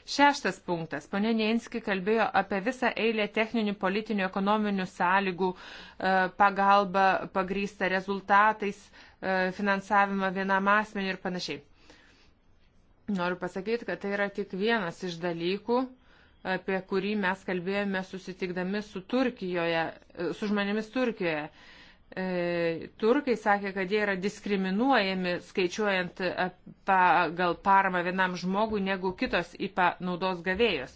Šeštas punktas. Pone Nienski kalbėjo apie visą eilę techninių, politinių, ekonominių sąlygų, e, pagalbą pagrįstą rezultatais, e, finansavimą vienam asmeniu ir panašiai. Noriu pasakyti, kad tai yra tik vienas iš dalykų, apie kurį mes kalbėjome susitikdami su, Turkijoje, e, su žmonėmis Turkijoje E, turkai sakė, kad jie yra diskriminuojami skaičiuojant e, pagal paramą vienam žmogui negu kitos IPA naudos gavėjos.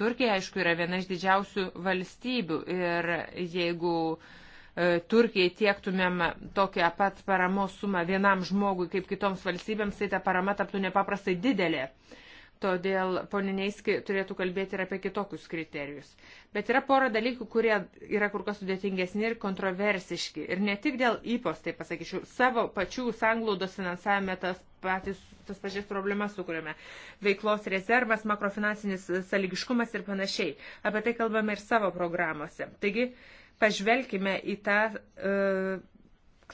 Turkija, aišku, yra viena iš didžiausių valstybių ir jeigu e, Turkijai tiektumėm tokią pat paramos sumą vienam žmogui kaip kitoms valstybėms, tai ta parama taptų nepaprastai didelė. Todėl ponineiski turėtų kalbėti ir apie kitokius kriterijus. Bet yra pora dalykų, kurie yra kur kas sudėtingesni ir kontroversiški. Ir ne tik dėl įpos, tai pasakyčiau, savo pačių sanglaudos finansavime tas, patys, tas pačias problemas sukūrėme. Veiklos rezervas, makrofinansinis saligiškumas ir panašiai. Apie tai kalbame ir savo programuose. Taigi, pažvelkime į tą. Uh, e,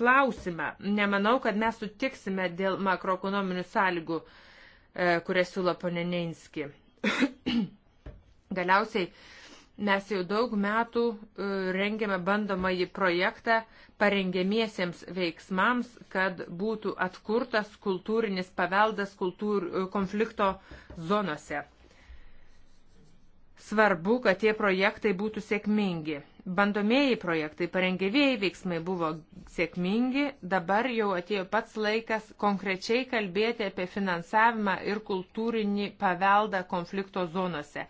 Klausime. Nemanau, kad mes sutiksime dėl makroekonominių sąlygų, e, kurias siūlo ponė Neinski. Galiausiai Mes jau daug metų e, rengiame bandomąjį projektą parengiamiesiems veiksmams, kad būtų atkurtas kultūrinis paveldas kultūr, e, konflikto zonose. Svarbu, kad tie projektai būtų sėkmingi. Bandomieji projektai, parengėvėjai veiksmai buvo sėkmingi, dabar jau atėjo pats laikas konkrečiai kalbėti apie finansavimą ir kultūrinį paveldą konflikto zonose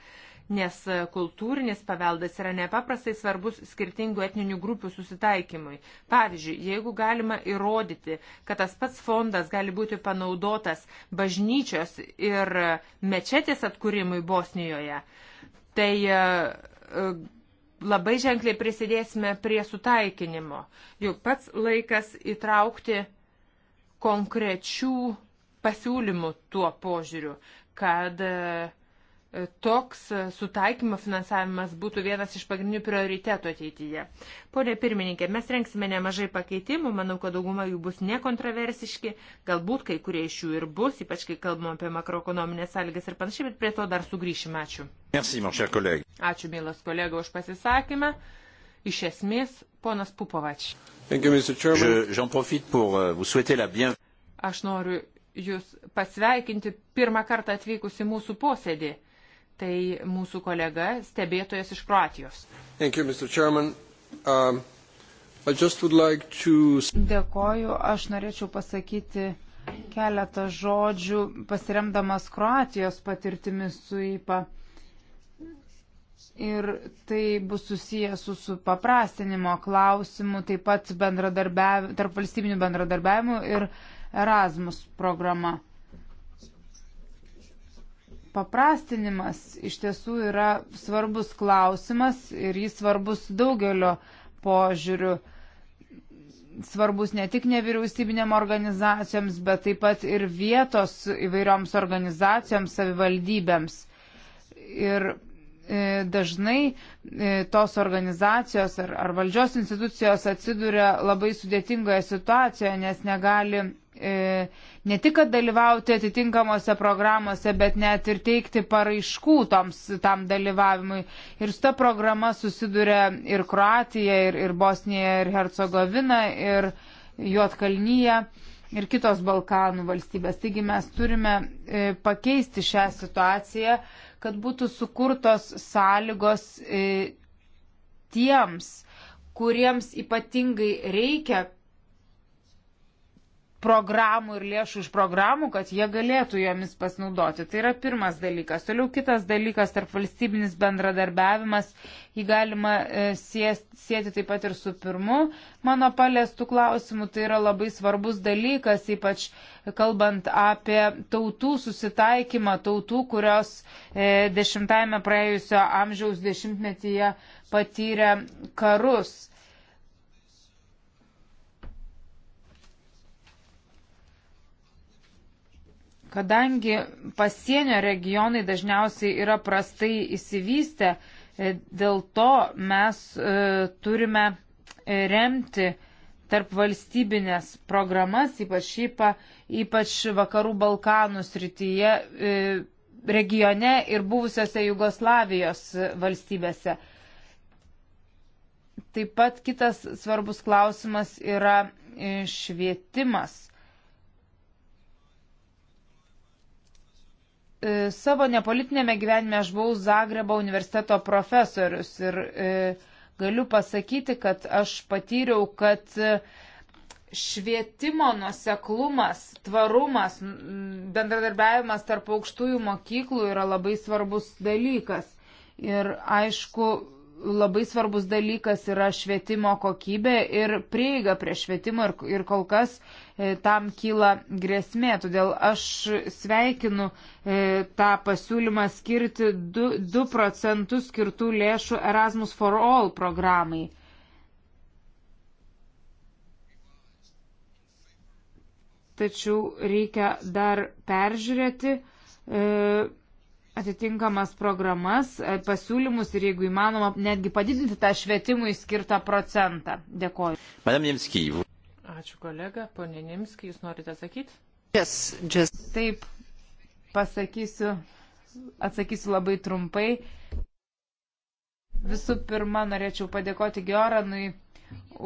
nes kultūrinis paveldas yra nepaprastai svarbus skirtingų etninių grupių susitaikymui. Pavyzdžiui, jeigu galima įrodyti, kad tas pats fondas gali būti panaudotas bažnyčios ir mečetės atkūrimui Bosnijoje, tai e, e, labai ženkliai prisidėsime prie sutaikinimo. Juk pats laikas įtraukti konkrečių pasiūlymų tuo požiūriu, kad uh, toks e, sutaikymo finansavimas būtų vienas iš pagrindinių prioritetų ateityje. Pone pirmininkė, mes renksime nemažai pakeitimų, manau, kad dauguma jų bus nekontroversiški, galbūt kai kurie iš jų ir bus, ypač kai kalbam apie makroekonominės sąlygas ir panašiai, bet prie to dar sugrįšime. Ačiū. Merci, Ačiū, mielas kolega, už pasisakymą. Iš esmės, ponas Pupovač. Euh, Aš noriu Jūs pasveikinti pirmą kartą atvykus į mūsų posėdį. Tai mūsų kolega, stebėtojas iš Kroatijos. Thank you, Mr. Chairman. Um, I just would like to... Dėkoju, aš norėčiau pasakyti keletą žodžių, pasiremdamas Kroatijos patirtimis su IPA. Ir tai bus susijęs su supaprastinimo klausimu, taip pat tarp valstybinių bendradarbiavimų ir Erasmus programa. Paprastinimas iš tiesų yra svarbus klausimas ir jis svarbus daugelio požiūrių. Svarbus ne tik nevyriausybinėm organizacijoms, bet taip pat ir vietos įvairioms organizacijoms, savivaldybėms. Ir e, dažnai e, tos organizacijos ar, ar valdžios institucijos atsiduria labai sudėtingoje situacijoje, nes negali E, ne tik, kad dalyvauti atitinkamose programuose, bet net ir teikti paraiškų toms, tam dalyvavimui. Ir su ta programa susiduria ir Kroatija, ir, ir Bosnija, ir Hercegovina, ir Juotkalnyje, ir kitos Balkanų valstybės. Taigi mes turime e, pakeisti šią situaciją, kad būtų sukurtos sąlygos e, tiems, kuriems ypatingai reikia programų ir lėšų iš programų, kad jie galėtų jomis pasinaudoti. Tai yra pirmas dalykas. Toliau kitas dalykas - tarp valstybinis bendradarbiavimas. Jį galima e, sėti taip pat ir su pirmu mano paliestų klausimu. Tai yra labai svarbus dalykas, ypač kalbant apie tautų susitaikymą, tautų, kurios e, dešimtajame praėjusio amžiaus dešimtmetyje patyrė karus Kadangi pasienio regionai dažniausiai yra prastai įsivystę, e, dėl to mes e, turime e, remti tarp valstybinės programas, ypač, ypa, ypač vakarų Balkanų srityje, regione ir buvusiose Jugoslavijos valstybėse. Taip pat kitas svarbus klausimas yra švietimas. E, savo nepolitinėme gyvenime aš buvau Zagrebo universiteto profesorius ir e, galiu pasakyti, kad aš patyriau, kad e, švietimo nuseklumas, tvarumas, bendradarbiavimas tarp aukštųjų mokyklų yra labai svarbus dalykas. Ir aišku, labai svarbus dalykas yra švietimo kokybė ir prieiga prie švietimo ir, ir kol kas E, tam kyla grėsmė. Todėl aš sveikinu e, tą pasiūlymą skirti 2 procentus skirtų lėšų Erasmus for All programai. Tačiau reikia dar peržiūrėti e, atitinkamas programas, pasiūlymus ir jeigu įmanoma netgi padidinti tą švietimui skirtą procentą. Dėkoju. Madame Jemskyvų. Ačiū kolega, ponė Nimski, jūs norite atsakyti? Yes, just... Taip, pasakysiu, atsakysiu labai trumpai. Visų pirma, norėčiau padėkoti Gioranui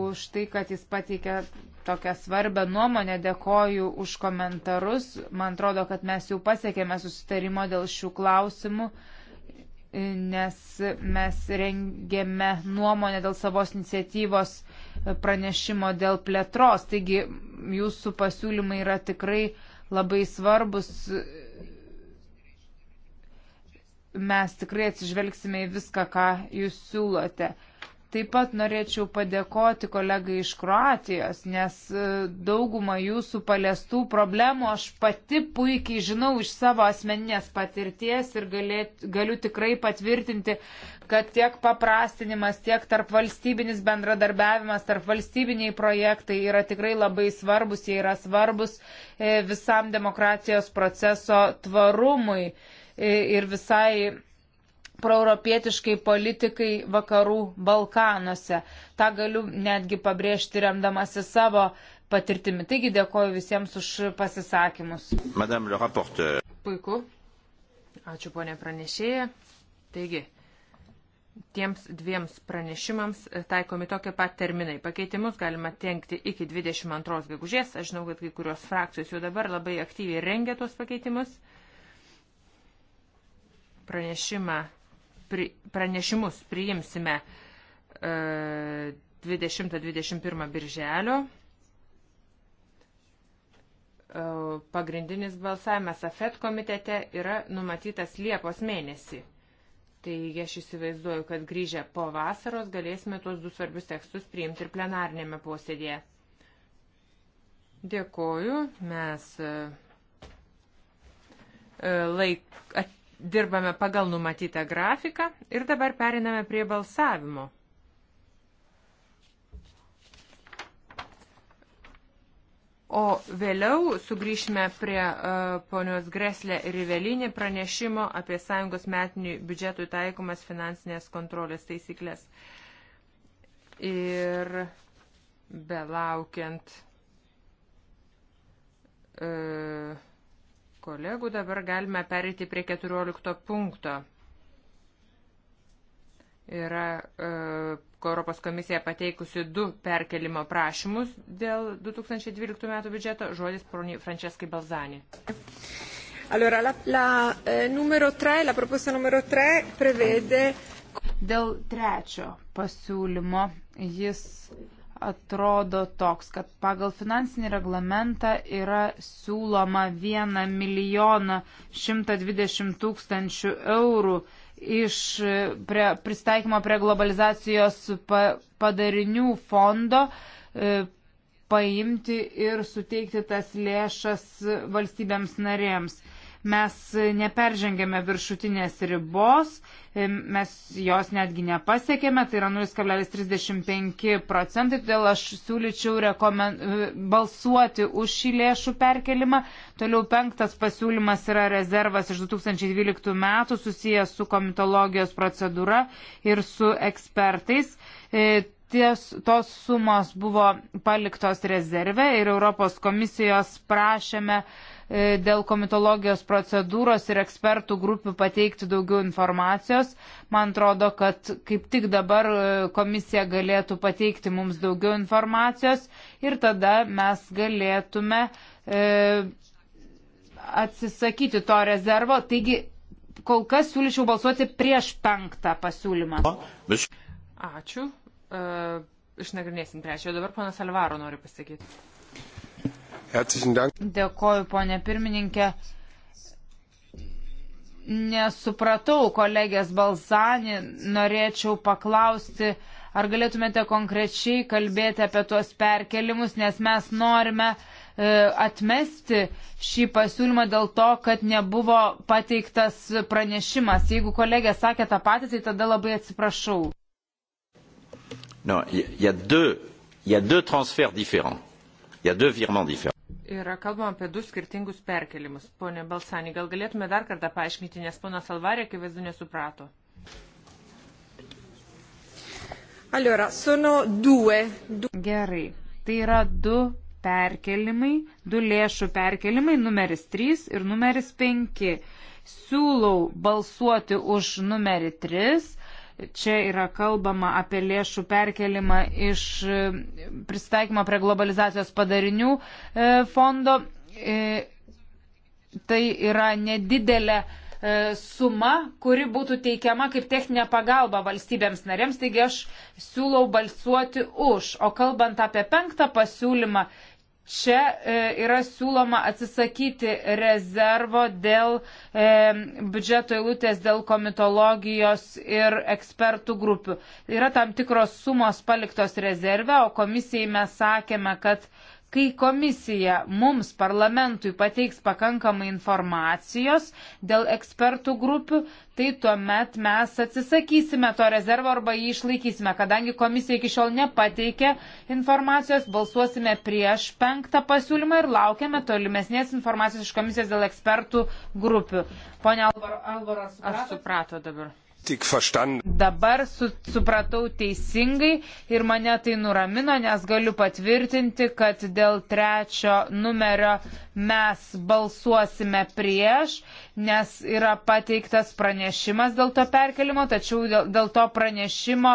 už tai, kad jis pateikė tokią svarbę nuomonę. Dėkoju už komentarus. Man atrodo, kad mes jau pasiekėme susitarimo dėl šių klausimų, nes mes rengėme nuomonę dėl savos iniciatyvos pranešimo dėl plėtros. Taigi jūsų pasiūlymai yra tikrai labai svarbus. Mes tikrai atsižvelgsime į viską, ką jūs siūlote. Taip pat norėčiau padėkoti kolegai iš Kroatijos, nes e, daugumą jūsų paliestų problemų aš pati puikiai žinau iš savo asmeninės patirties ir galėt, galiu tikrai patvirtinti, kad tiek paprastinimas, tiek tarp valstybinis bendradarbiavimas, tarp valstybiniai projektai yra tikrai labai svarbus, jie yra svarbus e, visam demokratijos proceso tvarumui e, ir visai proeuropietiškai politikai vakarų Balkanuose. Ta galiu netgi pabrėžti remdamasi savo patirtimi. Taigi dėkoju visiems už pasisakymus. Madame le rapporteur. Puiku. Ačiū ponė pranešėja. Taigi, tiems dviems pranešimams taikomi tokie pat terminai. Pakeitimus galima tenkti iki 22 gegužės. Aš žinau, kad kai kurios frakcijos jau dabar labai aktyviai rengia tuos pakeitimus. Pranešimą pri, pranešimus priimsime 20-21 e, birželio. E, pagrindinis balsavimas AFET komitete yra numatytas Liepos mėnesį. Taigi aš įsivaizduoju, kad grįžę po vasaros galėsime tuos du svarbius tekstus priimti ir plenarnėme posėdėje. Dėkoju, mes e, laik, at, Dirbame pagal numatytą grafiką ir dabar periname prie balsavimo. O vėliau sugrįšime prie uh, ponios Greslė ir Rivelinį pranešimo apie sąjungos metinių biudžetų taikomas finansinės kontrolės taisyklės. Ir belaukiant. Uh, kolegų. Dabar galime perėti prie 14 punkto. Yra e, Europos komisija pateikusi du perkelimo prašymus dėl 2012 metų biudžeto. Žodis Franceskai Balzani. Allora, la, la, eh, numero 3, la proposta numero 3 prevede. Dėl trečio pasiūlymo jis atrodo toks, kad pagal finansinį reglamentą yra siūloma 1 milijoną 120 tūkstančių eurų iš prie, pristaikymo prie globalizacijos pa, padarinių fondo e, paimti ir suteikti tas lėšas valstybėms narėms mes neperžengėme viršutinės ribos, e, mes jos netgi nepasiekėme, tai yra 0,35 procentai, todėl aš siūlyčiau rekomen... E, balsuoti už šį lėšų perkelimą. Toliau penktas pasiūlymas yra rezervas iš 2012 metų susijęs su komitologijos procedūra ir su ekspertais e, ties, tos sumos buvo paliktos rezerve ir Europos komisijos prašėme E, dėl komitologijos procedūros ir ekspertų grupių pateikti daugiau informacijos. Man atrodo, kad kaip tik dabar e, komisija galėtų pateikti mums daugiau informacijos ir tada mes galėtume e, atsisakyti to rezervo. Taigi, kol kas siūlyčiau balsuoti prieš penktą pasiūlymą. Ačiū. E, išnagrinėsim trečią. Dabar ponas Alvaro nori pasakyti. Dėkoju, ponė pirmininkė. Nesupratau, kolegės Balzani, norėčiau paklausti, ar galėtumėte konkrečiai kalbėti apie tuos perkelimus, nes mes norime e, atmesti šį pasiūlymą dėl to, kad nebuvo pateiktas pranešimas. Jeigu kolegė sakė tą patį, tai tada labai atsiprašau. Non, il y, y a deux, il y a deux transferts différents. Il y a deux virements différents yra kalbama apie du skirtingus perkelimus. Pone Balsani, gal galėtume dar kartą paaiškinti, nes ponas Alvarė akivaizdu nesuprato. Allora, sono due, du... Gerai, tai yra du perkelimai, du lėšų perkelimai, numeris 3 ir numeris 5. Siūlau balsuoti už numerį 3 Čia yra kalbama apie lėšų perkelimą iš e, pristaikymo prie globalizacijos padarinių e, fondo. E, tai yra nedidelė suma, kuri būtų teikiama kaip techninė pagalba valstybėms narėms, taigi aš siūlau balsuoti už. O kalbant apie penktą pasiūlymą, Čia e, yra siūloma atsisakyti rezervo dėl e, biudžeto eilutės, dėl komitologijos ir ekspertų grupių. Yra tam tikros sumos paliktos rezerve, o komisijai mes sakėme, kad e, kai komisija mums parlamentui pateiks pakankamai informacijos dėl ekspertų grupių, tai tuomet mes atsisakysime to rezervo arba jį išlaikysime. Kadangi komisija iki šiol nepateikė informacijos, balsuosime prieš penktą pasiūlymą ir laukiame tolimesnės informacijos iš komisijos dėl ekspertų grupių. Pone Alvaro, Alvaro suprato? aš supratau dabar. Tik verstanden. Dabar su, supratau teisingai ir mane tai nuramino, nes galiu patvirtinti, kad dėl trečio numerio mes balsuosime prieš, nes yra pateiktas pranešimas dėl to perkelimo, tačiau dėl, dėl to pranešimo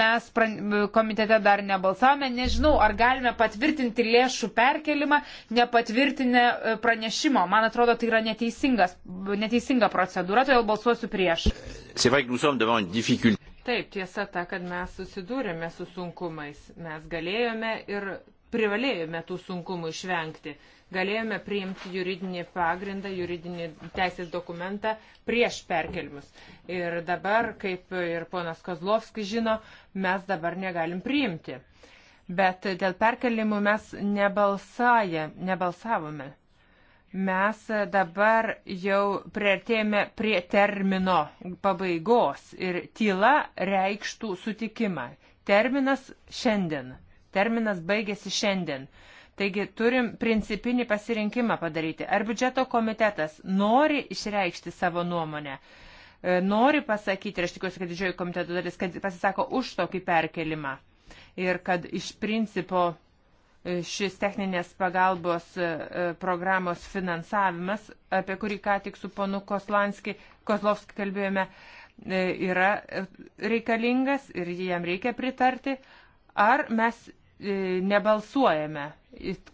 mes pran, komitete dar nebalsavome. Nežinau, ar galime patvirtinti lėšų perkelimą, nepatvirtinę e, pranešimo. Man atrodo, tai yra neteisinga procedūra, todėl balsuosiu prieš. Taip, tiesa ta, kad mes susidūrėme su sunkumais. Mes galėjome ir privalėjome tų sunkumų išvengti. Galėjome priimti juridinį pagrindą, juridinį teisės dokumentą prieš perkelimus. Ir dabar, kaip ir ponas Kozlovskis žino, mes dabar negalim priimti. Bet dėl perkelimų mes nebalsaja, nebalsavome. Mes dabar jau prieartėjame prie termino pabaigos ir tyla reikštų sutikimą. Terminas šiandien. Terminas baigėsi šiandien. Taigi turim principinį pasirinkimą padaryti. Ar biudžeto komitetas nori išreikšti savo nuomonę, e, nori pasakyti, ir aš tikiuosi, kad didžioji komiteto dalis, kad pasisako už tokį perkelimą ir kad iš principo šis techninės pagalbos e, programos finansavimas, apie kurį ką tik su ponu Koslanski, Kozlovski kalbėjome, e, yra e, reikalingas ir jam reikia pritarti, ar mes nebalsuojame,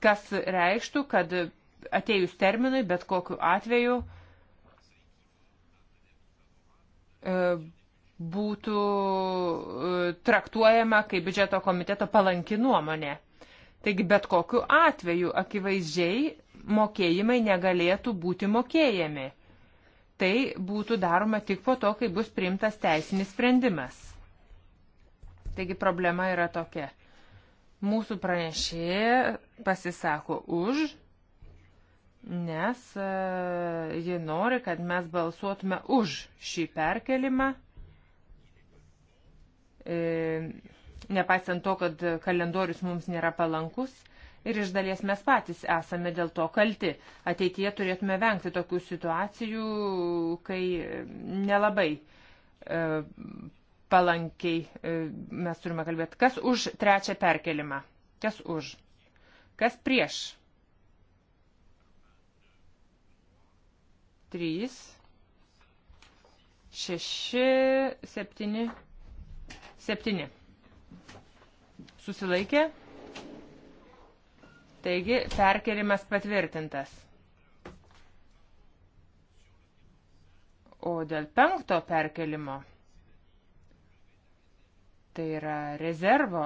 kas reikštų, kad atėjus terminui, bet kokiu atveju būtų traktuojama kaip biudžeto komiteto palanki nuomonė. Taigi bet kokiu atveju akivaizdžiai mokėjimai negalėtų būti mokėjami. Tai būtų daroma tik po to, kai bus priimtas teisinis sprendimas. Taigi problema yra tokia. Mūsų pranešėja pasisako už, nes e, ji nori, kad mes balsuotume už šį perkelimą. E, nepaisant to, kad kalendorius mums nėra palankus ir iš dalies mes patys esame dėl to kalti. Ateityje turėtume vengti tokių situacijų, kai nelabai e, palankiai e, mes turime kalbėti. Kas už trečią perkelimą? Kas už? Kas prieš? Trys, šeši, septyni, septyni. Susilaikė? Taigi, perkelimas patvirtintas. O dėl penkto perkelimo, tai yra rezervo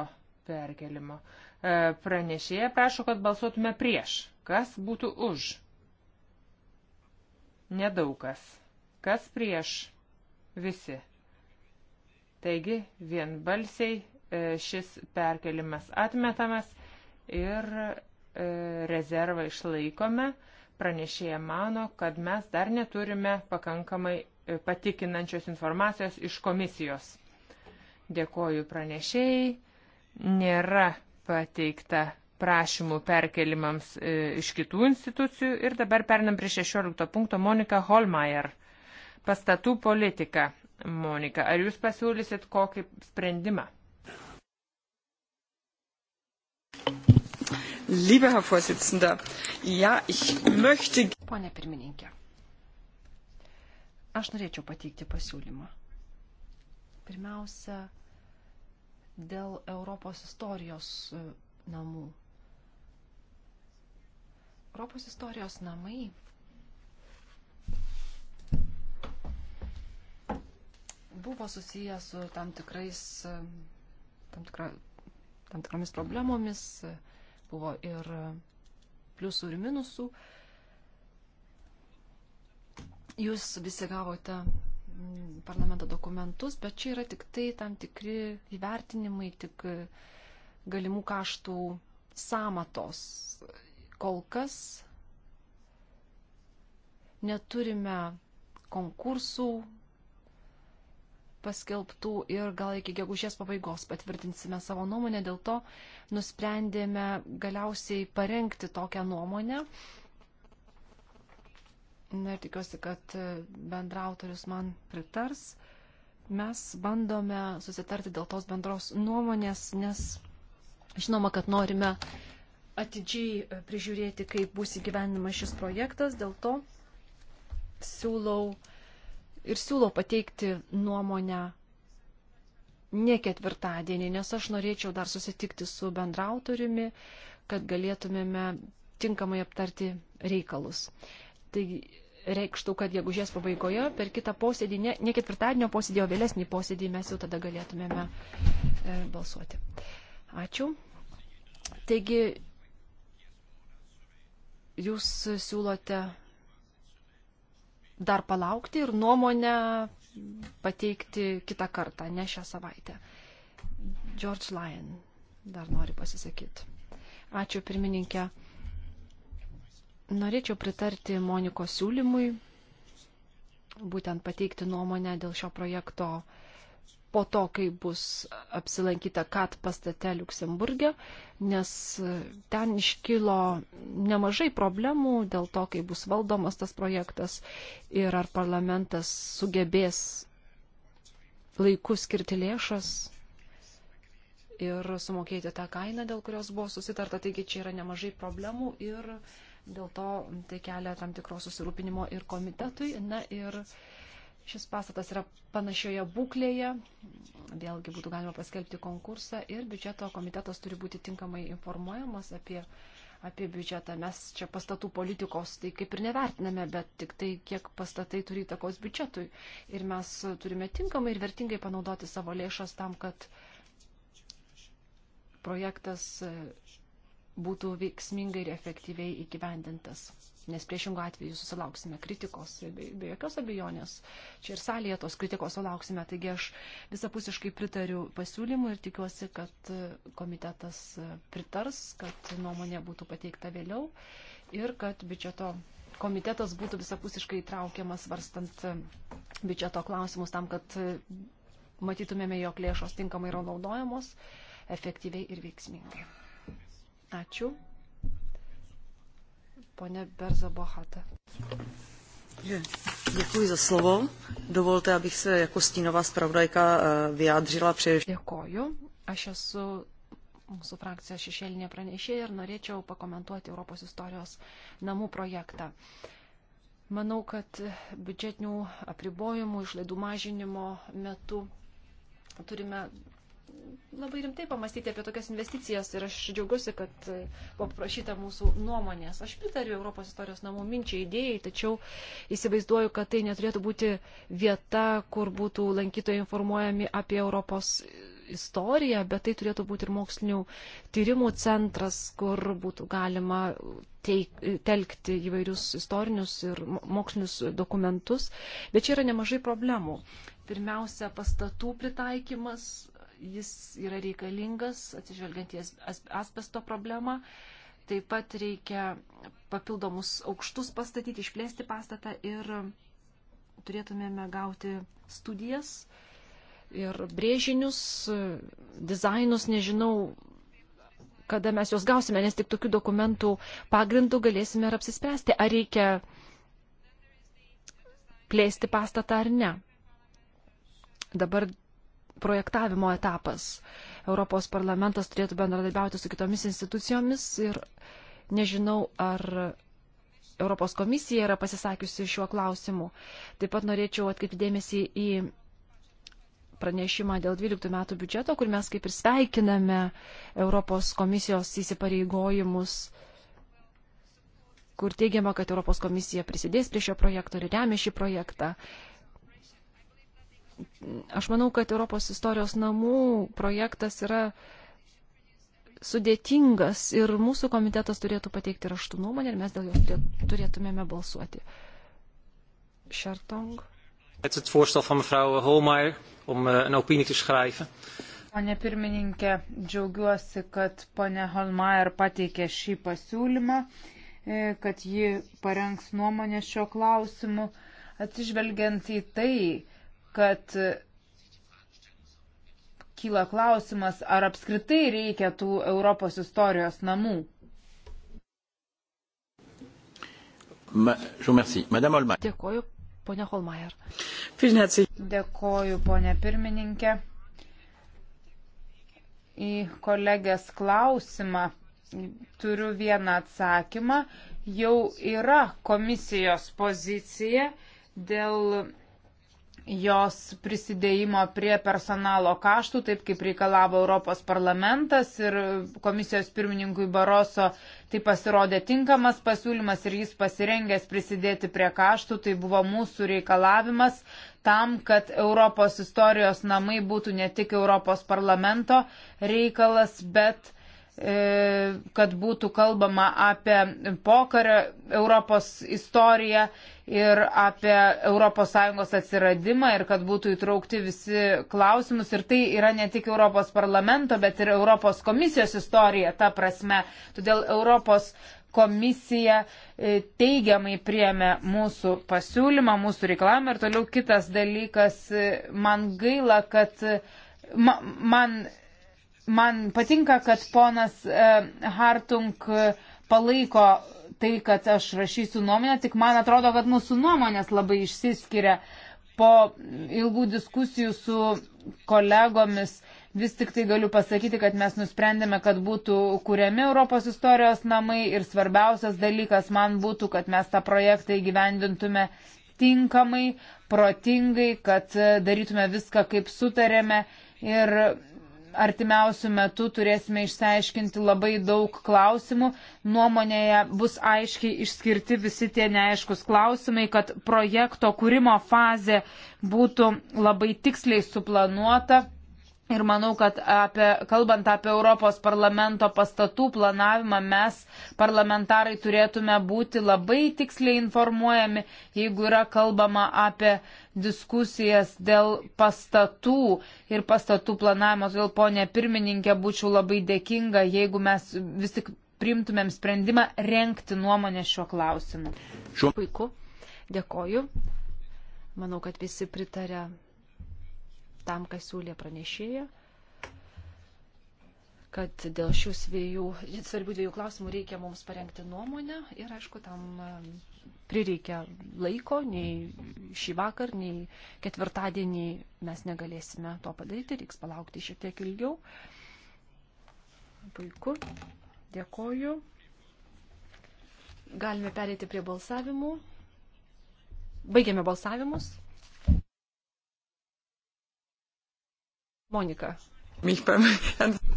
perkelimo, e, pranešėja prašo, kad balsuotume prieš. Kas būtų už? Nedaugas. Kas prieš? Visi. Taigi vienbalsiai E, šis perkelimas atmetamas ir e, rezervą išlaikome. Pranešėja mano, kad mes dar neturime pakankamai e, patikinančios informacijos iš komisijos. Dėkoju pranešėjai. Nėra pateikta prašymų perkelimams iš kitų institucijų ir dabar pernam prie 16 punkto Monika Holmeier. Pastatų politika. Monika, ar jūs pasiūlysit kokį sprendimą? Lieber Herr Vorsitzender, ja, ich möchte. Pone pirmininkė, aš norėčiau pateikti pasiūlymą. Pirmiausia, dėl Europos istorijos e, namų. Europos istorijos namai buvo susiję su tam tikrais, e, tam, tikra, tam tikromis problemomis, buvo ir pliusų ir minusų. Jūs visi gavote mm, parlamento dokumentus, bet čia yra tik tai tam tikri įvertinimai, tik galimų kaštų samatos. Kol kas neturime konkursų paskelbtų ir gal iki gegužės pabaigos patvirtinsime savo nuomonę. Dėl to nusprendėme galiausiai parengti tokią nuomonę. Na ir tikiuosi, kad e, bendrautorius man pritars. Mes bandome susitarti dėl tos bendros nuomonės, nes žinoma, kad norime atidžiai e, prižiūrėti, kaip bus įgyvenimas šis projektas. Dėl to siūlau uh, ir siūlo pateikti nuomonę ne ketvirtadienį, nes aš norėčiau dar susitikti su bendrautoriumi, kad galėtumėme tinkamai aptarti reikalus. Tai reikštų, kad gegužės pabaigoje per kitą posėdį, ne, ne ketvirtadienio posėdį, o vėlesnį posėdį mes jau tada galėtumėme e, balsuoti. Ačiū. Taigi, jūs siūlote dar palaukti ir nuomonę pateikti kitą kartą, ne šią savaitę. George Lyon dar nori pasisakyti. Ačiū pirmininkė. Norėčiau pritarti Moniko siūlymui, būtent pateikti nuomonę dėl šio projekto uh, po to, kai bus apsilankyta KAT pastate Luksemburgė, nes ten iškilo nemažai problemų dėl to, kaip bus valdomas tas projektas ir ar parlamentas sugebės laiku skirti lėšas ir sumokėti tą kainą, dėl kurios buvo susitarta. Taigi čia yra nemažai problemų ir dėl to tai kelia tam tikro susirūpinimo ir komitetui. Na ir uh, Šis pastatas yra panašioje būklėje, vėlgi būtų galima paskelbti konkursą ir biudžeto komitetas turi būti tinkamai informuojamas apie, apie biudžetą. Mes čia pastatų politikos tai kaip ir nevertiname, bet tik tai, kiek pastatai turi įtakos biudžetui. Ir mes turime tinkamai ir vertingai panaudoti savo lėšas tam, kad projektas būtų veiksmingai ir efektyviai įgyvendintas nes priešingų atveju susilauksime kritikos, be, be jokios abejonės. Čia ir salėje tos kritikos sulauksime, taigi aš visapusiškai pritariu pasiūlymui ir tikiuosi, kad komitetas pritars, kad nuomonė būtų pateikta vėliau ir kad biudžeto komitetas būtų visapusiškai įtraukiamas varstant biudžeto klausimus tam, kad matytumėme, jog lėšos tinkamai yra naudojamos efektyviai ir veiksmingai. Ačiū ponia Berza Bohata. Děkuji za slovo. Dovolte, abych se jako stínová zpravodajka eh, vyjádřila především. Děkuji. Aš esu mūsų frakcijos šešėlinė pranešėja ir norėčiau pakomentuoti Europos istorijos namų projektą. Manau, kad biudžetinių apribojimų, išlaidų mažinimo metu turime labai rimtai pamastyti apie tokias investicijas ir aš džiaugiuosi, kad e, buvo prašyta mūsų nuomonės. Aš pritariu Europos istorijos namų minčiai idėjai, tačiau įsivaizduoju, kad tai neturėtų būti vieta, kur būtų lankytojai informuojami apie Europos istoriją, bet tai turėtų būti ir mokslinių tyrimų centras, kur būtų galima teik, telkti įvairius istorinius ir mokslinius dokumentus. Bet čia yra nemažai problemų. Pirmiausia, pastatų pritaikymas jis yra reikalingas atsižvelgiant į asbesto problemą. Taip pat reikia papildomus aukštus pastatyti, išplėsti pastatą ir turėtumėme gauti studijas ir brėžinius, dizainus, nežinau, kada mes juos gausime, nes tik tokių dokumentų pagrindų galėsime ir apsispręsti, ar reikia plėsti pastatą ar ne. Dabar projektavimo etapas. Europos parlamentas turėtų bendradarbiauti su kitomis institucijomis ir nežinau, ar Europos komisija yra pasisakiusi šiuo klausimu. Taip pat norėčiau atkreipti dėmesį į pranešimą dėl 12 metų biudžeto, kur mes kaip ir sveikiname Europos komisijos įsipareigojimus kur teigiama, kad Europos komisija prisidės prie šio projekto ir remia šį projektą. Aš manau, kad Europos istorijos namų projektas yra sudėtingas ir mūsų komitetas turėtų pateikti raštų nuomonę ir mes dėl jos turėtumėme balsuoti. Šertong. Het voorstel van mevrouw Holmeier om eh, een opinie te schrijven. Pane pirmininkė, džiaugiuosi, kad pane Holmeier pateikė šį pasiūlymą, e, kad ji parengs nuomonę šio klausimu. Atsižvelgiant į tai, kad kyla klausimas, ar apskritai reikia tų Europos istorijos namų. Ma, Dėkoju, ponia Holmeier. Dėkoju, ponia pirmininkė. Į kolegės klausimą turiu vieną atsakymą. Jau yra komisijos pozicija dėl jos prisidėjimo prie personalo kaštų, taip kaip reikalavo Europos parlamentas ir komisijos pirmininkui Baroso, tai pasirodė tinkamas pasiūlymas ir jis pasirengęs prisidėti prie kaštų, tai buvo mūsų reikalavimas tam, kad Europos istorijos namai būtų ne tik Europos parlamento reikalas, bet E, kad būtų kalbama apie pokario Europos istoriją ir apie ES atsiradimą ir kad būtų įtraukti visi klausimus. Ir tai yra ne tik Europos parlamento, bet ir Europos komisijos istorija, ta prasme. Todėl Europos komisija e, teigiamai priemė mūsų pasiūlymą, mūsų reklamą. Ir toliau kitas dalykas, e, man gaila, kad man man patinka, kad ponas e, Hartung e, palaiko tai, kad aš rašysiu nuomonę, tik man atrodo, kad mūsų nuomonės labai išsiskiria. Po ilgų diskusijų su kolegomis vis tik tai galiu pasakyti, kad mes nusprendėme, kad būtų kuriami Europos istorijos namai ir svarbiausias dalykas man būtų, kad mes tą projektą įgyvendintume tinkamai, protingai, kad e, darytume viską, kaip sutarėme. Ir artimiausių metų turėsime išsiaiškinti labai daug klausimų. Nuomonėje bus aiškiai išskirti visi tie neaiškus klausimai, kad projekto kūrimo fazė būtų labai tiksliai suplanuota Ir manau, kad apie, kalbant apie Europos parlamento pastatų planavimą, mes parlamentarai turėtume būti labai tiksliai informuojami, jeigu yra kalbama apie diskusijas dėl pastatų ir pastatų planavimo. Todėl, ponė pirmininkė, būčiau labai dėkinga, jeigu mes vis tik priimtumėm sprendimą renkti nuomonę šiuo klausimu. Šiuo. Puiku. Dėkoju. Manau, kad visi pritarė tam, kas siūlė pranešėja, kad dėl šių svėjų, svarbių dviejų klausimų reikia mums parengti nuomonę ir, aišku, tam um, prireikia laiko, nei šį vakar, nei ketvirtadienį mes negalėsime to padaryti, reiks palaukti šiek tiek ilgiau. Puiku, dėkoju. Galime perėti prie balsavimų. Baigėme balsavimus. Monika.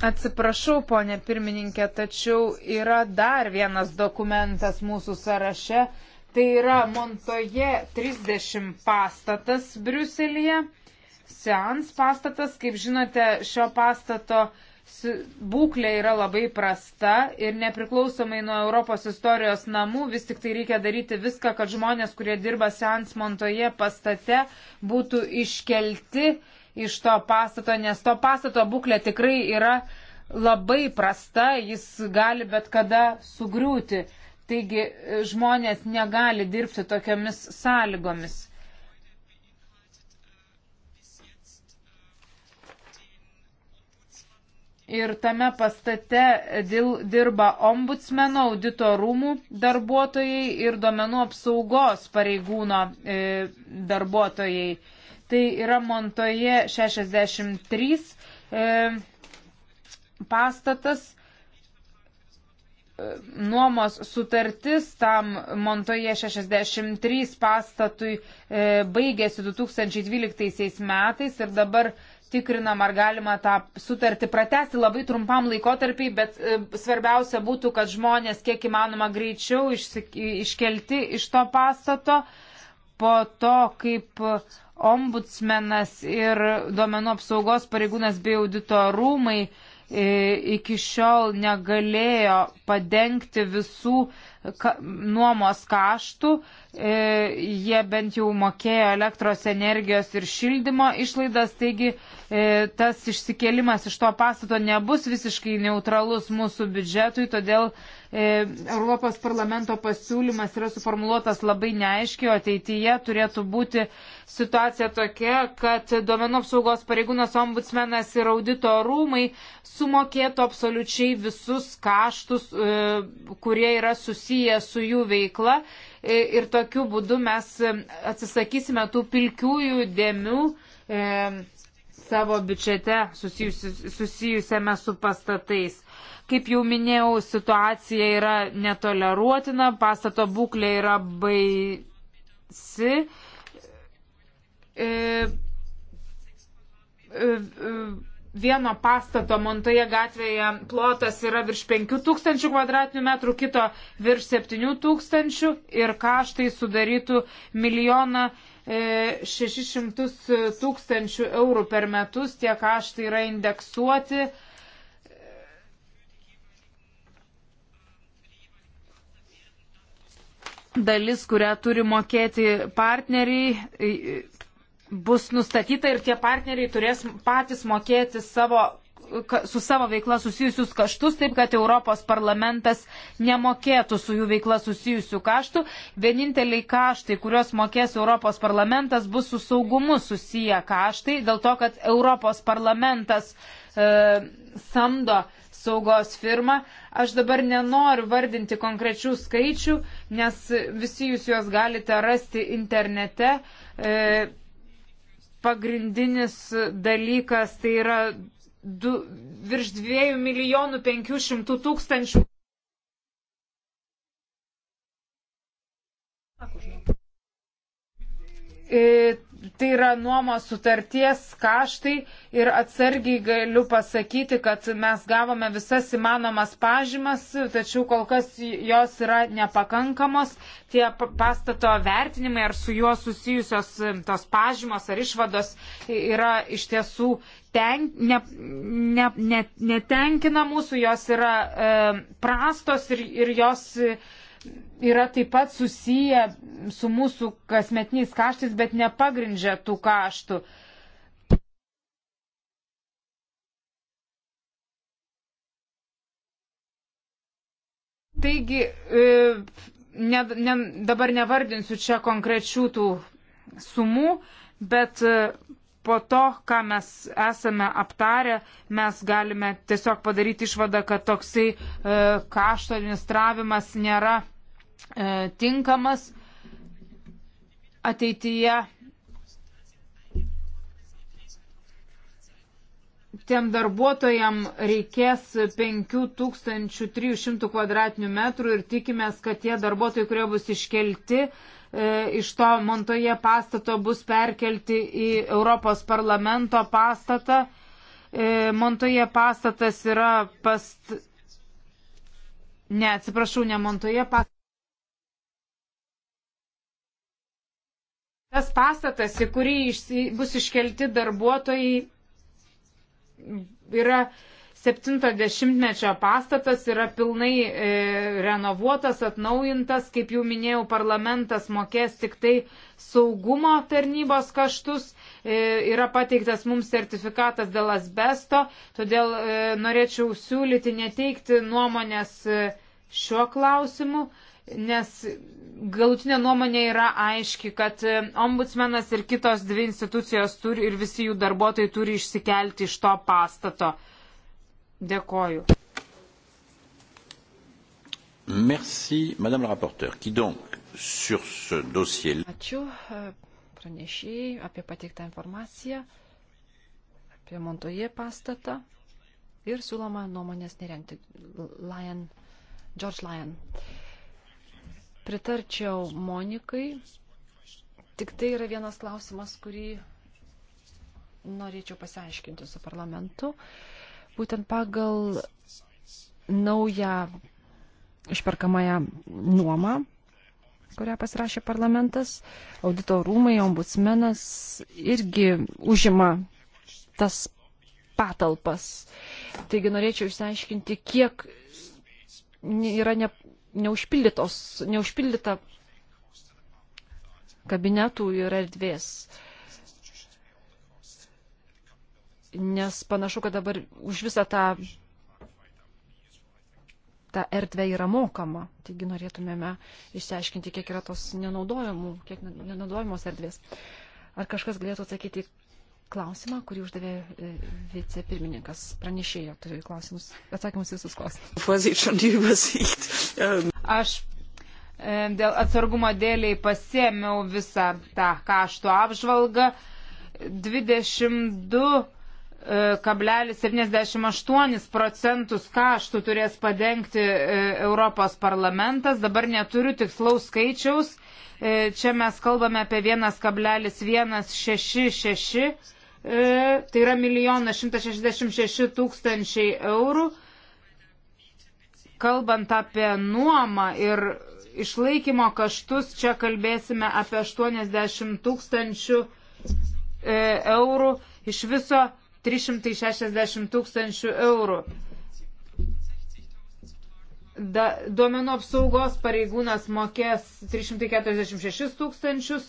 Atsiprašau, ponė pirmininkė, tačiau yra dar vienas dokumentas mūsų sąraše. Tai yra Montoje 30 pastatas Briuselėje. Seans pastatas, kaip žinote, šio pastato būklė yra labai prasta ir nepriklausomai nuo Europos istorijos namų vis tik tai reikia daryti viską, kad žmonės, kurie dirba Seans Montoje pastate, būtų iškelti iš to pastato, nes to pastato būklė tikrai yra labai prasta, jis gali bet kada sugriūti. Taigi e, žmonės negali dirbti tokiamis sąlygomis. ir tame pastate dirba ombudsmeno audito rūmų darbuotojai ir duomenų apsaugos pareigūno e, darbuotojai tai yra Montoje 63 e, pastatas e, nuomos sutartis tam Montoje 63 pastatui e, baigėsi 2012 metais ir dabar tikrinam, ar galima tą sutartį pratesti labai trumpam laikotarpiai, bet e, svarbiausia būtų, kad žmonės kiek įmanoma greičiau išsik, iškelti iš to pastato po to, kaip e, ombudsmenas ir duomenų apsaugos pareigūnas bei audito rūmai e, iki šiol negalėjo padengti visų ka, nuomos kaštų, e, jie bent jau mokėjo elektros energijos ir šildymo išlaidas, taigi e, tas išsikelimas iš to pastato nebus visiškai neutralus mūsų biudžetui, todėl e, Europos parlamento pasiūlymas yra suformuoluotas labai neaiškiai, o ateityje turėtų būti situacija tokia, kad duomenų apsaugos pareigūnas ombudsmenas ir audito rūmai sumokėtų absoliučiai visus kaštus, e, kurie yra susiję susiję su jų veikla e, ir tokiu būdu mes e, atsisakysime tų pilkiųjų dėmių e, savo biudžete susijusi, susijusiame su pastatais. Kaip jau minėjau, situacija yra netoleruotina, pastato būklė yra baisi. E, e, e, vieno pastato Montoje gatvėje plotas yra virš 5000 km2, kito virš 7000 ir kaštai sudarytų 1 600 e, e, tūkstančių eurų per metus, tie kaštai yra indeksuoti. Dalis, kurią turi mokėti partneriai, bus nustatyta ir tie partneriai turės patys mokėti savo su savo veikla susijusius kaštus, taip kad Europos parlamentas nemokėtų su jų veikla susijusių kaštų. Vieninteliai kaštai, kuriuos mokės Europos parlamentas, bus su saugumu susiję kaštai, dėl to, kad Europos parlamentas e, samdo saugos firmą. Aš dabar nenoriu vardinti konkrečių skaičių, nes visi jūs juos galite rasti internete. E, pagrindinis dalykas, tai yra du, virš 2 milijonų 500 tūkstančių. E, tai yra nuomos sutarties kaštai ir atsargiai galiu pasakyti, kad mes gavome visas įmanomas pažymas, tačiau kol kas jos yra nepakankamos. Tie pastato vertinimai ar su juo susijusios tos pažymos ar išvados yra iš tiesų ten, ne, ne, ne, netenkina mūsų, jos yra e, prastos ir, ir jos. E, yra taip pat susiję su mūsų kasmetiniais kaštais, bet nepagrindžia tų kaštų. Taigi, e, ne, ne, dabar nevardinsiu čia konkrečių tų sumų, bet e, po to, ką mes esame aptarę, mes galime tiesiog padaryti išvadą, kad toksai e, kašto administravimas nėra E, tinkamas ateityje tiem darbuotojam reikės 5300 kvadratinių metrų ir tikimės, kad tie darbuotojai, kurie bus iškelti e, iš to Montoje pastato, bus perkelti į Europos parlamento pastatą. E, Montoje pastatas yra past. Ne, atsiprašau, ne Montoje pastatas. Tas pastatas, į kurį išsi, bus iškelti darbuotojai, yra 70-mečio pastatas, yra pilnai e, renovuotas, atnaujintas, kaip jau minėjau, parlamentas mokės tik tai saugumo tarnybos kaštus, e, yra pateiktas mums sertifikatas dėl asbesto, todėl e, norėčiau siūlyti neteikti nuomonės. E, šiuo klausimu nes galutinė nuomonė yra aiški, kad e, ombudsmenas ir kitos dvi institucijos turi ir visi jų darbuotojai turi išsikelti iš to pastato. Dėkoju. Merci, madame la rapporteure, qui donc sur ce dossier. Ačiū e, pranešėjai apie pateiktą informaciją, apie Montoje pastatą ir siūloma nuomonės nerengti. Lion, George Lyon. Uh, Pritarčiau Monikai. Tik tai yra vienas klausimas, kurį norėčiau pasiaiškinti su parlamentu. Būtent pagal naują išperkamąją nuomą, kurią pasirašė parlamentas, audito rūmai, ombudsmenas irgi užima tas patalpas. Taigi norėčiau išsiaiškinti, kiek yra ne, neužpildyta kabinetų ir erdvės. Nes panašu, kad dabar už visą tą, tą erdvę yra mokama. Taigi norėtumėme išsiaiškinti, kiek yra tos nenaudojamos erdvės. Ar kažkas galėtų atsakyti klausimą, kurį uždavė e, vicepirmininkas. Pranešėjo, turiu klausimus, atsakymus visus klausimus. Ähm. Aš e, dėl atsargumo dėliai pasėmiau visą tą kaštų apžvalgą. 22 1,78 e, procentus kaštų turės padengti Europos parlamentas. Dabar neturiu tikslaus skaičiaus, E, čia mes kalbame apie 1,166, e, tai yra 1 166 tūkstančiai eurų. Kalbant apie nuomą ir išlaikymo kaštus, čia kalbėsime apie 80 tūkstančių e, eurų, iš viso 360 tūkstančių eurų da, duomenų apsaugos pareigūnas mokės 346 tūkstančius,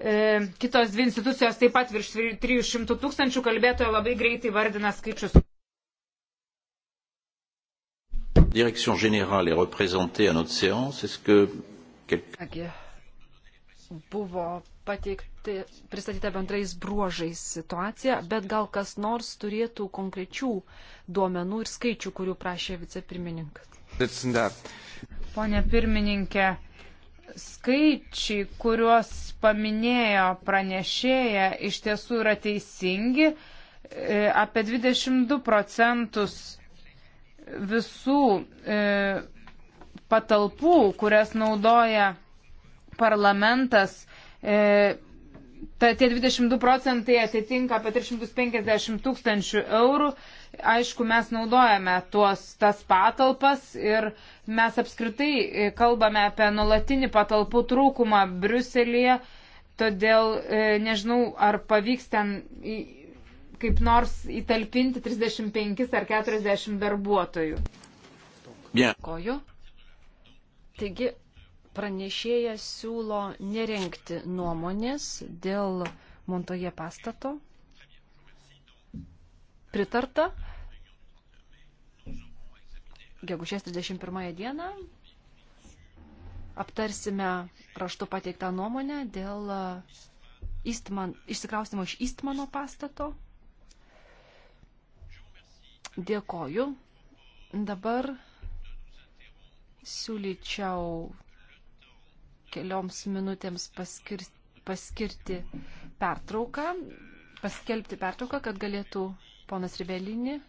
e, kitos dvi institucijos taip pat virš 300 tūkstančių, kalbėtojo labai greitai vardina skaičius. Direction générale est représentée à notre séance. Est-ce que quelqu'un. Buvo pateikti, pristatyta bendrais bruožais situacija, bet gal kas nors turėtų konkrečių duomenų ir skaičių, kurių prašė vicepirmininkas. Pone pirmininkė, skaičiai, kuriuos paminėjo pranešėja, iš tiesų yra teisingi. E, apie 22 procentus visų e, patalpų, kurias naudoja parlamentas, e, ta, tie 22 procentai atitinka apie 350 tūkstančių eurų. Aišku, mes naudojame tuos, tas patalpas ir mes apskritai e, kalbame apie nulatinį patalpų trūkumą Briuselėje, todėl e, nežinau, ar pavyks ten kaip nors įtalpinti 35 ar 40 darbuotojų. Dėkoju. Taigi, pranešėjas siūlo nerenkti nuomonės dėl Montoje pastato pritarta. Gegužės 31 dieną aptarsime raštu pateiktą nuomonę dėl e, Eastman, išsikraustimo iš Istmano pastato. Dėkoju. Dabar siūlyčiau kelioms minutėms paskirti, paskirti pertrauką, paskelbti pertrauką, kad galėtų ponas Rivelini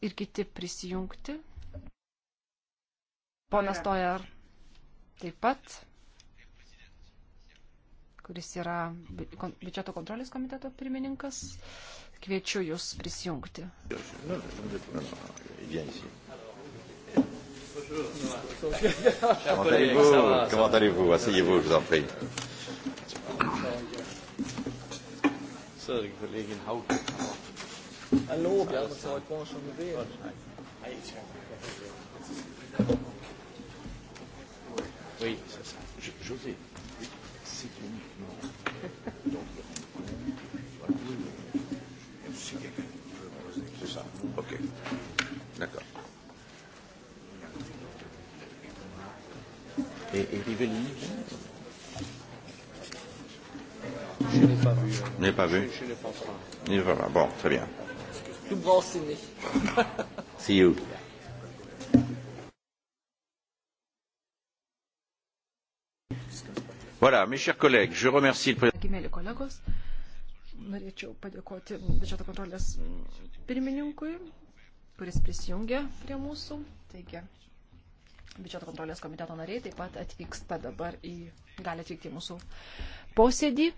ir kiti prisijungti. Ponas Tojer taip pat, kuris yra biudžeto kontrolės komiteto pirmininkas. Kviečiu jūs prisijungti. Comment allez-vous Comment allez-vous Asseyez-vous, je vous en prie. So, die Kollegin Hauke. En låg alltså, så ett barn som det. Oui, c'est ça. Je, José, c'est uniquement. Donc, voilà. Si quelqu'un peut poser. C'est ça. OK. D'accord. Et, et Rivellini Je n'ai pas vu. Je n'ai pas vu. Je n'ai pas vu. Bon, très bien. Du brauchst sie nicht. See you. Voilà, mes chers collègues, je remercie le président. Norėčiau padėkoti biudžeto kontrolės pirmininkui, kuris prisijungia prie mūsų. Taigi, biudžeto kontrolės komiteto nariai taip pat atvyksta dabar į, gali atvykti į mūsų posėdį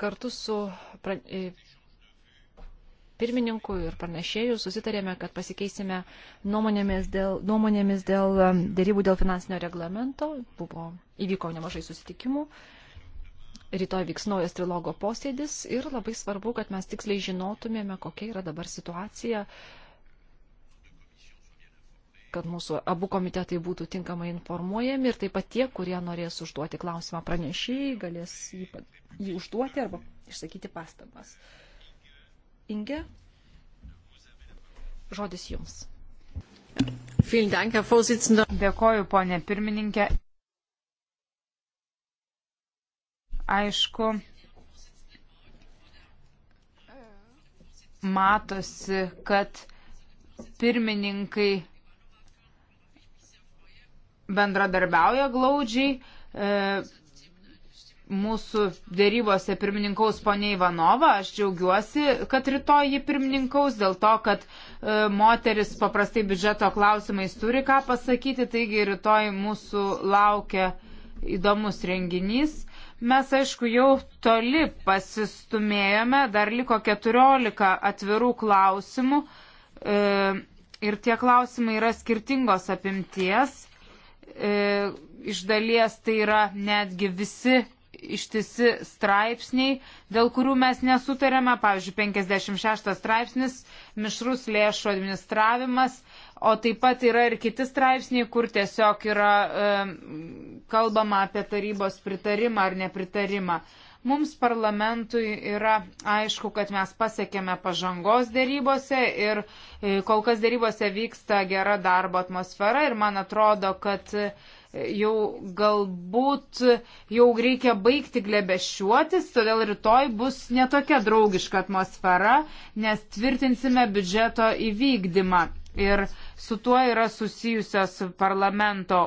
kartu su pirmininku ir pranešėjų susitarėme, kad pasikeisime nuomonėmis dėl, nuomonėmis dėl um, dėrybų dėl finansinio reglamento. Buvo, įvyko nemažai susitikimų. Rytoj vyks naujas trilogo posėdis ir labai svarbu, kad mes tiksliai žinotumėme, kokia yra dabar situacija, kad mūsų abu komitetai būtų tinkamai informuojami ir taip pat tie, kurie norės užduoti klausimą pranešėjai, galės jį, jį užduoti arba išsakyti pastabas. Uh, Inge, žodis jums. Dėkoju, ponė pirmininkė. Aišku, matosi, kad pirmininkai bendradarbiauja glaudžiai. E, mūsų dėrybose pirmininkaus ponė Ivanova. Aš džiaugiuosi, kad rytoj ji pirmininkaus dėl to, kad e, moteris paprastai biudžeto klausimais turi ką pasakyti, taigi rytoj mūsų laukia įdomus renginys. Mes, aišku, jau toli pasistumėjome, dar liko 14 atvirų klausimų e, ir tie klausimai yra skirtingos apimties. E, iš dalies tai yra netgi visi ištisi straipsniai, dėl kurių mes nesutarėme, pavyzdžiui, 56 straipsnis, mišrus lėšų administravimas, o taip pat yra ir kiti straipsniai, kur tiesiog yra e, kalbama apie tarybos pritarimą ar nepritarimą. Mums parlamentui yra aišku, kad mes pasiekėme pažangos dėrybose ir e, kol kas dėrybose vyksta gera darbo atmosfera ir man atrodo, kad jau galbūt jau reikia baigti glebeščiuotis, todėl rytoj bus netokia draugiška atmosfera, nes tvirtinsime biudžeto įvykdymą ir su tuo yra susijusios parlamento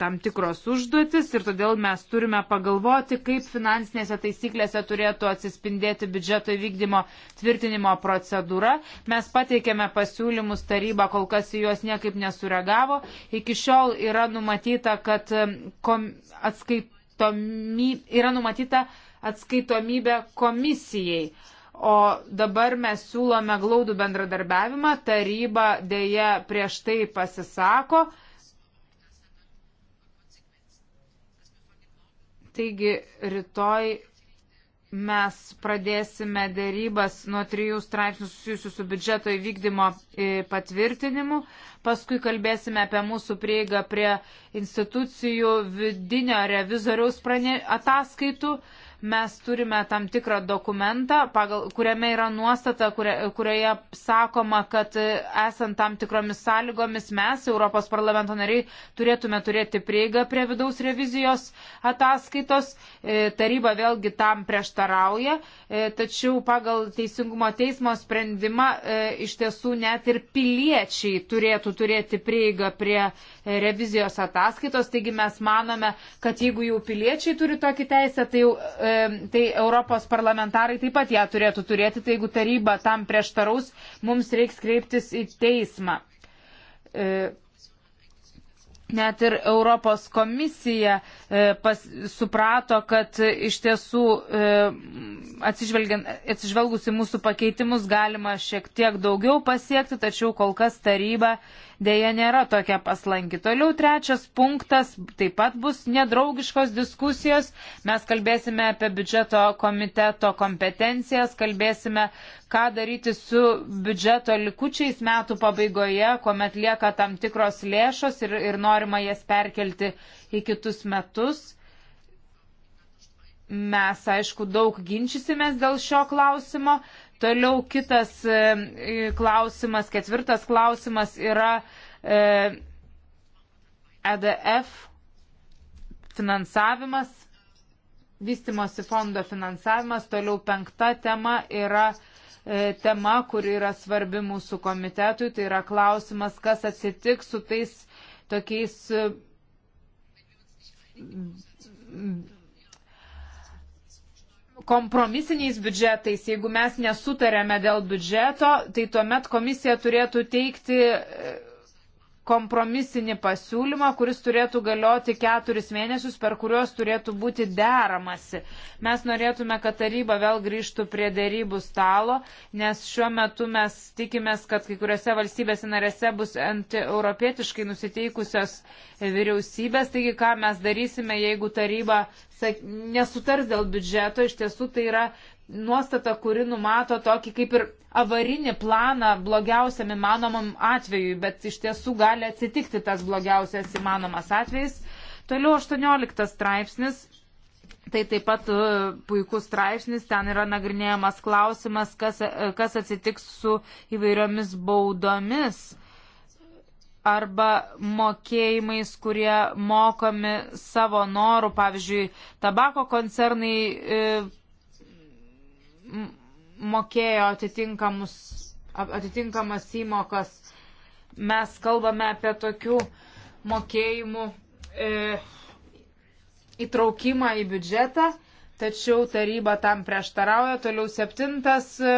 tam tikros užduotis ir todėl mes turime pagalvoti, kaip finansinėse taisyklėse turėtų atsispindėti biudžeto įvykdymo tvirtinimo procedūra. Mes pateikėme pasiūlymus, taryba kol kas į juos niekaip nesureagavo. Iki šiol yra numatyta, kad um, atskaitomy, yra numatyta atskaitomybė komisijai. O dabar mes siūlome glaudų bendradarbiavimą, taryba dėje prieš tai pasisako. Taigi rytoj mes pradėsime dėrybas nuo trijų straipsnių susijusių su biudžeto įvykdymo e, patvirtinimu. Paskui kalbėsime apie mūsų prieigą prie institucijų vidinio revizoriaus prane, ataskaitų mes turime tam tikrą dokumentą, pagal, kuriame yra nuostata, kuria, kurioje sakoma, kad esant tam tikromis sąlygomis mes, Europos parlamento nariai, turėtume turėti prieigą prie vidaus revizijos ataskaitos. E, taryba vėlgi tam prieštarauja, e, tačiau pagal Teisingumo teismo sprendimą e, iš tiesų net ir piliečiai turėtų turėti prieigą prie revizijos ataskaitos. Taigi mes manome, kad jeigu jau piliečiai turi tokį teisę, tai jau E, tai Europos parlamentarai taip pat ją turėtų turėti, tai jeigu taryba tam prieštaraus, mums reiks kreiptis į teismą. E, net ir Europos komisija e, pas, suprato, kad iš tiesų e, atsižvelgus į mūsų pakeitimus galima šiek tiek daugiau pasiekti, tačiau kol kas taryba dėja nėra tokia paslanki. Toliau trečias punktas taip pat bus nedraugiškos diskusijos. Mes kalbėsime apie biudžeto komiteto kompetencijas, kalbėsime, ką daryti su biudžeto likučiais metų pabaigoje, kuomet lieka tam tikros lėšos ir, ir norima jas perkelti į kitus metus. Mes, aišku, daug ginčysimės dėl šio klausimo, Toliau kitas e, e, klausimas, ketvirtas klausimas yra EDF e finansavimas, vystimosi fondo finansavimas. Toliau penkta tema yra tema, kuri yra svarbi mūsų komitetui. Tai yra klausimas, kas atsitiks su tais tokiais kompromisiniais biudžetais, jeigu mes nesutarėme dėl biudžeto, tai tuomet komisija turėtų teikti kompromisinį pasiūlymą, kuris turėtų galioti keturis mėnesius, per kuriuos turėtų būti deramasi. Mes norėtume, kad taryba vėl grįžtų prie dėrybų stalo, nes šiuo metu mes tikimės, kad kai kuriuose valstybėse narėse bus antieuropietiškai nusiteikusios vyriausybės. Taigi, ką mes darysime, jeigu taryba nesutars dėl biudžeto, iš tiesų tai yra nuostata, kuri numato tokį kaip ir avarinį planą blogiausiam įmanomam atvejui, bet iš tiesų gali atsitikti tas blogiausias įmanomas atvejis. Toliau 18 straipsnis. Tai taip pat e, puikus straipsnis, ten yra nagrinėjamas klausimas, kas, e, kas atsitiks su įvairiomis baudomis arba mokėjimais, kurie mokami savo norų. Pavyzdžiui, tabako koncernai e, mokėjo atitinkamas įmokas. Mes kalbame apie tokių mokėjimų e, įtraukimą į biudžetą, tačiau taryba tam prieštarauja. Toliau septintas e,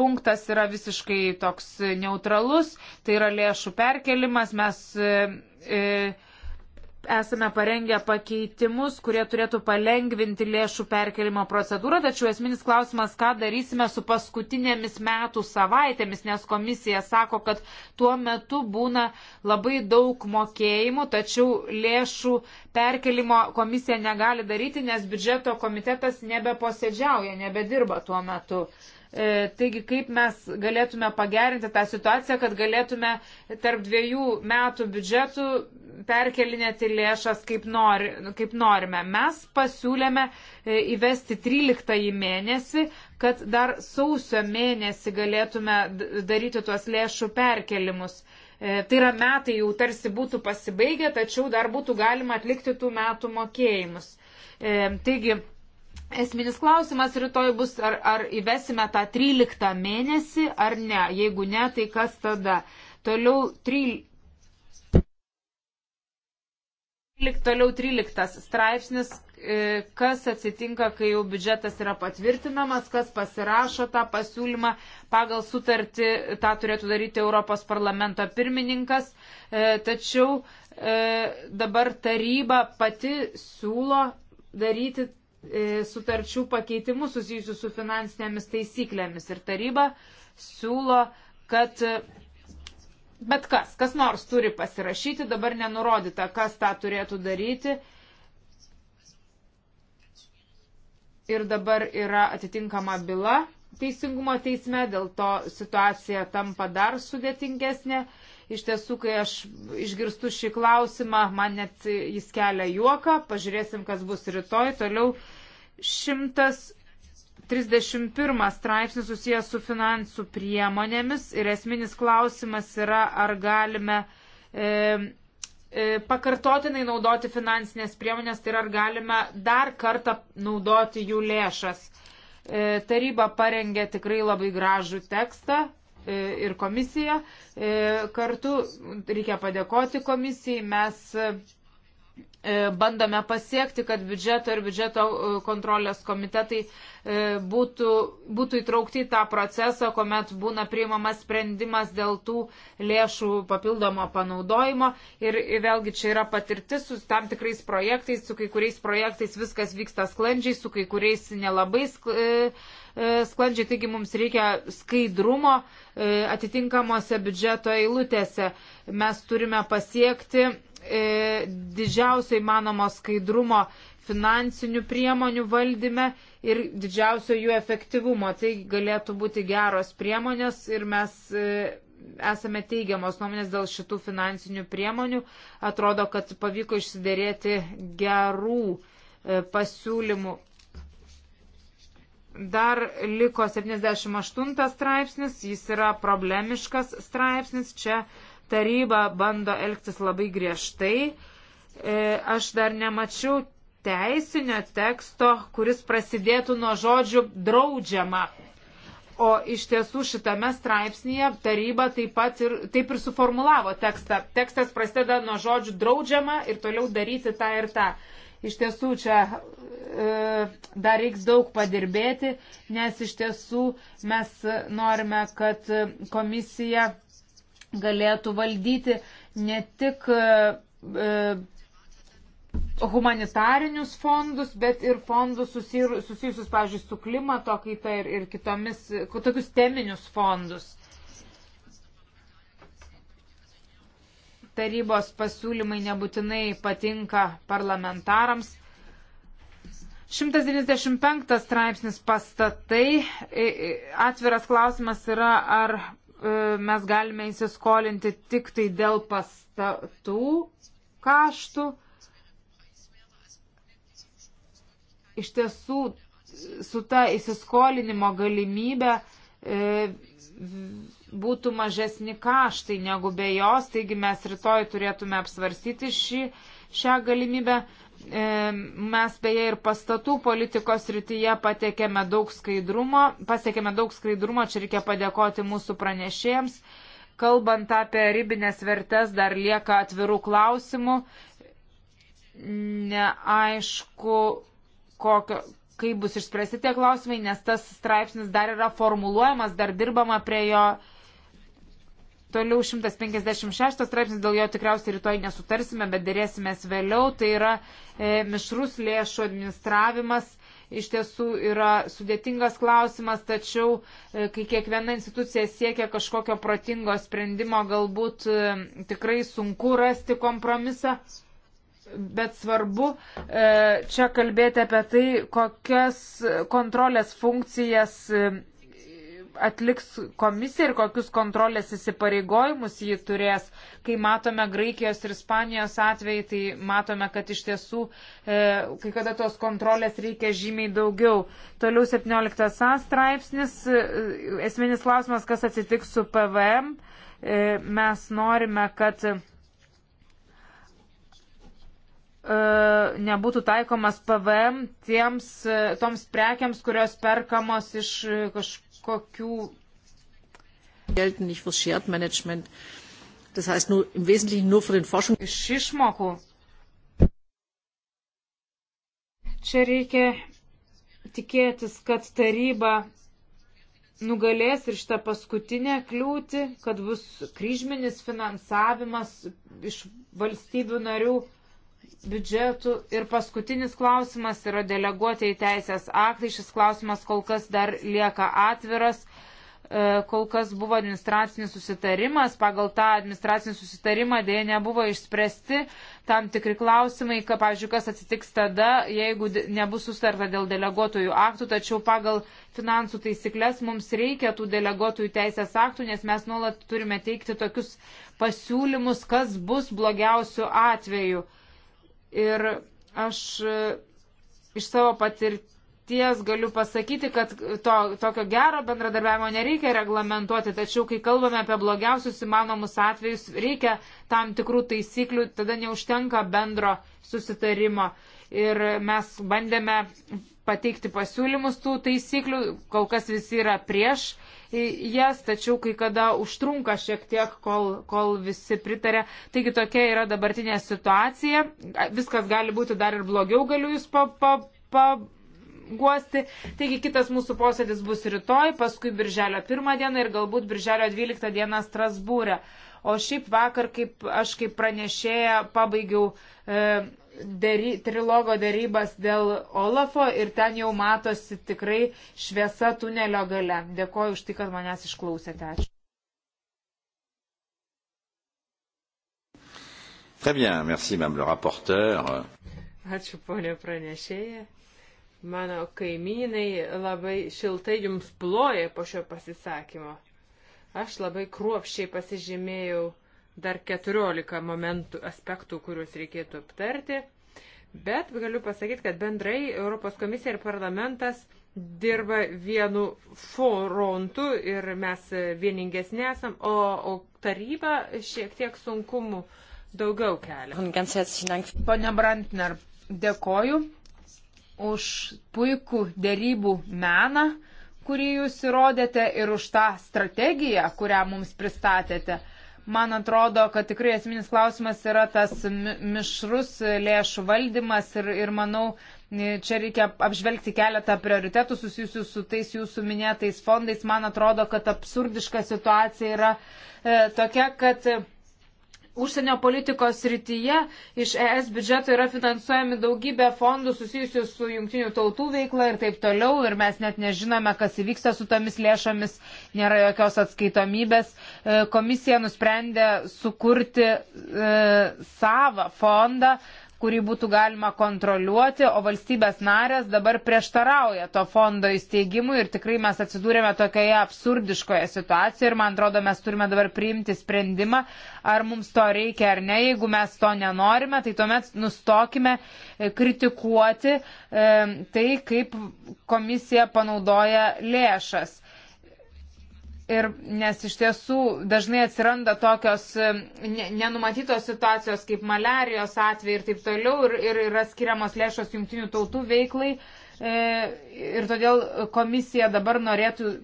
punktas yra visiškai toks neutralus, tai yra lėšų perkelimas. Mes e, e esame parengę pakeitimus, kurie turėtų palengvinti lėšų perkelimo procedūrą, tačiau esminis klausimas, ką darysime su paskutinėmis metų savaitėmis, nes komisija sako, kad tuo metu būna labai daug mokėjimų, tačiau lėšų perkelimo komisija negali daryti, nes biudžeto komitetas nebeposėdžiauja, nebedirba tuo metu. E, taigi, kaip mes galėtume pagerinti tą situaciją, kad galėtume tarp dviejų metų biudžetų perkelinėti lėšas kaip, nori, kaip norime. Mes pasiūlėme e, įvesti 13 mėnesį, kad dar sausio mėnesį galėtume daryti tuos lėšų perkelimus. E, tai yra metai jau tarsi būtų pasibaigę, tačiau dar būtų galima atlikti tų metų mokėjimus. Taigi, Esminis klausimas rytoj bus, ar, ar įvesime tą 13 mėnesį ar ne. Jeigu ne, tai kas tada? Toliau 13, toliau 13 straipsnis, e, kas atsitinka, kai jau biudžetas yra patvirtinamas, kas pasirašo tą pasiūlymą. Pagal sutartį tą turėtų daryti Europos parlamento pirmininkas. E, tačiau e, dabar taryba pati siūlo daryti E, sutarčių pakeitimus susijusius su finansinėmis taisyklėmis. Ir taryba siūlo, kad e, bet kas, kas nors turi pasirašyti, dabar nenurodyta, kas tą turėtų daryti. Ir dabar yra atitinkama byla teisingumo teisme, dėl to situacija tampa dar sudėtingesnė. Iš tiesų, kai aš išgirstu šį klausimą, man net jis kelia juoką. Pažiūrėsim, kas bus rytoj. Toliau 131 straipsnis susijęs su finansų priemonėmis ir esminis klausimas yra, ar galime. E, e, pakartotinai naudoti finansinės priemonės, tai yra ar galime dar kartą naudoti jų lėšas. E, taryba parengė tikrai labai gražų tekstą, E, ir komisija. E, kartu reikia padėkoti komisijai. Mes e, bandome pasiekti, kad biudžeto ir biudžeto kontrolės komitetai būtų, būtų įtraukti į tą procesą, kuomet būna priimamas sprendimas dėl tų lėšų papildomo panaudojimo. Ir vėlgi čia yra patirtis su tam tikrais projektais, su kai kuriais projektais viskas vyksta sklandžiai, su kai kuriais nelabai sklandžiai E, sklandžiai, taigi mums reikia skaidrumo e, atitinkamuose biudžeto eilutėse. Mes turime pasiekti e, didžiausio įmanomo skaidrumo finansinių priemonių valdyme ir didžiausio jų efektyvumo. Tai galėtų būti geros priemonės ir mes esame teigiamos nuomonės dėl šitų finansinių priemonių. Atrodo, kad pavyko išsiderėti gerų pasiūlymų. Dar liko 78 straipsnis, jis yra problemiškas straipsnis, čia taryba bando elgtis labai griežtai. E, aš dar nemačiau teisinio teksto, kuris prasidėtų nuo žodžių draudžiama. O iš tiesų šitame straipsnėje taryba taip pat ir, taip ir suformulavo tekstą. Tekstas prasideda nuo žodžių draudžiama ir toliau daryti tą ir tą. Iš tiesų čia e, dar reiks daug padirbėti, nes iš tiesų mes norime, kad komisija galėtų valdyti ne tik e, e humanitarinius fondus, bet ir fondus susijusius, pavyzdžiui, su klimato kaita ir, ir kitomis, tokius teminius fondus. tarybos pasiūlymai nebūtinai patinka parlamentarams. 195 straipsnis pastatai. Atviras klausimas yra, ar e, mes galime įsiskolinti tik tai dėl pastatų kaštų. Iš tiesų, su ta įsiskolinimo galimybė e, būtų mažesni kaštai negu be jos, taigi mes rytoj turėtume apsvarstyti šį, šią galimybę. E, mes beje ir pastatų politikos rytyje patekėme daug skaidrumo, pasiekėme daug skaidrumo, čia reikia padėkoti mūsų pranešėjams. Kalbant apie ribinės vertes, dar lieka atvirų klausimų. Neaišku, kokio, kaip bus išspręsti tie klausimai, nes tas straipsnis dar yra formuluojamas, dar dirbama prie jo. Toliau 156 straipsnis, dėl jo tikriausiai rytoj nesutarsime, bet dėrėsimės vėliau. Tai yra e, mišrus lėšų administravimas. Iš tiesų yra sudėtingas klausimas, tačiau e, kai kiekviena institucija siekia kažkokio protingo sprendimo, galbūt e, tikrai sunku rasti kompromisą bet svarbu e, čia kalbėti apie tai, kokias kontrolės funkcijas e, atliks komisija ir kokius kontrolės įsipareigojimus ji turės. Kai matome Graikijos ir Ispanijos atvejai, tai matome, kad iš tiesų e, kai kada tos kontrolės reikia žymiai daugiau. Toliau 17a straipsnis, e, esminis klausimas, kas atsitiks su PVM. E, mes norime, kad. E, E, nebūtų taikomas PVM tiems, e, toms prekiams, kurios perkamos iš e, kažkokių. Gelten nicht fürs Shared Management. Das heißt nur, im Wesentlichen nur für den Forschung. Iš išmokų. Čia reikia tikėtis, kad taryba nugalės ir šitą paskutinę kliūtį, kad bus kryžminis finansavimas iš valstybių narių biudžetų. Ir paskutinis klausimas yra deleguotieji teisės aktai. Šis klausimas kol kas dar lieka atviras. E, kol kas buvo administracinis susitarimas, pagal tą administracinį susitarimą dėja nebuvo išspręsti tam tikri klausimai, kaip, pavyzdžiui, kas atsitiks tada, jeigu nebus sustarta dėl deleguotojų aktų, tačiau pagal finansų taisyklės mums reikia tų deleguotojų teisės aktų, nes mes nuolat turime teikti tokius pasiūlymus, kas bus blogiausių atveju. Uh, Ir aš e, iš savo patirties galiu pasakyti, kad to, tokio gero bendradarbiavimo nereikia reglamentuoti, tačiau kai kalbame apie blogiausius įmanomus atvejus, reikia tam tikrų taisyklių, tada neužtenka bendro susitarimo. Ir mes bandėme pateikti pasiūlymus tų taisyklių, kol kas visi yra prieš jas, tačiau kai kada užtrunka šiek tiek, kol, kol visi pritarė. Taigi tokia yra dabartinė situacija. Viskas gali būti dar ir blogiau, galiu jūs pa, pa, pa, guosti. Taigi kitas mūsų posėdis bus rytoj, paskui birželio pirmą dieną ir galbūt birželio 12 dieną Strasbūrė. O šiaip vakar, kaip aš kaip pranešėja, pabaigiau e, dary, trilogo darybas dėl Olafo ir ten jau matosi tikrai šviesa tunelio gale. Dėkoju už tai, kad manęs išklausėte. Ačiū. Très bien, merci, madame le rapporteur. Ačiū, ponė pranešėja. Mano kaimynai labai šiltai jums ploja po šio pasisakymo. Aš labai kruopščiai pasižymėjau dar 14 momentų, aspektų, kuriuos reikėtų aptarti. Bet galiu pasakyti, kad bendrai Europos komisija ir parlamentas dirba vienu frontu ir mes vieningesnė esam, o, o taryba šiek tiek sunkumų daugiau kelia. Pone Brantner, dėkoju už puikų dėrybų meną, kurį jūs įrodėte ir už tą strategiją, kurią mums pristatėte. Man atrodo, kad tikrai esminis klausimas yra tas mišrus lėšų valdymas ir, ir manau, e, čia reikia apžvelgti keletą prioritetų susijusių su tais jūsų minėtais fondais. Man atrodo, kad absurdiška situacija yra e, tokia, kad užsienio politikos rytyje iš ES biudžeto yra finansuojami daugybė fondų susijusių su jungtinių tautų veikla ir taip toliau, ir mes net nežinome, kas įvyksta su tomis lėšomis, nėra jokios atskaitomybės. E, komisija nusprendė sukurti e, savą fondą, e, kurį būtų galima kontroliuoti, o valstybės narės dabar prieštarauja to fondo įsteigimui ir tikrai mes atsidūrėme tokioje absurdiškoje situacijoje ir man atrodo mes turime dabar priimti sprendimą, ar mums to reikia ar ne. Jeigu mes to nenorime, tai tuomet nustokime e, kritikuoti e, tai, kaip komisija panaudoja lėšas. Ir nes iš tiesų dažnai atsiranda tokios e, nenumatytos situacijos kaip malerijos atvejai ir taip toliau, ir, ir yra skiriamos lėšos jungtinių tautų veiklai. E, ir todėl komisija dabar norėtų,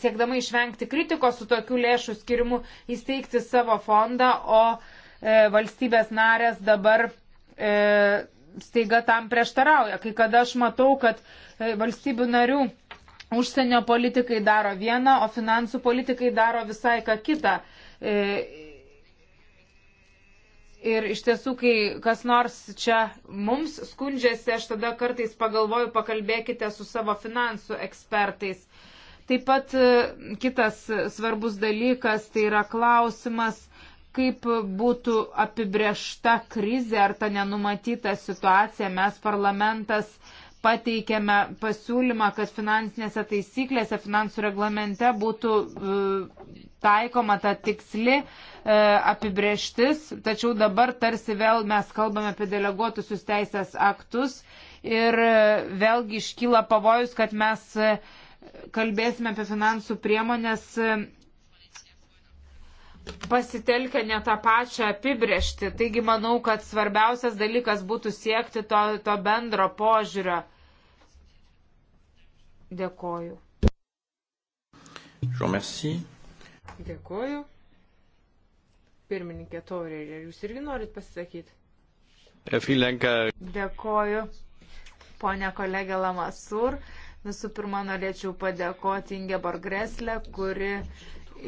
siekdama išvengti kritikos su tokiu lėšų skirimu, įsteigti savo fondą, o e, valstybės narės dabar staiga tam prieštarauja. Kai kada aš matau, kad valstybių narių užsienio politikai daro vieną, o finansų politikai daro visai ką kitą. E, ir iš tiesų, kai kas nors čia mums skundžiasi, aš tada kartais pagalvoju, pakalbėkite su savo finansų ekspertais. Taip pat e, kitas svarbus dalykas tai yra klausimas, kaip būtų apibriešta krizė ar ta nenumatyta situacija. Mes parlamentas uh, pateikėme pasiūlymą, kad finansinėse taisyklėse, finansų reglamente būtų e, taikoma ta tiksli e, apibrieštis, tačiau dabar tarsi vėl mes kalbame apie deleguotusius teisės aktus ir e, vėlgi iškyla pavojus, kad mes kalbėsime apie finansų priemonės pasitelkia ne tą pačią apibriešti. Taigi manau, kad svarbiausias dalykas būtų siekti to, to bendro požiūrio. Dėkoju. Dėkoju. Pirmininkė Taurė, jūs irgi norit pasisakyti? Äh, Dėkoju, ponė kolegė Lamasur. Visų pirma, norėčiau padėkoti Ingeborg Greslę, kuri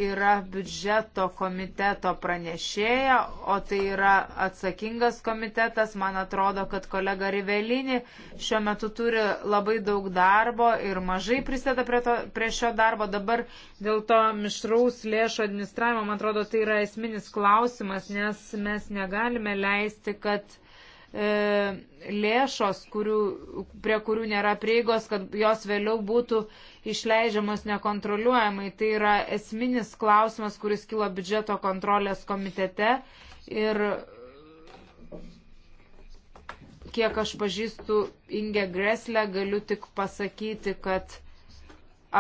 yra biudžeto komiteto pranešėja, o tai yra atsakingas komitetas. Man atrodo, kad kolega Rivelini šiuo metu turi labai daug darbo ir mažai prisėda prie, to, prie šio darbo. Dabar dėl to mišraus lėšų administravimo, man atrodo, tai yra esminis klausimas, nes mes negalime leisti, kad E, lėšos, kurių, prie kurių nėra prieigos, kad jos vėliau būtų išleidžiamos nekontroliuojamai. Tai yra esminis klausimas, kuris kilo biudžeto kontrolės komitete. Ir kiek aš pažįstu Inge Greslę, galiu tik pasakyti, kad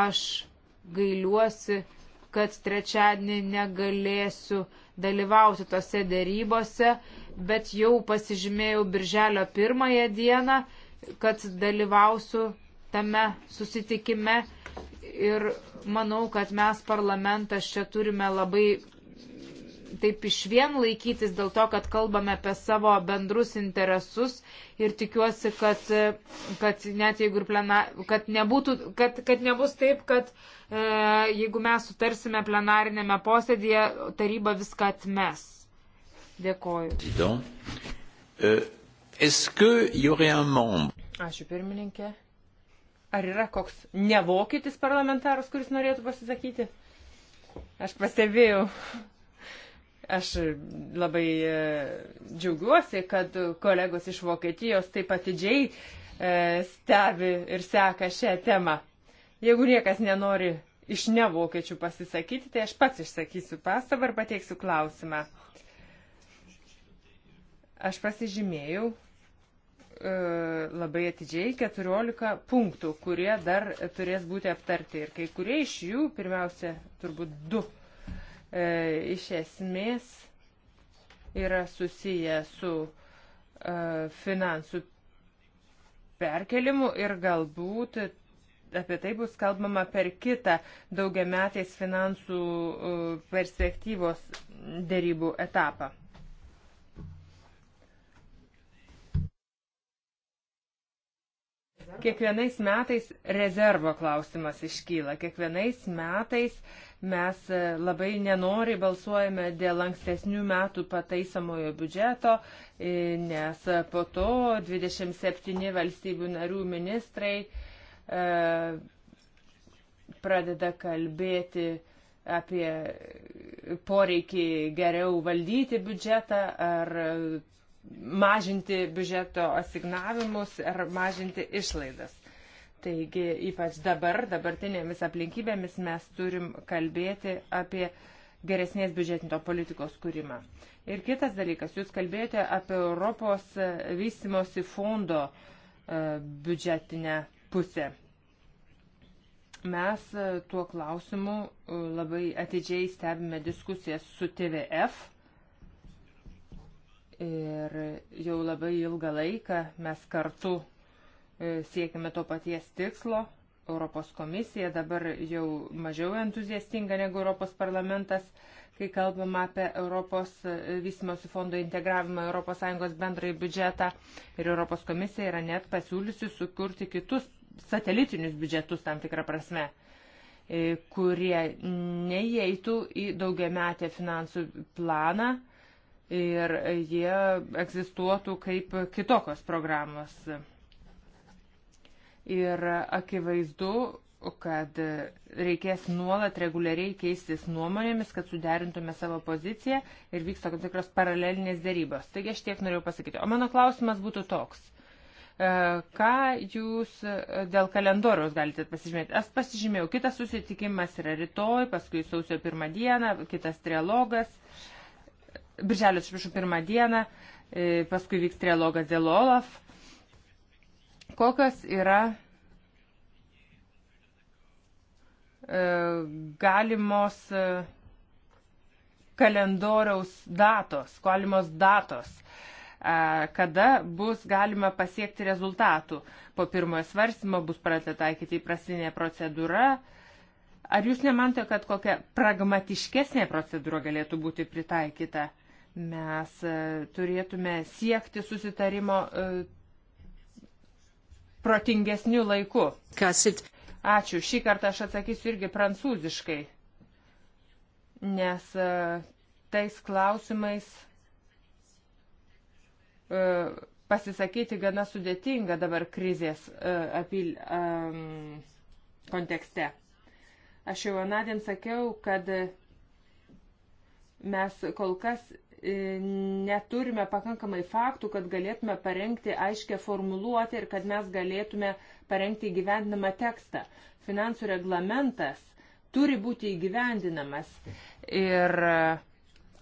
aš gailiuosi, kad trečiadienį negalėsiu uh, dalyvauti tose dėrybose, bet jau pasižymėjau birželio pirmąją dieną, kad dalyvausiu tame susitikime ir manau, kad mes parlamentas čia turime labai taip iš vien laikytis dėl to, kad kalbame apie savo bendrus interesus ir tikiuosi, kad, kad net jeigu ir plena, kad, nebūtų, kad, kad nebus taip, kad e, jeigu mes sutarsime plenarinėme posėdėje, taryba viską atmes. Dėkoju. Euh, Ačiū pirmininkė. Ar yra koks nevokietis parlamentaras, kuris norėtų pasisakyti? Aš pastebėjau Aš labai e, džiaugiuosi, kad kolegos iš Vokietijos taip atidžiai e, stebi ir seka šią temą. Jeigu niekas nenori iš nevokiečių pasisakyti, tai aš pats išsakysiu pastabą ir pateiksiu klausimą. Aš pasižymėjau e, labai atidžiai 14 punktų, kurie dar turės būti aptarti. Ir kai kurie iš jų, pirmiausia, turbūt du E, iš esmės yra susiję su e, finansų perkelimu ir galbūt apie tai bus kalbama per kitą daugiametės finansų e, perspektyvos dėrybų etapą. Kiekvienais metais rezervo klausimas iškyla. Kiekvienais metais Mes e, labai nenoriai balsuojame dėl ankstesnių metų pataisamojo biudžeto, e, nes po to 27 valstybių narių ministrai e, pradeda kalbėti apie poreikį geriau valdyti biudžetą ar mažinti biudžeto asignavimus ar mažinti išlaidas. Taigi, ypač dabar, dabartinėmis aplinkybėmis mes turim kalbėti apie geresnės biudžetinto politikos kūrimą. Ir kitas dalykas, jūs kalbėjote apie Europos vystimosi fondo e, biudžetinę pusę. Mes e, tuo klausimu e, labai atidžiai stebime diskusijas su TVF ir jau labai ilgą laiką mes kartu E, siekime to paties tikslo. Europos komisija dabar jau mažiau entuziastinga negu Europos parlamentas, kai kalbama apie Europos e, vystimosi fondo integravimą ES bendrąjį biudžetą. Ir Europos komisija yra net pasiūliusi sukurti kitus satelitinius biudžetus tam tikrą prasme e, kurie neįeitų į daugiametę finansų planą ir jie egzistuotų kaip kitokios programos ir akivaizdu, kad reikės nuolat reguliariai keistis nuomonėmis, kad suderintume savo poziciją ir vyksta tam tikros paralelinės dėrybos. Taigi aš tiek norėjau pasakyti. O mano klausimas būtų toks. E, ką jūs dėl kalendoriaus galite pasižymėti? Aš pasižymėjau, kitas susitikimas yra rytoj, paskui sausio pirmą dieną, kitas trialogas, birželio 21 dieną, e, paskui vyks trialogas dėl OLAF Kokios yra e, galimos e, kalendoriaus datos, galimos datos, e, kada bus galima pasiekti rezultatų. Po pirmojo svarstymo bus pradėta taikyti įprastinė procedūra. Ar jūs nemanote, kad kokia pragmatiškesnė procedūra galėtų būti pritaikyta? Mes turėtume siekti susitarimo protingesniu laiku. Kasit. Ačiū. Šį kartą aš atsakysiu irgi prancūziškai, nes e, tais klausimais e, pasisakyti gana sudėtinga dabar krizės e, apil, um, kontekste. Aš jau anadien sakiau, kad mes kol kas neturime pakankamai faktų, kad galėtume parengti aiškę formuluotę ir kad mes galėtume parengti įgyvendinamą tekstą. Finansų reglamentas turi būti įgyvendinamas ir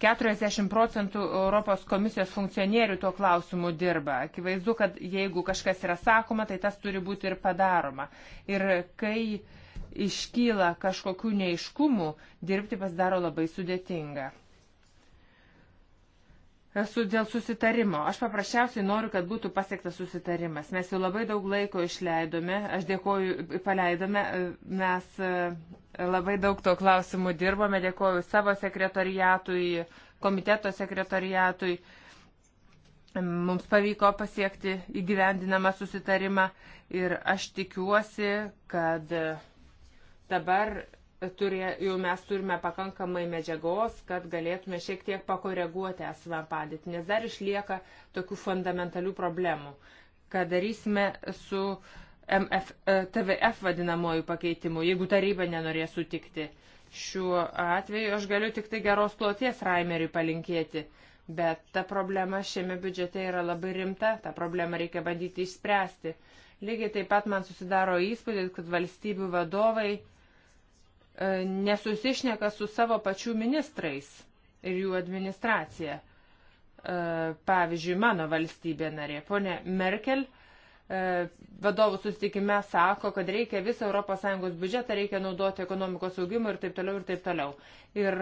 40 procentų Europos komisijos funkcionierių tuo klausimu dirba. Akivaizdu, kad jeigu kažkas yra sakoma, tai tas turi būti ir padaroma. Ir kai iškyla kažkokių neiškumų, dirbti pasidaro labai sudėtinga su, dėl susitarimo. Aš paprasčiausiai noriu, kad būtų pasiektas susitarimas. Mes jau labai daug laiko išleidome, aš dėkoju, paleidome, mes e, labai daug to klausimų dirbome, dėkoju savo sekretariatui, komiteto sekretariatui. Mums pavyko pasiekti įgyvendinamą susitarimą ir aš tikiuosi, kad dabar turė, jau mes turime pakankamai medžiagos, kad galėtume šiek tiek pakoreguoti esamą padėtį, nes dar išlieka tokių fundamentalių problemų. Ką darysime su MF, e, TVF vadinamoju pakeitimu, jeigu taryba nenorės sutikti. Šiuo atveju aš galiu tik tai geros ploties Raimeriui palinkėti, bet ta problema šiame biudžete yra labai rimta, tą problemą reikia bandyti išspręsti. Lygiai taip pat man susidaro įspūdis, kad valstybių vadovai E, nesusišneka su savo pačių ministrais ir jų administracija. E, pavyzdžiui, mano valstybė narė, ponė Merkel, e, vadovų susitikime sako, kad reikia visą ES biudžetą, reikia naudoti ekonomikos augimą ir taip toliau ir taip toliau. Ir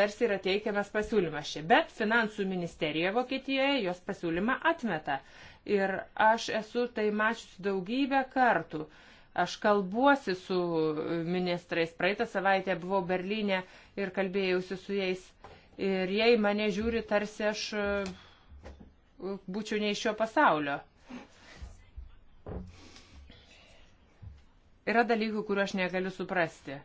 tarsi yra teikiamas pasiūlymas čia. Bet finansų ministerija Vokietijoje jos pasiūlymą atmeta. Ir aš esu tai mačiusi daugybę kartų. Uh, Aš kalbuosi su ministrais. Praeitą savaitę buvau Berlyne ir kalbėjausi su jais. Ir jie į mane žiūri, tarsi aš e, būčiau ne iš šio pasaulio. Yra dalykų, kuriuo aš negaliu suprasti.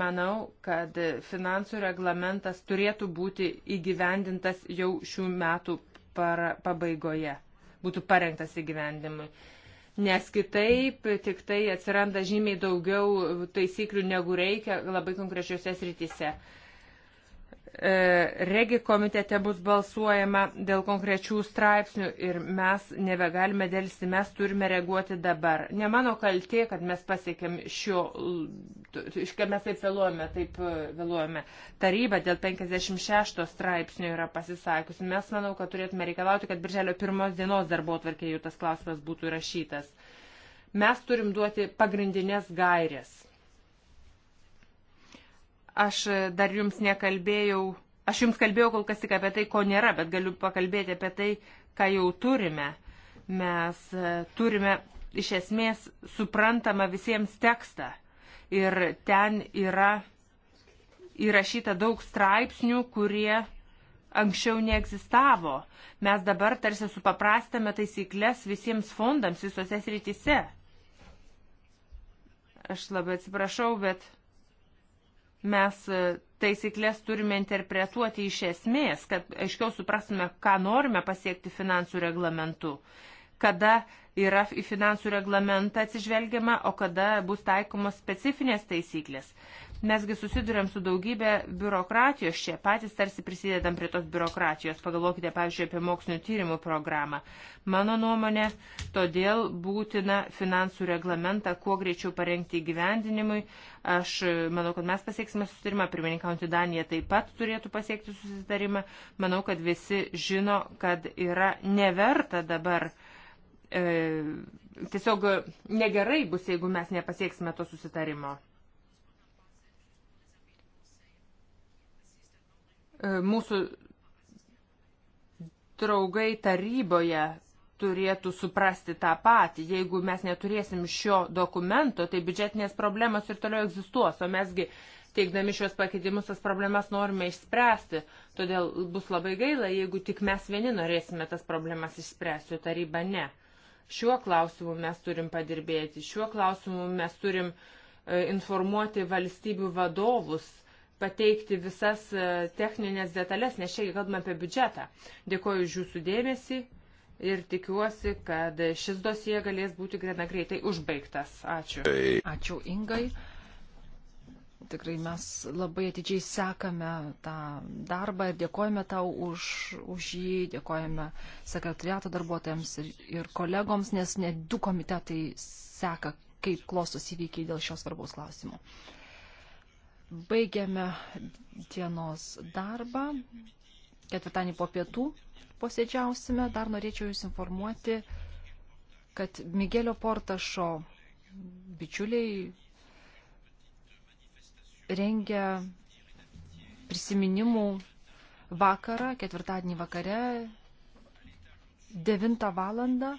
Manau, kad finansų reglamentas turėtų būti įgyvendintas jau šių metų para, pabaigoje. Būtų parengtas įgyvendimui. Uh, nes kitaip tik tai atsiranda žymiai daugiau taisyklių negu reikia labai konkrečiose srityse. Uh, E, regi komitete bus balsuojama dėl konkrečių straipsnių ir mes nebegalime dėlsti, mes turime reaguoti dabar. Ne mano kaltė, kad mes pasiekėm šio, kad mes taip vėluojame, taip e, vėluojame. Taryba dėl 56 straipsnių yra pasisakiusi. Mes manau, kad turėtume reikalauti, kad birželio pirmos dienos darbo atvarkėje jų tas klausimas būtų įrašytas. Mes turim duoti pagrindinės gairės Aš dar jums nekalbėjau, aš jums kalbėjau kol kas tik apie tai, ko nėra, bet galiu pakalbėti apie tai, ką jau turime. Mes e, turime iš esmės suprantama visiems tekstą. Ir ten yra įrašyta daug straipsnių, kurie anksčiau neegzistavo. Mes dabar tarsi supaprastame taisyklės visiems fondams visose srityse. Aš labai atsiprašau, bet Mes e, taisyklės turime interpretuoti iš esmės, kad aiškiau suprastume, ką norime pasiekti finansų reglamentu, kada yra į finansų reglamentą atsižvelgiama, o kada bus taikomos specifinės taisyklės. Mesgi susidurėm su daugybė biurokratijos čia, patys tarsi prisidedam prie tos biurokratijos. Pagalvokite, pavyzdžiui, apie mokslinio tyrimų programą. Mano nuomonė, todėl būtina finansų reglamentą kuo greičiau parengti gyvendinimui. Aš manau, kad mes pasieksime susitarimą, pirmininkaujantį Daniją taip pat turėtų pasiekti susitarimą. Manau, kad visi žino, kad yra neverta dabar e, tiesiog negerai bus, jeigu mes nepasieksime to susitarimo. E, mūsų draugai taryboje turėtų suprasti tą patį. Jeigu mes neturėsim šio dokumento, tai biudžetinės problemos ir toliau egzistuos, o mesgi teikdami šios pakeitimus tas problemas norime išspręsti. Todėl bus labai gaila, jeigu tik mes vieni norėsime tas problemas išspręsti, o taryba ne. Šiuo klausimu mes turim padirbėti, šiuo klausimu mes turim e, informuoti valstybių vadovus pateikti visas e, techninės detalės, nes čia kalbame apie biudžetą. Dėkuoju už jūsų dėmesį ir tikiuosi, kad šis dosie galės būti gana greitai užbaigtas. Ačiū. Ačiū Ingai. Tikrai mes labai atidžiai sekame tą darbą ir dėkojame tau už, už jį, dėkojame sekretariato darbuotojams ir, ir kolegoms, nes net du komitetai seka, kaip klostos įvykiai dėl šios svarbaus klausimo. Baigiame dienos darbą. Ketvirtadienį po pietų posėdžiausime. Dar norėčiau Jūs informuoti, kad Migelio Portašo bičiuliai rengia prisiminimų vakarą, ketvirtadienį vakare, 9 valandą,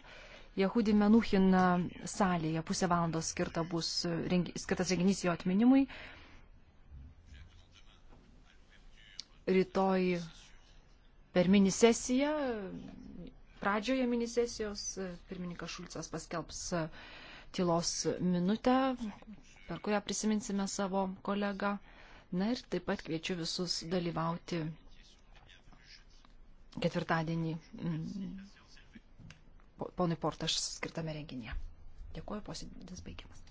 Jehudi Menuhin salėje, pusę valandos skirta bus, skirtas renginys jo atminimui. rytoj per minisesiją, pradžioje minisesijos pirmininkas Šulcas paskelbs tylos minutę, per kurią prisiminsime savo kolegą. Na ir taip pat kviečiu visus dalyvauti ketvirtadienį mm, ponui Portaš skirtame renginėje. Dėkuoju, posėdis baigiamas.